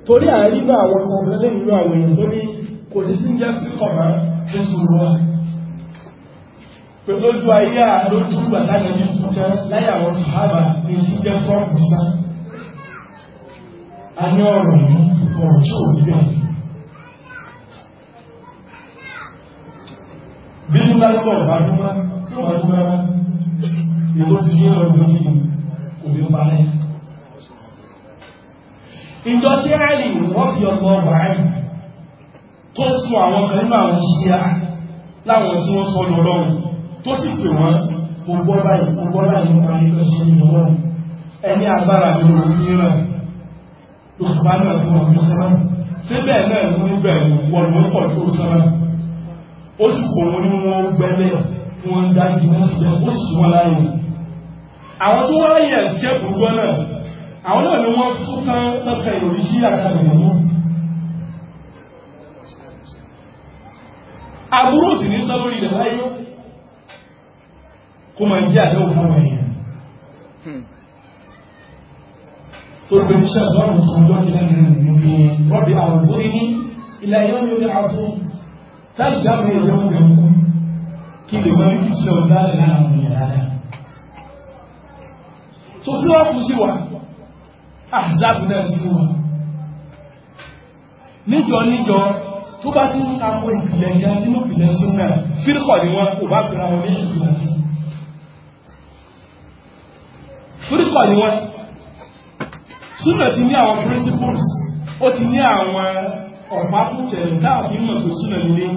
S2: torí àríbà àwọn ọmọdé nínú àwọn èèyàn tó ní kò ní sí jẹ́ sí ọ̀mà tó ṣòro wà pẹ̀lú ojú ayé àlójú àtàlẹ́ ní ìpútẹ́ láyé àwọn sàhábà ní ti jẹ́ fọ́ọ̀mù sá a ní ọ̀rọ̀ ní ọ̀rọ̀ tí ò níbẹ̀ bí ní bá lọ́wọ́ bá dúnmá kí wọ́n dúnmá ètò ti ṣe ọ̀rọ̀ ní kò ní parẹ́ ìjọ tí àìlì wọ́n fi ọkọ̀ ọgbà áìlì tó sún àwọn kan nínú àwọn ṣíra láwọn tí wọ́n sọ́nà ọlọ́run tó sì pè wọ́n gbogbo báyìí gbogbo báyìí nípa nípa ṣe ní ọlọ́run ẹni agbára ní orí mìíràn lóṣùpánà tí wọ́n fi sọ́nà síbẹ̀ náà ní ibẹ̀ wọ́n ló pọ̀ tó sọ́nà ó sì pò wọn ní wọn gbẹ́lẹ̀ tí wọ́n dájú wọ́n sì àwọn náà ni wọ́n tún kán tọ́kẹ̀ ìròyìn sí àkàtàkì mú aburú sì ní tọ́ ilẹ̀ láyé kó máa jẹ́ àdéhùn fáwọn èèyàn tó ní ṣàtọ́ àwọn ń gbẹ̀mú kí lè wọ́n fi ṣe ọ̀gá ìlànà ìrìnàmì àzáàbù náà sí wọn níjọ níjọ tó bá ti ń tako ìpìlẹ̀ yẹ nínú ìpìlẹ̀ súnmọ́ fírkọ̀ ni wọ́n kò bá pèrà wọn ní ìjìnà sí fírkọ̀ ni wọ́n súnmọ́ ti ní àwọn principles ó ti ní àwọn ọ̀pá púpọ̀ táàbí mọ̀ tó súnmọ́ nílé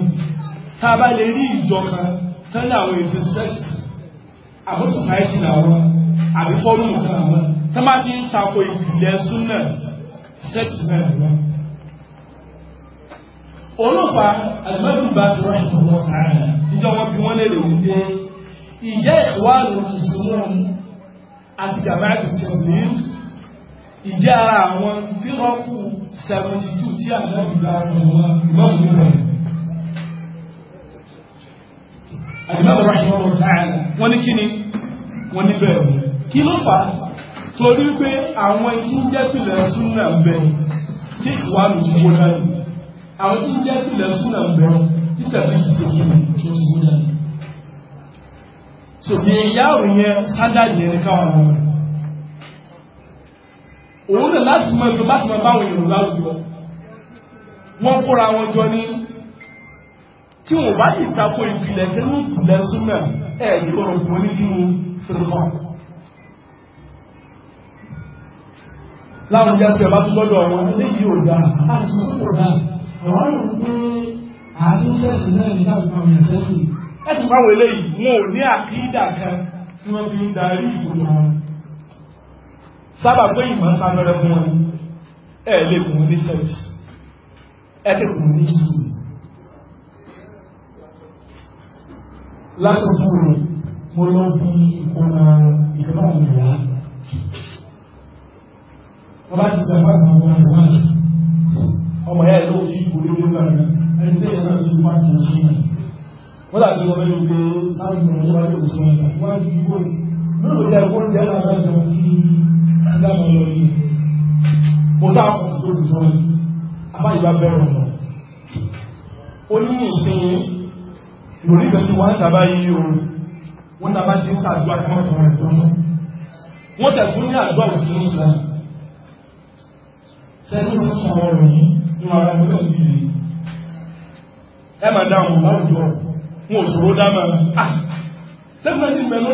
S2: tá a bá lè rí ìjọ kan tẹ́lẹ̀ àwọn èsì sẹ́ẹ̀tì àbúsùn society làwọn àbí fọ́ọ̀mù kan àwọn tó máa ti ń tako ìpìlẹ̀ súnà sẹ́tì náà lọ olóòpá alimẹ́bùn bá sọ rẹ̀ tó wọ́n sáré níjọ́ wọn bí wọ́n lè lè wípé ìyá ìwà lòmùsùnmùn àti jàmáàtì tẹ̀lé ìjẹ́ ara àwọn fírọ́kù 72 tí alimẹ́bùn bá rẹ̀ wọ́n mọ́mù rẹ̀ alimẹ́bùn rẹ̀ wọ́n sáré wọ́n ní kíni wọ́n ní bẹ́ẹ̀ kí ló fà á torí pé àwọn tí ń jẹ́ pìlẹ̀ súnà ń bẹ tí ìwádìí ti wó dání àwọn tí ń jẹ́ pìlẹ̀ súnà ń bẹ tí tẹ̀lé ìṣèjì tó ti wó dání. sòbí ìyá òun yẹn sádàjì ẹni káwọn ọmọ rẹ̀ òun náà láti mọ ìlú láti báwọn èèyàn láwùjọ wọn kóra wọn jọ ní tí wọn bá ti tako ìpìlẹ̀ tẹ́lú ìpìlẹ̀ súnà ẹ̀ẹ́dì ọ̀rọ̀ wọn ní nínú láwọn ìjà tí ọba tó lọ́dọ̀ wọn léyìí ò dáa. láti sọ pé kò dáa ọ̀rọ̀ rẹ̀ pé àádọ́ sẹ́ẹ̀sì náà ní láti fún ọmọ ẹ̀sẹ̀ sí. láti fáwọn eléyìí wọn ò ní àkídà kan tí wọ́n fi ń darí ìbòmọ wọn. sábà pé ìmọ̀ mi mo lọ bí ìkọ́nà ìdánwò wá wọ́n bá ti sàfà àwọn àṣìmáàṣì ọmọ ẹ̀ ló kí ìgbòrí ó gbà ní ẹni tí èèyàn náà ti wá ti ṣe náà wọ́n dàbí ọmọ ẹni pé sáàmì ọmọ wá lè sọ ẹ̀dá wọ́n á fi gbó ní lóòrò jẹ́ ẹ̀kọ́ ní ẹ̀rọ àwọn ẹ̀dá kí agbábọ̀ lọ ní mo sáà fún ọdún tó sọ ní apá ìgbà bẹ̀rẹ̀ ọ̀nà ó ní ìsìn ìròrí kan tí wọ́n ń tàbá yìí o wọ́n tàbá ti sàdúrà fún ọ̀tọ̀ rẹ̀ lọ́nà wọ́n tẹ̀ fún ní àdúrà òsì sẹ́ni ó sọ ọ̀rọ̀ yìí ní ara gbọ́dọ̀ sí ilé ẹ máa dáhùn láwùjọ wọn ò ṣòro dáma ah lẹ́gbẹ̀ẹ́ sọ̀rọ̀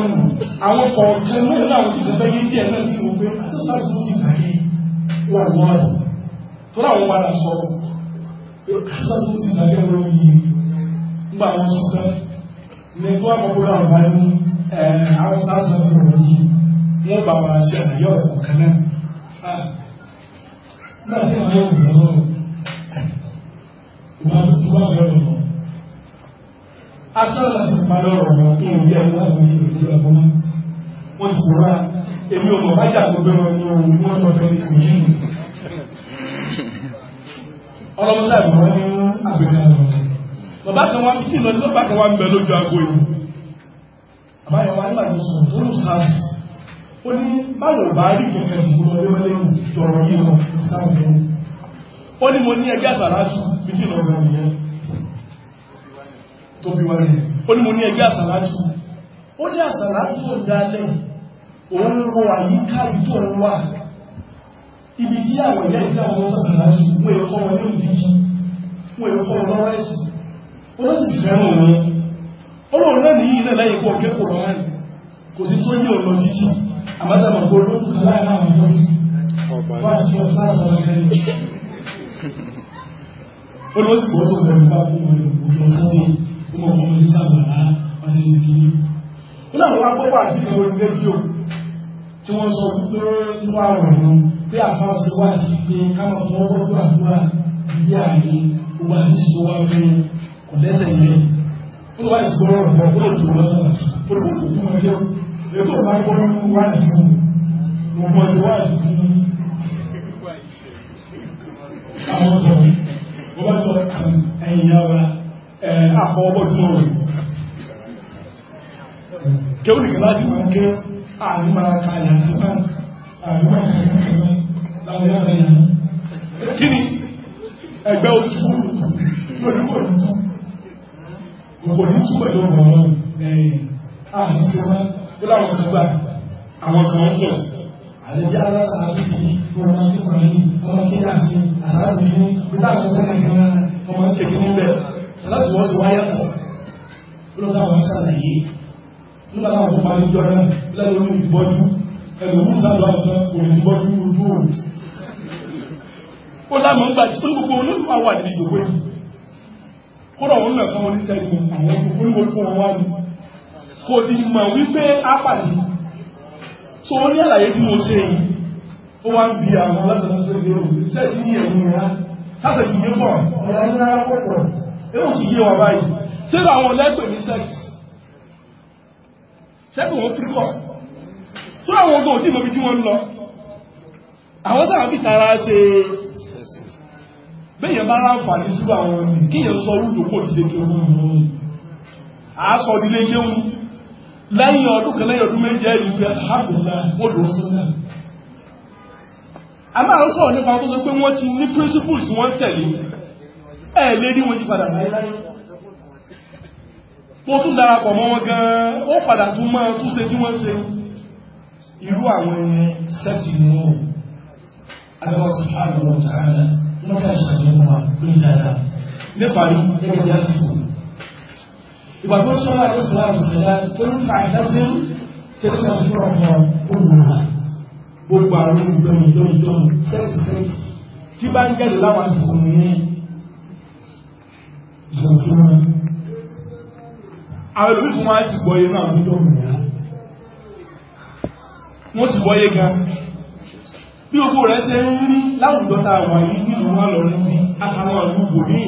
S2: nù àwọn kọ̀ọ̀kan náà ti fẹ́ yé díẹ̀ náà sí gbogbo àti ti bàyẹ̀ wà wọ́n tó láwọn wà sọ̀rọ̀ sọ́tún ti sàlẹ̀ ọ̀rọ̀ yìí nígbà wọn sọ pé ní tó àkọ́kọ́ náà bá ní àwọn sáàsà ọ̀rọ̀ yìí wọ́n bá wọn ṣe àlàyé ọ̀rọ̀ kan náà náà ní àwọn ọ̀rọ̀ lọ́wọ́ ìwà tó wà lọ́rọ̀ lọ. asọ́nà ti pa lọ́rọ̀ lọ kí n yẹ ẹ̀rọ àwọn ìlú ìlú ẹ̀kọ́ náà wọ́n ti wọ́n rà èmi ò mọ̀ bájà tó bẹ̀rẹ̀ ọ̀rọ̀ ni wọ́n lọ́dọ̀ ní kò yé mi ọlọ́mọdé àgbọ̀n ní àgbẹ̀dẹ àwọn bàbá kan wá tí ìlọdún bàbá kan wá ń bẹ lójú ago yìí àbáyọ wá nígbà tó sọ tó lù sáà ó ní báyọ̀ bá rí kẹ̀kẹ́ fún ọdún wọlé tọrọ yìí lọ sáwọn ẹni ó ní mo ní ẹgbẹ́ àsàlátù bí tí ìlọdún nìyẹn tó fi wá ní ó ní mo ní ẹgbẹ́ àsàlátù ó ní àsàlátù tó dá lẹ́yìn òun rọ àyíká ìtò wà ibi tí àwọn ìyá ìfẹ́ àwọn ọ̀sán náà ṣe fún ẹ̀kọ́ wọn ní òbí fún ẹ̀kọ́ wọn lọ́wọ́ ẹ̀sìn ó lọ́sì fẹ́ràn wọn ọlọ́run náà nìyí náà láyé kọ́ ọ̀gẹ́ kò rọrùn kò sí tó ní ọ̀nà títí àmádàmà gbọ́dọ̀ láàrín àwọn ọ̀sán tí wọ́n sọ pé ní àwọn ọ̀rọ̀ bí àfáà ṣe wá sí pé káwọn tó ń rọ́pò àdúrà bí àárín owó àti ìṣòwò ọdún kò lẹ́sẹ̀ yẹn ó wá ìṣòro ọ̀pọ̀ ó lè tó lọ́sọ̀ tó lè tó fún ọjọ́ ètò ìbá gbọ́dọ̀ fún wá ìṣòwò gbogbo ti wá ìṣòwò àwọn sọ wọ́n bá tọ́ ẹ̀yìn ara àkọ́ ọgbọ́n tó rẹ̀ kéwòn nìkan láti máa ń ké àrùn máa ka yàtí máa àrùn máa ka yàtí máa kí ni ẹgbẹ́ ojú gbogbo ní túbọ̀ yóò wọ̀ ọ́ àwọn tí wọ́n ó láwọn tó gbà àwọn kan ń sọ̀rọ̀ àlejò aláṣà àbíkí ọmọ nípa ní ọmọ kíkà sí àṣàlàbí ní láwọn tó kàn kan ọmọ kékeré níbẹ̀ ṣàlàbí wọ́n sì wáyà tọ̀ ó lọ sáwọn ṣàlàyé nígbà táwọn tó máa ń jọ náà lẹ́nu olùbọ́jú ẹ̀rù ń sábà kan olùbọ́jú ojú òòrùn ó lámọ̀ ń gbà tí gbogbo olóòwà wà ní ìdòwò yìí kúrò òun náà fún oníṣẹ́gun àwọn olúkúlùkù wọn wá ní kò sì mọ̀ wípé ápàdé tó ní àlàyé tí mo ṣe yìí ó wá ń bi àwọn alásàtúnṣe ìgbéró iṣẹ́ tí ní ẹ̀mí rẹ̀ sáfẹ̀ kìí pọ̀ ẹ̀rọ ní ara pọ̀pọ̀ ẹ̀rọ kìí yé wa báyìí ṣé àwọn lẹ́pẹ̀ ní sex ṣẹ́gun wọn fi kọ̀ tó àwọn ọgbọ̀n tí mo fi tí wọ́n lọ àwọn sáà fi tara ṣe bẹ́yẹn bá ráǹfààní sí àwọn kíyàn sọ orúdòkó dílé kéwú àásọ dílé kéwú lẹ́yìn ọdún kan lẹ́yìn ọdún méjì ẹ̀rí pé àkùnlá wọ́dọ̀ sílẹ̀ a máa ń sọ̀rọ̀ nípa tó sọ pé wọ́n ti ní principles wọ́n tẹ̀lé ẹ̀ lé ní wọ́n ti padà láíláí mo tún darapọ̀ mọ́ wọn gan ó padà tún máa tún ṣe tí wọ́n ṣe irú àwọn ẹ̀yẹn sẹ́ẹ̀tì ni wọ́n adọ́wọ́ sùn mọ́tà ìṣàlẹ̀ fún wa lórí dáadáa níparí gẹ́gẹ́ bí àsìkò ìgbà tó ṣọ́ra ló sọ̀rọ̀ àrùsọ̀rọ̀ tó ń fa ìdásílẹ̀ tẹ́lẹ̀ náà fún ọ̀pọ̀ olùrà gbogbo àwọn olùdóyin lórí dóyin sẹ́ẹ̀sì sẹ́ẹ̀sì tí bá ń jáde láwọn àsìkò nìyẹn ìṣòfin wọn àwọn olùdóyin fún wa ti gbọ́ yé náà ní dóyin rẹ̀ wọ́n sì gbọ́ yé gan-an bí owó rẹ̀ ṣe ń rí láwùjọ ta wà ní nínú wọn lọ rí sí àwọn àgbègbè míì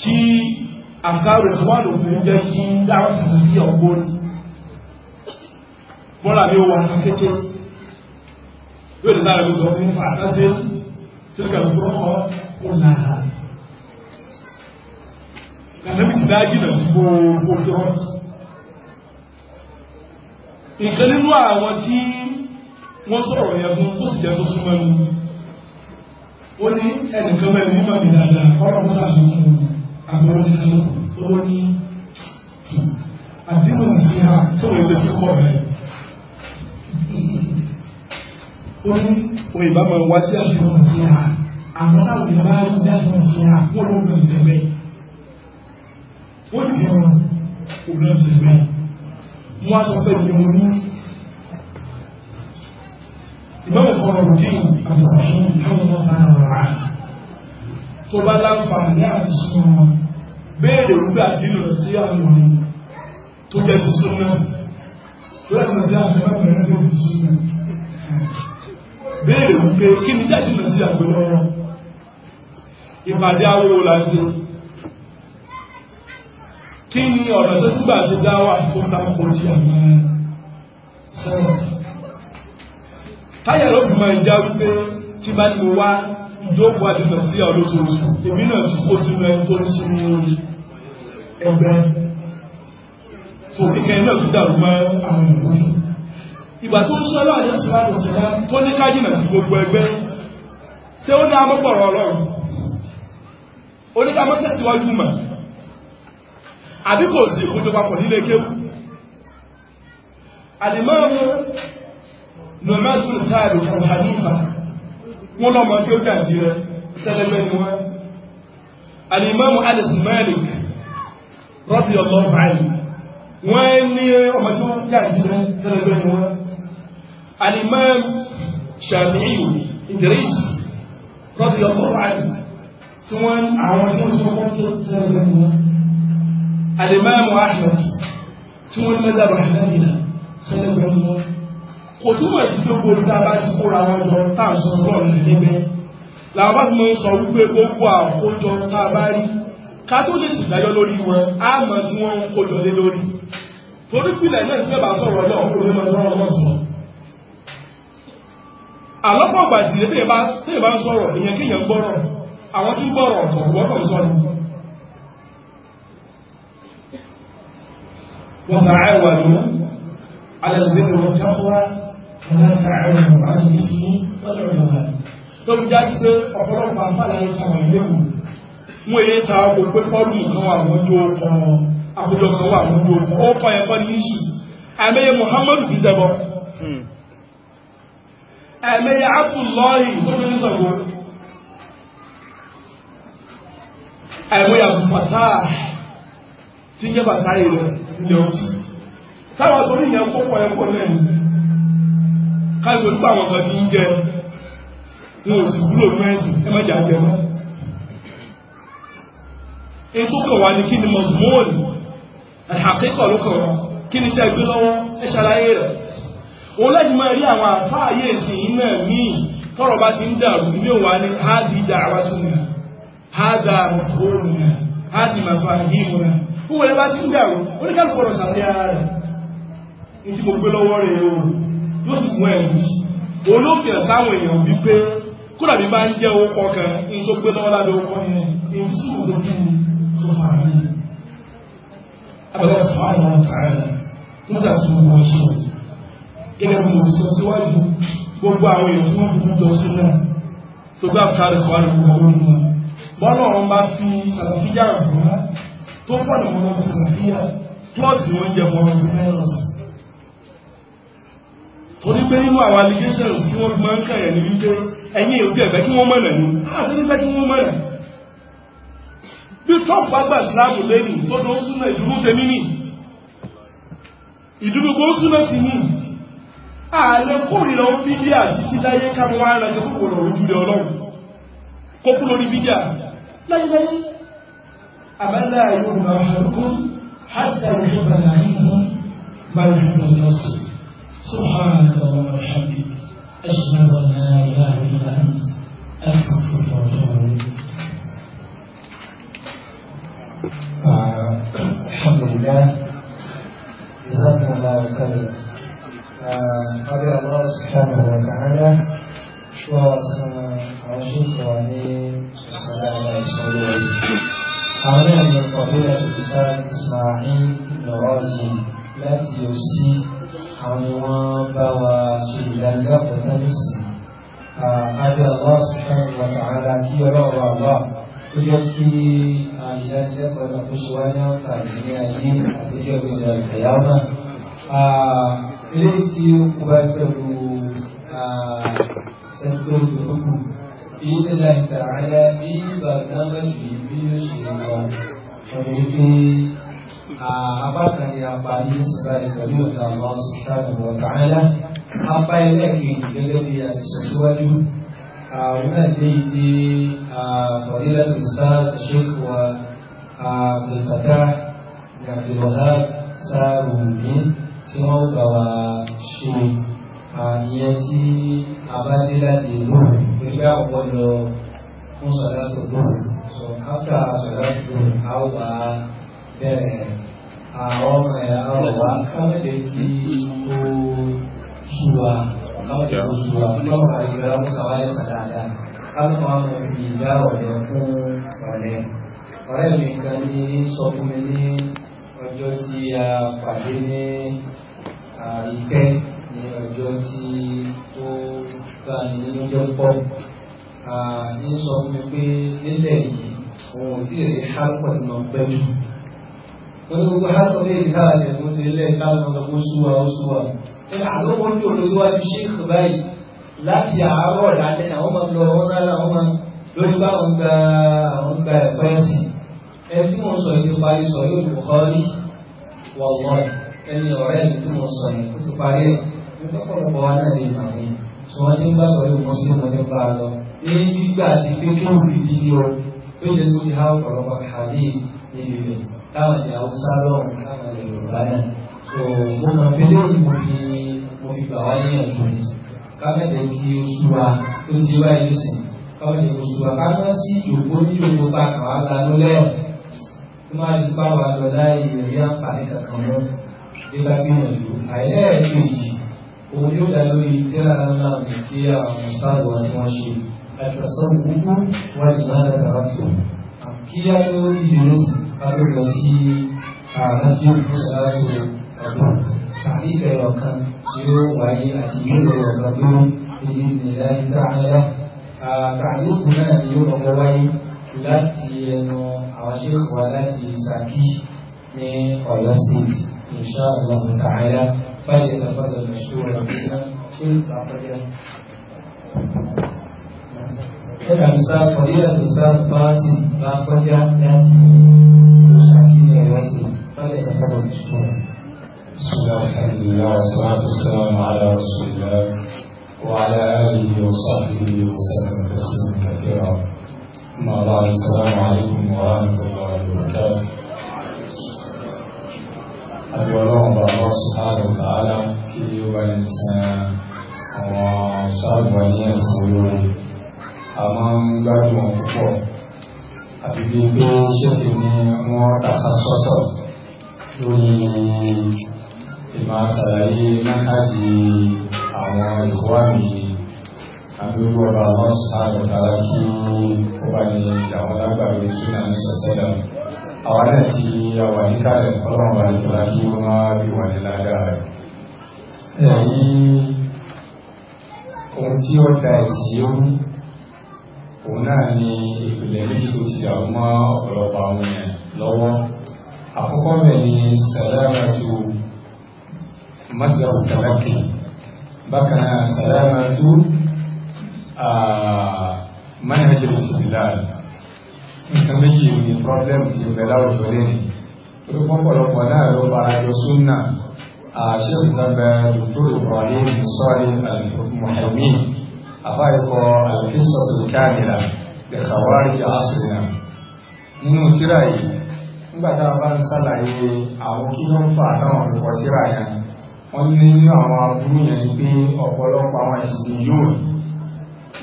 S2: tí àfikárò ìwọ̀n òfin jẹ́ kí dáhùn sí sí ọgbó ní bọ́lá mi wà kékeré yóò lè lára lóṣọ fún àtàṣe tí ó kàlùkù ọkọ̀ ó lára kàlùkù ti dájú lọ sí gbogbo tó nǹkan nínú àwọn tí wọ́n sọ̀rọ̀ yẹn fún ó sì jẹ́ tó súnmọ́ ní ó ní ẹnìkan bẹ́ẹ̀ ní mọ̀bí dáadáa ọlọ́run sàlùkù àbúrò nìkan ó ní àdéhùn sí ha tí wọ́n ṣe fi kọ́ rẹ̀ ó ní òun ìbá máa wá sí àdéhùn sí ha àwọn láwùjọ bá ń dáhùn sí ha wọ́n ló ń bẹ̀rẹ̀ sẹ́fẹ́ ó ní ìrọ̀rùn òun náà sẹ́fẹ́ wọ́n á sọ ìbáwò fọlọ́dún àtọ̀rọ̀hún àwọn ọ̀tá ọ̀rá tó bá láǹfààní àti súnmọ́ béèrè rúgbà dínà sí àwọn ọ̀rìn tó jẹ́ ti súnmọ́
S1: lọ́nà sí àwọn
S2: ọ̀rìn tó ti súnmọ́ béèrè wípé kí ni jáde lọ sí àgbẹ̀wọ̀rọ̀ ìpàdé awúrò láti kí ni ọ̀nà tó túgbà ṣe dáwà tó ta kò tí àwọn sẹ́wọ̀n táyà ló fún ẹja wípé tí bá ti wá ìjókòó àdìgbà sí ọlọ́sọ̀rọ̀ èmi náà ti kó sínú ẹni tó ń sinmi ẹgbẹ́ tó kíkẹ́ náà ti dàrú mọ́ àwọn ìlú ìgbà tó ń ṣọ́lá àyẹ̀sọ́lá àdìsọ́lá tó ní kájìnà sí gbogbo ẹgbẹ́ ṣé ó ní amọ́pọ̀rọ̀ ọlọ́run ó tẹ̀síwájú mọ́ àbí kò sí ìkójọpapọ̀ nílé kéwù àdìmọ́ nọmẹ́tùn káàdù fún hanifa wọ́n lọ́mọ tí ó dàjí rẹ̀ sẹ́lẹ̀mẹ́ ni wọ́n alimamu alis malik rọ́bì ọ̀tọ́ fàáyì wọ́n ní ọmọ tí ó dàjí rẹ̀ sẹ́lẹ̀mẹ́ ni wọ́n alimam shafi'i idris rọ́bì ọ̀tọ́ fàáyì tí wọ́n àwọn tí ó sọ́kọ́ tó sẹ́lẹ̀mẹ́ ni wọ́n alimamu ahmed tí wọ́n mẹ́ta rọ̀ sẹ́lẹ̀mẹ́ ni wọ́n kò túmọ̀ sí pé gbogbo tá a bá ti kóra wọn jọ tá à ń sọ lọ́ọ̀ nílẹ́gbẹ́ làwọn bá fi máa ń sọ wípé gbogbo àkójọ tá a bá rí kátólíìsì dájọ́ lórí wọn á mọ̀ tí wọ́n ń kójọ lé lórí torí pìlẹ̀ náà tí mẹ́bàá sọ̀rọ̀ náà kó ló máa lọ́rọ̀ náà sọ̀rọ̀ àlọ́pọ̀ ọgbà sí ilé bá bá ń sọ̀rọ̀ èyàn kí gbọ́rọ̀ àwọn tí gbọ́rọ̀ ọ̀tọ̀ wọ́tọ̀ sọ̀rọ̀ wọ́n فتعاونوا على الاثم والعدوان ta kò pé pọ́lù nǹkan wà lójú ọkàn àwùjọ kan wà lójú ọkàn ó kọ ẹ̀kọ́ ní ìṣù Muhammadu ti Abdullahi tó tí bàtà tó ní ìyẹn káàtó nípa àwọn kan ti ń jẹ wọn ò sì wúlò mẹ́sì ẹ má jà jẹ mọ́ ètò ní kí ni mọ̀gbọ́ọ̀lù àkẹ́kọ̀ọ́ ló kàn wá kí ni tẹ́ gbé lọ́wọ́ ẹ ṣàlàyé rẹ̀ òun láti máa rí àwọn àfáàyè ìsìn náà míì bá ti ń dàrú ilé wa ní sí màfà yìí mu bá ti ń dàrú ara rẹ̀ ní tí yóò sì mú ẹ̀wù olófin sáwọn èèyàn wípé kúrò àbí máa ń jẹ́ okọ̀ kan ní tó gbé lọ́wọ́ lábẹ́ okọ̀ yẹn ní sí òdodo tó fara ní. abẹ́lẹ́ sọ àwọn ọmọ tààrà rẹ̀ nígbà tó ń wọ́n ṣe gẹ́gẹ́ bí mo ti sọ síwájú gbogbo àwọn èèyàn tí wọ́n fi jọ sí náà tó gbà kárí kọ́ àrùn ìwọ̀n wọn bọ́lá ọ̀run bá fi sàlàfíà rẹ̀ tó pọ̀ nìwọ̀n lọ́wọ́ sàlàfíà plus ní oúnjẹ mọ́ ọ̀rọ̀ sí mẹ́rin ọ̀sán torí pé nínú àwọn allegations tí wọ́n máa ń kàyà ní wípé ẹ̀yìn èdè ẹ̀fẹ́ kí wọ́n mọ̀nà ní àṣẹ nífẹ́ kí wọ́n mọ̀nà bí trump bá gbà síláàmù lẹ́yìn tó lọ súnà ìdúró tẹ́mí nì ìdúró gbó súnà sí ní ààrẹ kórìíra ó fi bí àti títáyé káwọn ará jẹ́ kókò lọ ojú lẹ ọlọ́run kókó lórí bídíà láyéláyé àbálá yóò rà ọ̀hún hátà ìjọba láyé mọ́ bá yóò lọ sí سبحانك اللهم وبحمدك أشهد أن لا إله إلا أنت أستغفرك وأتوب إليك الحمد لله جزاكم الله خيرا قدر الله سبحانه وتعالى وأشكر عليه والصلاة على رسول الله أنا من قبيلة الإسلام إسماعيل بن نراجي لا تيوسي àwọn ni wọ́n bá wa ṣe ìdánilẹ́kọ̀ọ́ náà nísìnyí adé Allah subhanahu wa ta'ala kí ọlọ́wọ́ Allah ó yẹ kí ìdánilẹ́kọ̀ọ́ náà kó ṣe wá ní ọ̀tà ìdílé ayé àti ìjọba ìjọba ìyáwó náà eléyìí tí ó kú bá pẹ̀lú sẹ́ńtúrọ̀sì lókù èyí tí láì tààrà ní ìgbà náà bá yìí bí ó ṣe lọ ọ̀rọ̀ wípé apákan ni apá yìí sọ̀rọ̀ ìtọ́jú ọ̀dà àwọn sọ̀tàbí ọ̀tà ńlá apá ẹlẹ́kejì gẹ́gẹ́ bí àṣìṣe síwájú àwọn náà dé ti fọ̀dílẹ̀ mùsà ṣèkù wa àbùfàtà àbùfàtà sáàrùmí tí wọ́n gbà wá ṣe àyẹ tí a bá dé ọ̀pọ̀lọ fún sọ̀dá tó lóhùn so after sọ̀dá tó lóhùn a wà á bẹ́ẹ̀ àwọn ọmọ ẹ̀yà ọ̀wá kámẹ́jẹ̀ kí ó ṣùwà kámẹ́jẹ̀ kó ṣùwà lọ́wọ́ àyíká mọ́sàwáyé sàdáadá kámẹ́kọ̀ọ́ àwọn fi ìdá ọ̀lẹ́ fún ọ̀lẹ́ ọ̀rẹ́ mi kan ní sọ fún mi ní ọjọ́ tí a pàdé ní ìpẹ́ ní ọjọ́ tí ó gbà ní ọjọ́ ní sọ fún mi pé nílẹ̀ yìí òun ò tí ì rí hálùpọ̀ tí mo gbẹ́jù wani gbogbo har kawai ya kawo da yanzu sai lai kawo da zama suwa suwa ina a lóko ní olùsíwá ní sheikh báyìí láti àárọ̀ lálẹ́ àwọn máa lọ wọn sára àwọn máa lórí bá wọn gba àwọn gba ẹ̀kọ́ ẹ̀sìn ẹni tí wọ́n sọ yìí ti parí sọ yóò lù kọ́ rí wọ̀wọ́ ẹni ọ̀rẹ́ mi tí wọ́n sọ yìí ó ti parí ẹ̀ nígbà pọ̀lọpọ̀ wa náà lè mà ní tí wọ́n ti ń bá sọ yìí wọ́n sí wọn bá a lọ ní gbígbà àti pé kí wọ́n fi yọ tó yẹ kó ti há ọ̀pọ̀lọpọ̀ àlè níbi rẹ̀ káwọn ilẹ̀ haúsá lọ́rùn káwọn ilẹ̀ yorùbá náà so mo mọ̀ pé lẹ́yìn mo fi mo fi gbà wá níyànjú ni kámẹ́tẹ̀ kí ó sú wa ó ti wá ìlú sìn káwọn ilẹ̀ oṣù wa ká má sí ìjòkó ní ìjòkó pa kàn wá lanú lẹ́yìn tó máa di fáwọn àjọ̀dá ìrírí àǹfààní kankan mọ́ nípa gbìyànjú àìlẹ́ẹ̀kejì òun yóò dá lórí tẹ́lá náà kí àwọn ìsáàlù wa tí ṣe àìsàn gbogbo wà ìlànà kàràtò kí á lórí ìrírí kájú lọ sí àmọ́jú ìṣáájú ọ̀dọ́ tàbí ìbẹ̀rẹ̀ ọ̀kan yóò wáyé àti ìbẹ̀rẹ̀ ọ̀kan tó ní ìlera ìta àyà tàbí òkú náà ni yóò kọ́kọ́ wáyé láti ẹnu àwọn ṣẹ́kù wa láti Ṣakí ní Ọ̀yọ́ state insha Allah ta'ala fáyẹ̀ tàbí ọ̀dọ̀ ìṣòro ọ̀gbìn náà ṣe ìgbà pẹ́jẹ́. كما يسال فضيلة الأستاذ قاسم باقوجة ياسين مشاكين ياسين فليتفضل مشكورا بسم الله الحمد لله والصلاة والسلام على رسول الله وعلى آله وصحبه وسلم تسليما كثيرا أما بعد السلام láti àwọn ìkọ́wà mi àbúrú ọba àwọn kí ó bá ní àwọn lágbàrí súnà ní sọ̀sẹ́lá àwọn náà ti àwà ní káàlẹ̀ ọlọ́run wà kí ó máa bí wà ní lágbàrí masdar tàbákì bákan náà sàlámà tó manhajul istidlal nǹkan méjì ní problem ti bẹ̀lá òjò lé ní pọ̀pọ̀lọpọ̀ náà ló fara jọ súnà àṣẹ́kù lábẹ́ dr ibrahim sọ́rí al-muhaimi àbáyíkọ al-qissatul kamila lè khawarij asrina nínú tíra yìí nígbàtà bá ń sálàyé àwọn kí ló ń fa àtàwọn olùkọ tíra yẹn wọ́n ní nínú àwọn aburú yẹn ni pé ọ̀pọ̀lọpọ̀ àwọn ìsìn yóò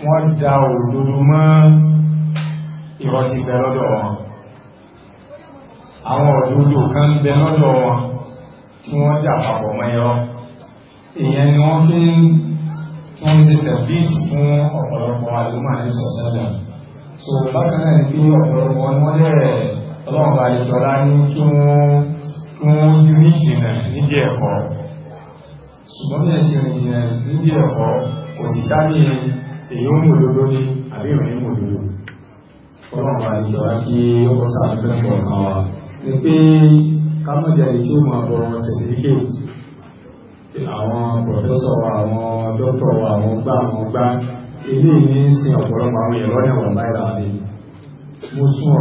S2: wọ́n dá òdodo mọ́ ìrọ̀sí bẹ lọ́dọ̀ wọn àwọn òdodo kan bẹ lọ́dọ̀ wọn tí wọ́n dà papọ̀ mọ́ ẹ̀rọ èèyàn ni wọ́n fi ń wọ́n ṣe tẹ̀bíìsì fún ọ̀pọ̀lọpọ̀ àlùmọ́ ní sọ̀sẹ́lẹ̀ so bákan náà ni pé ọ̀pọ̀lọpọ̀ ni wọ́n lẹ̀ ọlọ́run bá lè jọlá ní kí wọ́n kí wọ́n yí ní ìjìnlẹ̀ nídìí ẹ̀kọ́ ṣùgbọ́n ní ẹ̀sìn ìrìnà nídí ẹ̀kọ́ kò ní ká ní èyí ó mú òdodo ní àbí ìrìn mú òdodo ọlọ́run bá ìjọ wá kí ó kọ́ sáà fẹ́ fọ́ ọ̀kan wa ni pé kámọ́jà èyí ó máa bọ̀ ọ̀rọ̀ certificate àwọn pọ̀fẹ́sọ̀ wa àwọn dókítọ̀ wa àwọn gbá àwọn gbá ilé ìní sin ọ̀pọ̀lọpọ̀ àwọn èrò ẹ̀wọ̀n báyìí láàrin mo sún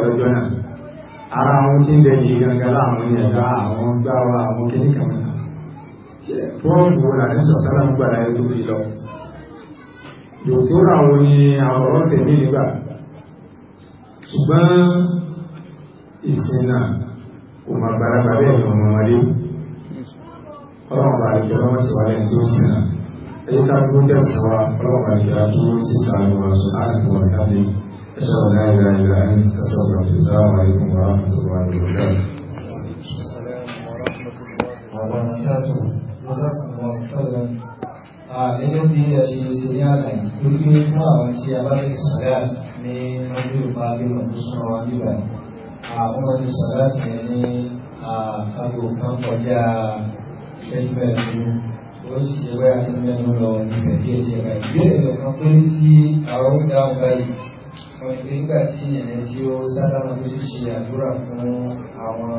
S2: ọ̀dọ̀ ara àwọn tí ń bẹ yìí gangan láwọn ẹ̀dá àwọn gbáwa àwọn kìíní kan náà bọ́ọ̀lù wo là ní sọ̀sánà ń gbà láyé tó fi lọ dòkítọ́rà wo ni àwọn ọ̀rọ̀ tẹ̀lé nígbà ṣùgbọ́n ìsìn náà kò mà gbàlagbà bẹ́ẹ̀ ni ọmọ ọmọdé ọlọ́run bá أشهد أن لا إله إلا أنت أستغفرك السلام عليكم ورحمة الله وبركاته وبركاته جزاكم الله خيرا gẹ́gẹ́ bí a ṣe ṣe ní àlàyé tó gbé fún àwọn tí a bá ti sọ̀rọ̀ ní ọdún ìpa lílọ tó súnmọ́ wa nígbà àwọn bá ti sọ̀rọ̀ láti rẹ̀ ní àkàgbò kan kọjá ṣẹ́gbẹ́ ìlú ó sì ṣe wẹ́ àti mẹ́nu lọ nígbà díẹ̀ díẹ̀ báyìí bí ẹ̀rọ kan pé tí àwọn ó dáhùn báyìí nígbà tí ẹ̀yẹ tí ó sálámà tó sì ṣe àdúrà fún àwọn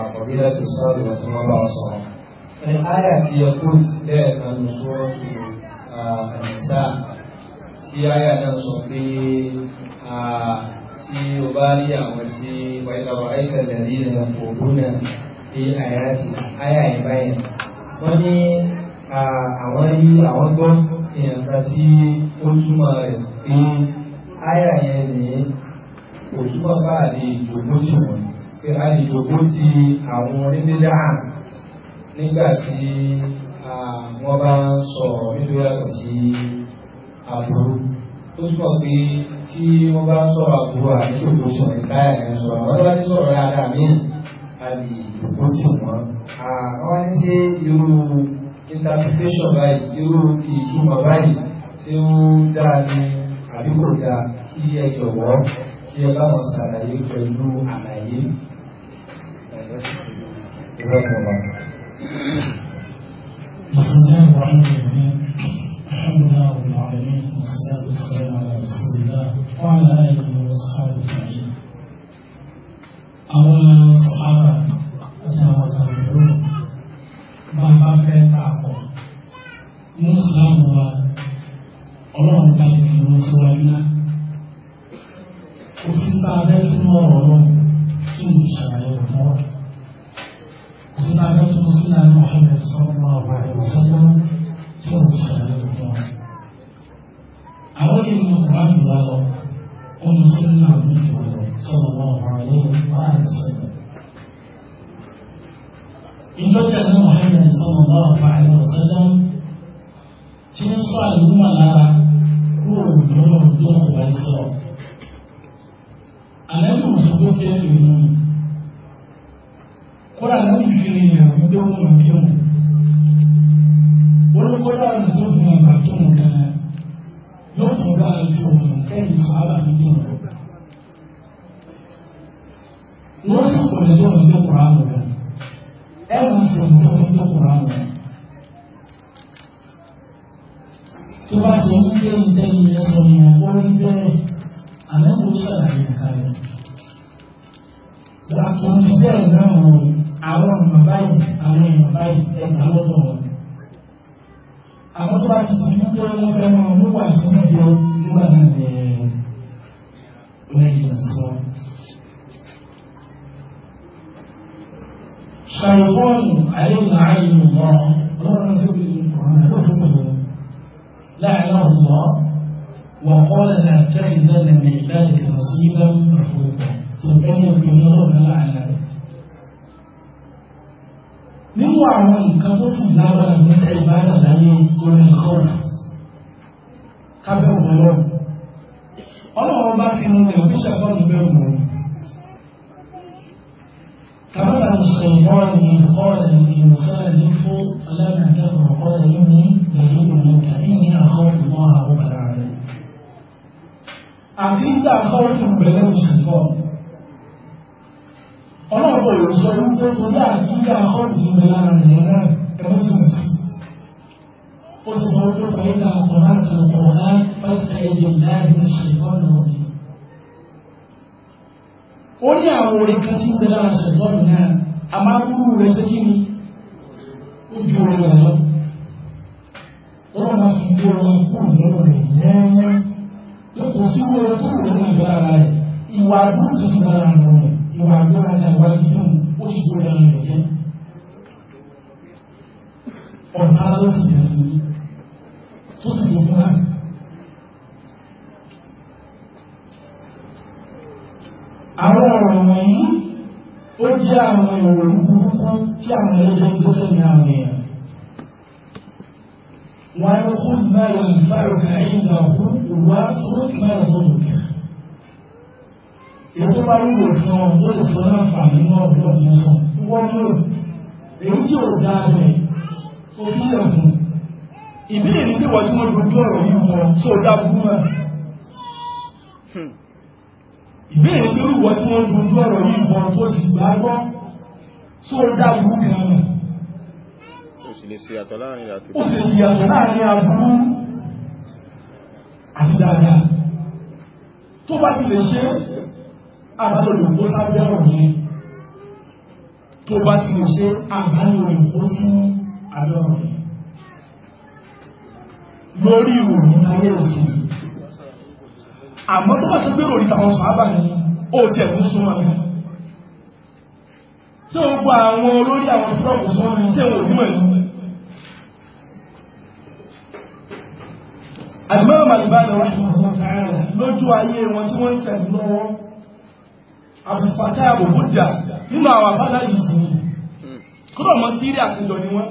S2: àkọ̀bílẹ̀ tó sọ́ọ̀lù tí wọ́n bá sọ. Àyà tí ẹ kó lẹ́ẹ̀kan ló sọ sí àyíṣà tí àyà náà sọ pé tí o bá rí àwọn tí wàyíláwà ẹ̀kẹ̀lẹ̀ rí rẹ̀ òkú náà sí àyà tí àyà yìí báyìí. Wọ́n ní àwọn rí àwọn gbọ́ ìyànká tí ó túmọ̀ rẹ̀ áyà yẹn ní òtúbọ̀ bá àlè ìjòkó tí pé a lè jòkó àwọn orílẹ̀ nígbà tí wọ́n bá ń sọ̀rọ̀ nítorí yàtọ̀ sí àbúrú tó túnbọ̀ pé tí wọ́n bá ń sọ̀rọ̀ àbúrú àti jòkó tí wọ́n láyà ẹ̀ sọ̀rọ̀ wọ́n bá ní sọ̀rọ̀ dáadáa míì a lè jòkó tí àwọn ní sí irú interpretation báyìí irú ìtumọ̀ báyìí tí ó dáa ní àbí kò dáa kí ẹ jọ̀wọ́ kí ẹ bá wọn pẹ̀lú àlàyé. الله الرحمن الرحيم الحمد لله رب العالمين والصلاة والسلام على رسول الله وعلى آله وصحبه أجمعين àwọn sọ̀hárà àti àwọn kàwérò máa bá fẹ́ tààpọ̀ ọlọ́run bá lè وسلم شرط الشهادة الكبرى أولي من القرآن الله أم سنة النبي صلى الله عليه وآله وسلم إن قتل محمد صلى الله عليه وسلم تنصى الملا كل دون دون بسر أنا مصدوق يا كل أنا مجرم يا مدون مكيون lẹ́yìn sàárà nínú rẹ̀. Wọ́n sì pọ̀ lẹ́jọ́ ọ̀dọ́ Kùránù rẹ̀. Ẹ máa fi ọ̀dọ́ ọ̀dọ́ Kùránù rẹ̀. Tó bá ti ń gbé ìdẹ́ ilẹ̀ sọ ní ọ̀pọ̀ ìdẹ́ àmẹ́kò ṣàlàyé kalẹ̀. Àkùnrin bẹ́ẹ̀ náà àwọn ọ̀nà báyìí, àwọn ọ̀nà báyìí ẹ̀ka lọ́dọ̀ wọn. àmọ́ tó bá ti sùn ní pé wọ́n fẹ́ mọ wọ́n wà sí ìjọ nígbà náà ní lẹ́yìn sọ. ṣàlùfọ́ọ̀nù àyẹ̀wò àyẹ̀wò mọ́ lọ́rọ̀ sí ìkùnrin ló fún mi láàrin ọ̀dọ́ wọ́n kọ́ lẹ́nà àjẹ́ ìlànà ìlànà ìlànà sí ìlànà ìfowópamọ́ tó ń bẹ́ẹ̀ ní ọ̀gbìn ọlọ́run láàrin nínú àwọn nǹkan tó sì lágbára ní ìbára láyé orí ìkọlù kábẹ́wò lọ ọlọ́run bá fi mú ẹ̀rọ ìṣàkọ́ ìgbẹ́ òun kàbàbà ìṣẹ̀wọ́ ni ìkọlù ìṣẹ́ ní fún alágbàdàgbà ọ̀kọ́lù yìí ní ìlú ìlú tàbí ní àkọ́ ìmọ̀ àwọn bàrà rẹ̀ àfi ń dà kọ́ ìpẹ̀lẹ̀ òṣìṣẹ́ ọlọ́pọ̀ yóò sọ wípé torí àkíkà ọ̀rọ̀ ti bẹ lára rẹ̀ náà ẹ̀wọ́n ti wọ̀sí. ó ti sọ wípé pẹ̀lú àkọ́lá ti ọ̀pọ̀ náà pẹ́sẹ̀ èdè láàrin ṣètọ́nù ọ̀dẹ̀. ó ní àwọn orin kan ti bẹ lára ṣètọ́nù náà a máa kú rẹ̀ sí kí ni ó ju orin rẹ̀ lọ. wọ́n máa fi gbé orin kú lọ́rọ̀ rẹ̀ yẹ́nyẹ́. yóò kó sí orin kú lọ́rọ̀ rẹ̀ ìwà àdúgbò ti bẹ lára rẹ̀ ìwà àgbẹ̀rẹ̀ àti ìwà ìdíjú ó sì gbé ẹran rẹ̀ jẹ́ ọ̀nà ló sì yẹ sí tó sì tó fún àmì. àwọn ọ̀rọ̀ wọ̀nyí ó jẹ́ àwọn ìròyìn burúkú tí àwọn ẹlẹ́jọ́ ń gbé sẹ́yìn àwọn èèyàn wọ́n á kó máa yọ ìgbà fún ìwà tó máa yọ èyí tó bá rí òfin wọn yóò sì lọ láǹfààní náà bí wọ́n ti sọ wọ́n mú èyí tí ò dá rẹ̀ ó fi ẹ̀kún
S1: ìbílẹ̀ ní pé wọ́n tí wọ́n dojú ọ̀rọ̀ yìí wọ́n
S2: tí ó dá fún wọn hmm. ìbéèrè pé wọ́n tí wọ́n dojú ọ̀rọ̀ yìí wọ́n tó sì gbàgbọ́ tí ó dá fún kan
S1: o sì lè ṣe ìyàtọ̀ láàrin aburú
S2: àti dáadáa tó bá ti lè ṣe àbálò lè kó sábẹ́ ọ̀rọ̀ yẹn tó bá ti lè ṣe àbálò lè kó sí abẹ́ ọ̀rọ̀ yẹn lórí ìròyìn ayé òsì àmọ́ tó bá ṣe pé ròyìn tàwọn sọ̀hábà ni ó ti ẹ̀kún súnmọ́ ni tí ó gba àwọn olórí àwọn ìfọ́ọ̀kù súnmọ́ ni tí ẹ̀wọ̀n onímọ̀ ni àdìmọ́ màlìbá ni wọ́n lójú ayé wọn tí wọ́n ń sẹ̀ lọ́wọ́ àbùfàtà àbòbújà nínú àwọn àbádá ìsìn hmm. kúrò mọ́ sírí àkójọ ni wọ́n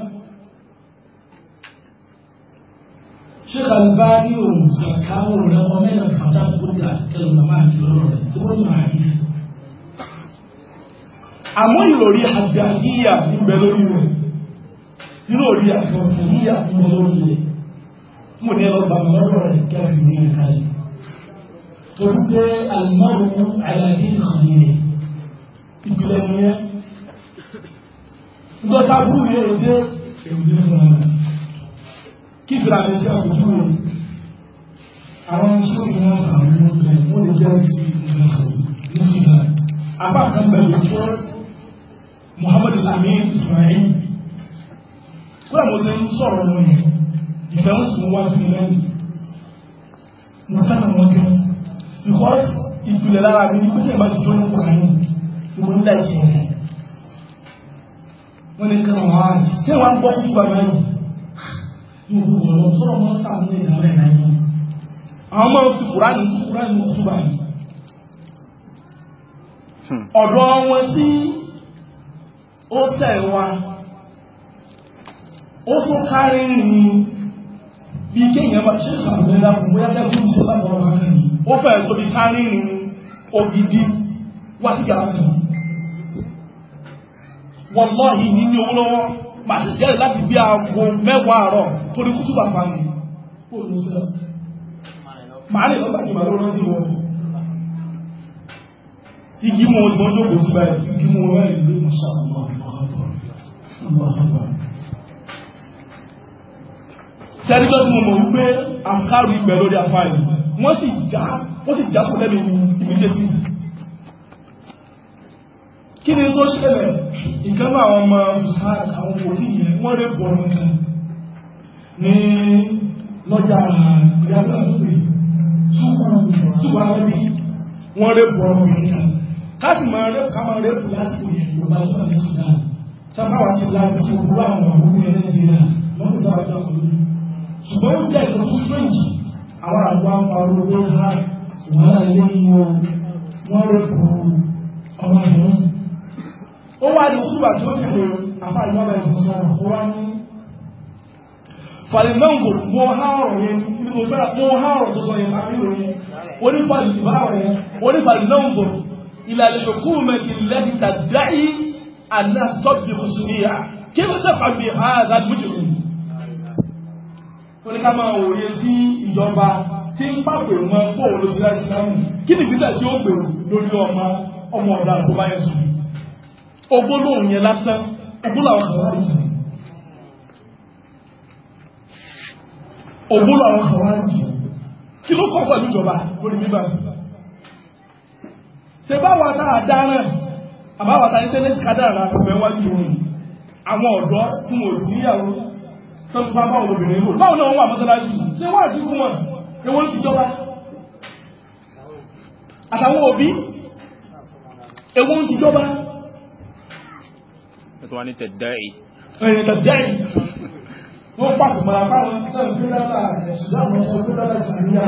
S2: Sheikh Albani òun sàkáwò rẹ̀ ọmọ mẹ́rin àbùfàtà àbòbújà kẹlẹ̀ mọ́ máa jù lọ́rọ̀ rẹ̀ tí wọ́n máa rí àmọ́ ìròrí àgbàdíyà ń bẹ lórí rẹ̀ ìròrí àfọ̀fẹ̀ níyà ń bẹ lórí rẹ̀ mo ní ẹlọ́gbàmọ́ lọ́rọ̀ rẹ̀ kẹrin ní ìkàlẹ̀ torí pé alimọ́rù àyàdé ìkànnì ìpìlẹ̀ nìyẹn nígbà tá a bú yẹ èdè èdè fún un kí ìfìlà lè ṣe àkójú rẹ̀ àwọn iṣẹ́ òfin wọn sàn ní ọ̀sẹ̀ wọ́n lè jẹ́ ìsì ìfìlà ní ìfìlà apá kan bẹ̀rẹ̀ fún Muhammad Amin Ismail kúrò mo ti ń sọ̀rọ̀ wọn yẹn ìfẹ́ wọn sì mú wá sí ilé mo fẹ́ràn wọn kẹ́kọ̀ọ́ because ìpìlẹ̀ lára mi ní pẹ́kẹ́ máa ti tó mú kàáyìn tí mo ń dá ìkẹ́ rẹ̀ wọ́n lè kẹrọ wọ́n àti tí wọ́n gbọ́ fún ìgbà mẹ́rin yóò gbogbo ọ̀rọ̀ sọ́rọ̀ mọ́ sáàmù ní ìdámẹ́ ìdáyé àwọn máa ń fi kùránì ní kùránì ní kùtùbà yìí ọ̀dọ̀ wọn sí ó sẹ̀ wa ó tún kárí ní bí kéèyàn bá ṣe ṣàfihàn bóyá jẹ́ fún ìṣẹ́ láti ọ̀rọ̀ kan ní ó fẹ́ẹ̀ tóbi kárí ní ògidì wá sí gàrá kan wọ́n lọ́ yìí ní ní owó lọ́wọ́ máa ṣe jẹ́ láti bí aago mẹ́wàá àárọ̀ torí kútù bá fa ní máa lè lọ́gbà kí màá lọ́rọ́ sí wọn
S1: igi mọ̀ ọjọ́ jókòó sí báyìí
S2: igi mọ̀ ọjọ́ ìlú ìmọ̀ṣà àwọn ọmọ ọmọ ọmọ sẹ́ríkọ́ tí mo mọ̀ wípé àkárù ìgbẹ̀ lórí àfáàyè wọ́n sì já wọ́n sì já fún lẹ́nu immediately kí ni tó ṣẹlẹ̀ ìkan náà àwọn ọmọ musaad àwọn òbí yẹn wọ́n rẹ̀ bọ̀ ọ̀rọ̀ kan ní lọ́jà ìyàgbọ́n pé túbọ̀ àwọn bí wọ́n rẹ̀ bọ̀ ọ̀rọ̀ kan káàsì máa rẹ̀ ká máa rẹ̀ bù lásìkò yẹn ló bá ní sudan sábà wà ti láti ṣe òwúrọ̀ àwọn ọmọ òwúrọ̀ yẹn lẹ́yìn náà lọ́dún tó wà ní ṣùgbọ́n ó jẹ́ ìtọ́jú strange àwọn àgbà ń pa owó tó ha wàhálà ilé yìí o wọ́n rẹ̀ kú ọmọbìnrin. ó wá ní kúrò àti ó fi lè àfa ìlú ọba ìlú sọ̀rọ̀ ó wá ní. fàlìmọ́ǹgò mo há ọ̀rọ̀ yẹn ní mo fẹ́ mo há ọ̀rọ̀ tó sọ yẹn máa ń lò yẹn onífàlìmọ́ ọ̀rọ̀ yẹn onífàlìmọ́ǹgò ìlànà ìṣòkúrùmẹ̀tì lẹ́tì tàdáì àná sọ́bì kùsùnìyà kí ló dẹ́fà bí i hàn án ó ní ká máa òye sí ìjọba tí ń pàpè mọ́ fóònù ló ti láti sáwọn kí ni ìgbésẹ̀ tí ó gbèrò lórí ọmọ ọmọ ọ̀dà tó bá yẹn sùn ogbólóhùn yẹn lásán ogbólóhùn àwọn ọ̀rọ̀ yìí ogbólóhùn àwọn ọ̀rọ̀ yìí kí ló kọ́ pẹ̀lú ìjọba lórí bíbá ṣe báwa náà dáná àbáwá ta tó ń bá báwọn obìnrin lò báwọn náà wà mọ́sálásí ṣe wà sí fún wọn ewọ́n ti jọba àtàwọn òbí ewọ́n ti jọba ẹ̀tọ́ wá ní tẹ̀dáì ẹ̀yìn tẹ̀dáì wọ́n pàtàkì mara fáwọn tẹ́lẹ̀ fún lára ẹ̀ṣùgbọ́n àwọn ọmọ fún lára sí ní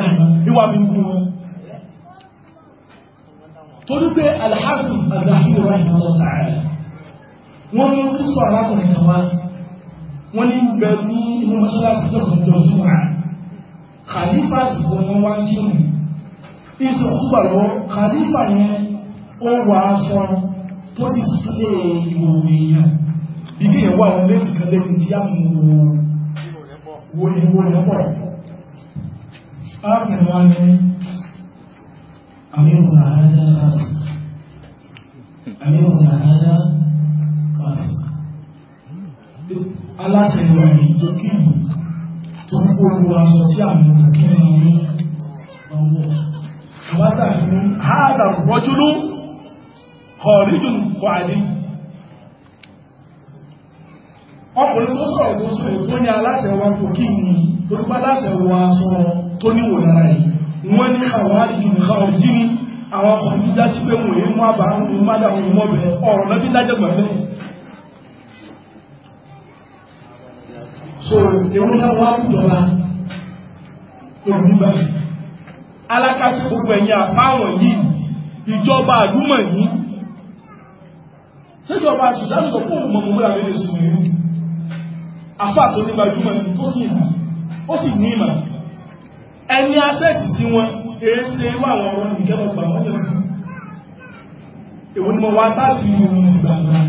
S2: ìwà bí kú wọn torí pé alhàbù àdáhìrò rẹ̀ wọ́n mú kí sọ arákùnrin kan wá wọ́n ní bẹ ní inú mọ́ṣáláṣí lọ́kùnjọ jùmọ̀ khalifa ìsìnkú wọn wá ń ṣùgbọ́n ìsìnkú pàlọ́ khalifa yẹn ó wà aṣọ tó ti sílé ìwòwò èèyàn ibi ìwà àwọn lẹ́sìn kan lẹ́yìn tí a mú wo ni wo ni pọ̀ arákùnrin wa ní àmì òun àhádá àmì òun àhádá aláṣẹ ìwà ìjọ kírun tó ń kó owó aṣọ tí àwọn òkèrè ní ọwọ́ àwádà ní hádà rọ́júlú kọ̀ọ̀rídùn pàdé ọkùnrin tó sọ̀rọ̀ tó sọ èkó ní aláṣẹ wa kò kí ní torípa aláṣẹ wa sọ tó níwò lára yìí wọ́n ní àwárí ìrìnká ọ̀jí ní àwọn ọkùnrin já sí pé wòye mú àbáhùn mú ọ̀rọ̀ lọ́bí lájẹ̀gbẹ̀fẹ́ so ewu náà wá jọba ògúnbà alákàsí gbogbo ẹ̀yìn àfáwọn yìí ìjọba àdúmọ̀ yìí síjọba sùsánù tó kún mọ̀mọ̀mọ́ àrílẹ̀ sùn yìí àfà tó ní gbajúmọ̀ tó sì ìlú ó sì ní ìmọ̀ ẹni asẹ́ẹ̀tì sí wọn èé ṣe wà wọn ọ̀rọ̀ ìjọba ìgbà wọn yẹn èwo ni mo wá tá sí ìrìn ìgbà náà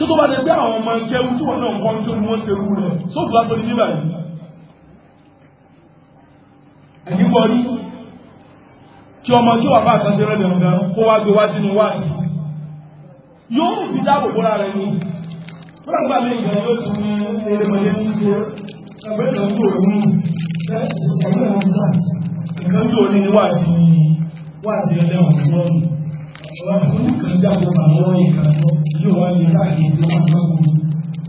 S2: tó tó bá ti gbé àwọn ọmọ ẹgbẹ́ tí wọ́n náà kọ́ tó wọ́n ṣe rú rẹ̀ sóòtù látọ́ ní nígbà yìí ẹ̀yìn bọ́ rí kí ọmọ kí wà bá àkànṣe rẹ̀ lẹ́gbẹ̀ẹ́ kó wá gbé wá sínú wá sí yóò fi dáàbò bóra rẹ̀ ní fúnàgbà lè gbẹ̀ yóò tún ní eré mọ̀lẹ́ ní ṣe ẹgbẹ́ ìdánwò òun ẹgbẹ́ ìdánwò òun ní wá sí wá sí ẹlẹ́wọ̀n wọ́n ti dáàbò àwọn ìkànnì yóò wá ní káàkiri tó máa ń lọ́kù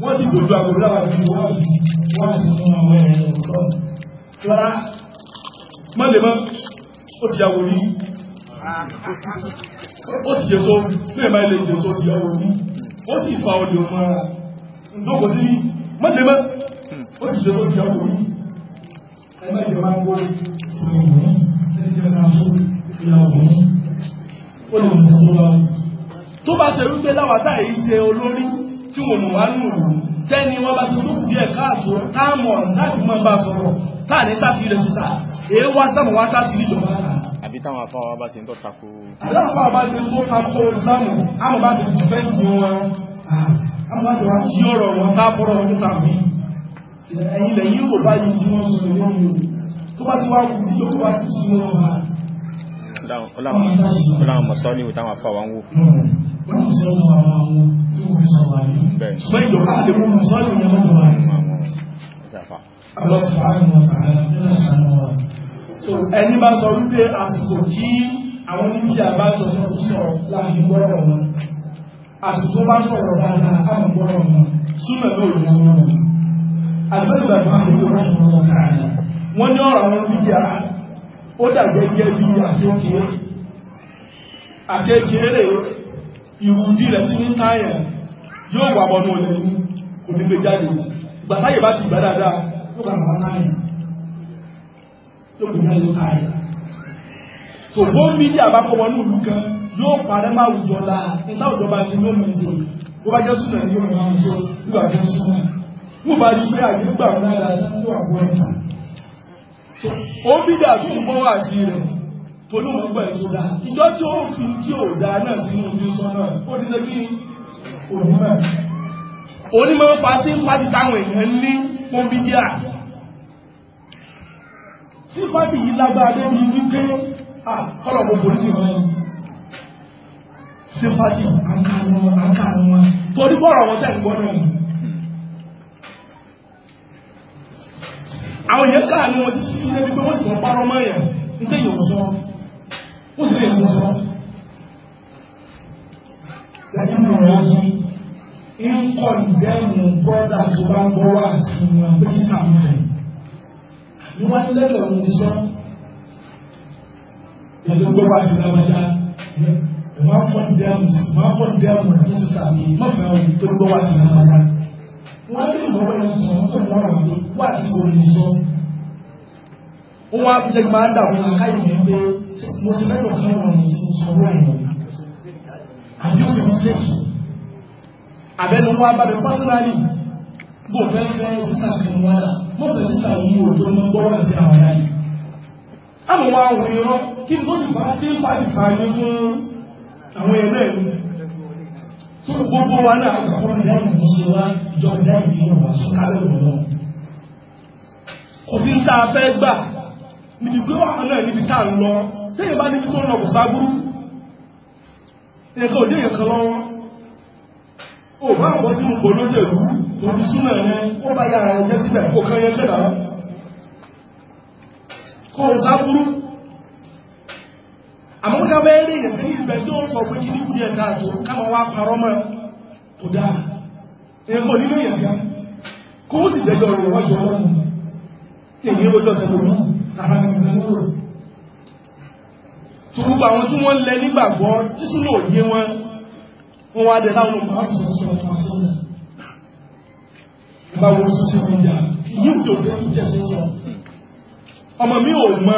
S2: wọ́n ti gbòdò àgbòdò láwọn ti wọ́n wọ́n ti fún àwọn ẹ̀rẹ̀ ọ̀tọ́ rárá mọ́lẹ̀ mọ́ ó ti yàwó rí ó ti jẹ́sọ́ fún ẹ̀mà ilẹ̀ ìjẹ́sọ́ ti yàwó rí ó sì fa ọdẹ ọmọ ara lọ́kọ̀ sí rí mọ́lẹ̀ ó ti jẹ́sọ́ ti yàwó rí ẹ̀mà ó lè mọ̀ sí tó bá ṣe wípé láwàtà yìí ṣe olórí tí wọ́n wá nù tẹ́ni wọ́n bá ṣe tó kù díẹ̀ káàtó táàmọ̀ láti mọ́ bá sọ̀rọ̀ táà ní tàfi ilẹ̀ síta èé wá sáàmù wá tàfi níjọba
S1: àbí táwọn afáwà bá ṣe ń tọ́tako aláwọ̀ bá ṣe tó tako
S2: sáàmù àmọ́ bá ṣe jù fẹ́ bá ṣe wá kí ọ̀rọ̀ wọn tábọ̀rọ̀ tí wọ́n wá ọláwọn mọ̀sọ́ ní ìwòtáwọn afọ́ àwọn wò ẹni bá sọ wípé àsìkò tí àwọn oníbíyà bá sọ fún ìṣọ́ láàrin gbọ́rọ̀ wọn àsìkò bá sọ̀rọ̀ dáadáa sáwọn gbọ́rọ̀ wọn súnmọ̀ lóòrùn wọn àgbẹ́gbẹ̀rẹ̀ wọn ni ọ̀rọ̀ àwọn oníbíyà ó dàgbẹ́ gẹ́ bí àtẹ́kẹ́ àtẹ́kẹ́ rẹ̀ ìrùdí rẹ̀ sí ní táyẹ̀ yóò wà bọ́nú olè ní kò ní gbé jáde ìgbàtáyè bá ti gbádàdá yóò kà máa táyẹ̀ yóò kò ní táyẹ̀ tó bó ń bí ní àbákọ́wọ́ ní ìlú kan yóò parẹ́ máa wùjọ la nígbà òjò bá ṣe yóò mọ̀ sí bó bá jẹ́ súnà ní òun àwọn ọ̀ṣọ́ nígbà tó súnà wọ́n bá rí pé àgbégbà ó bí dàbí ìbọn wà sí rẹ̀ tó ló mọ̀ gbẹ̀ tó dáa ìjọ tí ó fi tí ò dáa náà sínú ojú sọ náà ó ti ṣe kí onímọ̀ onímọ̀ fa sí pàtí táwọn èèyàn ní pọ́nbídíà tí pàtí yìí lágbára dé ní wípé àkọlọ̀pọ̀ polisi wọn sí pàtí àkàrùn-ún torí bọ́rọ̀ wọn tẹ́ ìgbọ́nà yìí àwọn èèyàn káà ní wọn sí ilé wípé wọ́n sì wọ́n parọ́ mọ́ èèyàn ní tẹ́ ìyẹ̀wò sọ wọ́n sì lè yẹ̀wò sọ láti mú wọn yí ń kọ́ ìdẹ́nu bọ́dà tó bá ń bọ́ wá sí wọn pé kí sàmù rẹ̀ ní wọ́n ní lẹ́tọ̀ ní sọ ètò gbọ́ wá sí sábàjá máa ń fọ́n dẹ́mu máa ń fọ́n dẹ́mu rẹ̀ kí sísàmù mọ́fẹ́ òun tó gbọ́ wá sí sábàjá wọ́n lè lọ́wọ́ ẹni sọ̀rọ̀ tó wọ́n rọ̀ yìí wá sí orin jíjọ́ wọ́n á fi lẹ́gbàá dà wọ́n káyọ̀ ní pé mo sì mẹ́rin ọ̀kan wọn ní sọ̀rọ̀ ẹ̀yìn àbí ó sì fi ṣe àbẹ́nu wọn abábẹ́ pásínálì bó fẹ́ fẹ́ sísà kan wá dà mo fẹ́ sísà yìí ò tó ní gbọ́wọ́ sí àwọn ẹ̀yà yìí àmọ́ wọn àwọn kí n tó ti bá sí ń pàdé fàáyé fún àwọn ẹ̀rọ ẹ̀mí tó gbogbo wa náà kọ́ ní láti ti ṣe wá jọ dáì nínú wa sọ kálẹ̀ òun náà kò sí tá a fẹ́ gbà níbi pé wàhálà náà níbi tá à ń lọ téèyàn bá níbi tó ń lọ kò sábúrú ẹ̀ka òde yẹn kan lọ́wọ́ ó bá àwọn tí mo kò lóṣèlú tó ti súnà ẹ̀ ó bá yára ẹ̀ jẹ́ síbẹ̀ kó kán yẹn kẹ́ta kó sábúrú àmọ́ ká bẹ́ẹ̀ lè yẹ̀ sí ìgbẹ̀ tí ó ń sọ pé kí ní ìdíẹ̀ káàtó káàmà wá parọ́ mọ́ kò dáa ẹ̀kọ́ nínú ìyàgbá kó sì jẹjọ rẹ̀ wájú ọlọ́run èyí rọjọ́ tẹ́lọ́run ara ní ìgbẹ̀mọ́rọ̀ tó gbogbo àwọn tí wọ́n lẹ nígbàgbọ́ tí súnà òye wọn wọ́n wá dẹ̀ láwọn ọmọ ọmọ ọmọ ọmọ ọmọ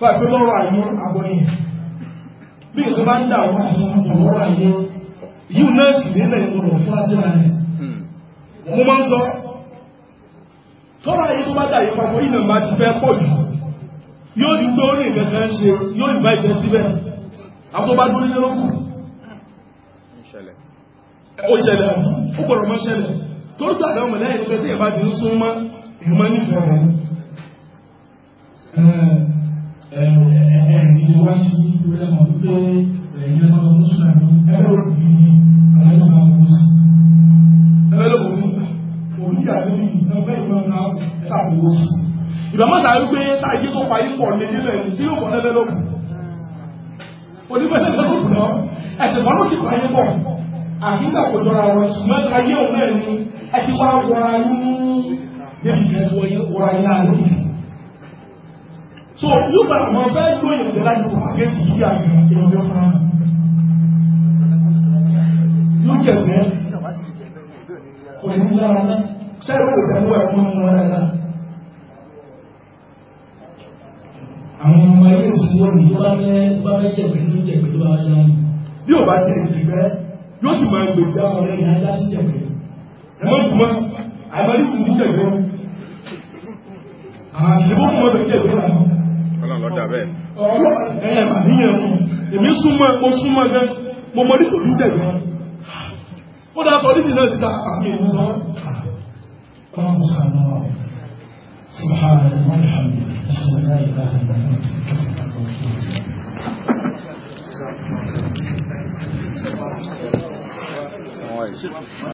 S2: fàbí lọ́rọ̀ àyín àbọ̀yìn bí ìtọ́ bá ń dà wọ́n àti ọ̀rọ̀ àyín yíò náà sì lélẹ̀ ìrọ̀rọ̀ fúrásí láàrin hmm. mo máa ń sọ tọ́rọ̀ àyín tó bá dà yí papọ̀ ìnà bá ti fẹ́ pọ̀ jù yóò di pé orí ìfẹ́ kan ṣe yóò ìbá ìjẹ síbẹ̀ àwọn dúró nílé lókù ó ṣẹlẹ̀ ó gbọ́dọ̀ mọ́ ṣẹlẹ̀ tó ń tàbí ọmọ lẹ́yìn ẹ̀ẹ́dẹ̀rẹ̀ ní wá sí ìwé mọ̀ wípé ẹ̀yìn ọmọ ọmọ sùnàmì ẹ̀rọ ìbí àlejò máa kú sí. ẹ̀rọ òní òní àlejò ìjọba ìgbọ̀n náà ṣàkóso sí. ìgbàmọ́ sàá wípé táyé tó fa ikọ̀ lé nílẹ̀ tí yóò kọ́ lẹ́lẹ́ lọ́kù. onígbẹ́lẹ́ lọ́kù náà ẹ̀sìn wọn ló ti fa ikọ̀ àfíńgà kò jọra wọn ṣùgbọ́n ayé òun náà ni ẹ ti wá wọra yín débi ìjẹ́ wọra yín náà lónìí so you bá wọn fẹ́ ló yẹn lè láti fún àgé sí yíyá ìrìn ọjọ́ fún wọn yóò jẹ̀gbẹ́ òṣèlú lára sẹ́rọ̀ ìdánwò ẹ̀kún ní wọn lára àwọn ọmọ ilé ìsinmi ọ̀nà tó bá fẹ́ bá fẹ́ jẹ̀gbẹ́ tó jẹ̀gbẹ́ tó bá wáyé láyé bí ò bá ti lè jẹ̀gbẹ́ yóò sì máa gbèjà ọmọ ilé ìyá láti jẹ̀gbẹ́ ẹ̀mọ́ ìgbìmọ̀ àìmọ́ ní ti jẹ̀gbẹ́ àwọn àṣìbọ́ mọ̀ ọ́ ọlọ́run lọ́dà bẹ́ẹ̀. ẹ àníyàn mu èmi súnmọ́ mo súnmọ́ gan mo mọ nítorí ìdẹ̀ gan ó dáa sọ nídìí náà síta
S1: àmì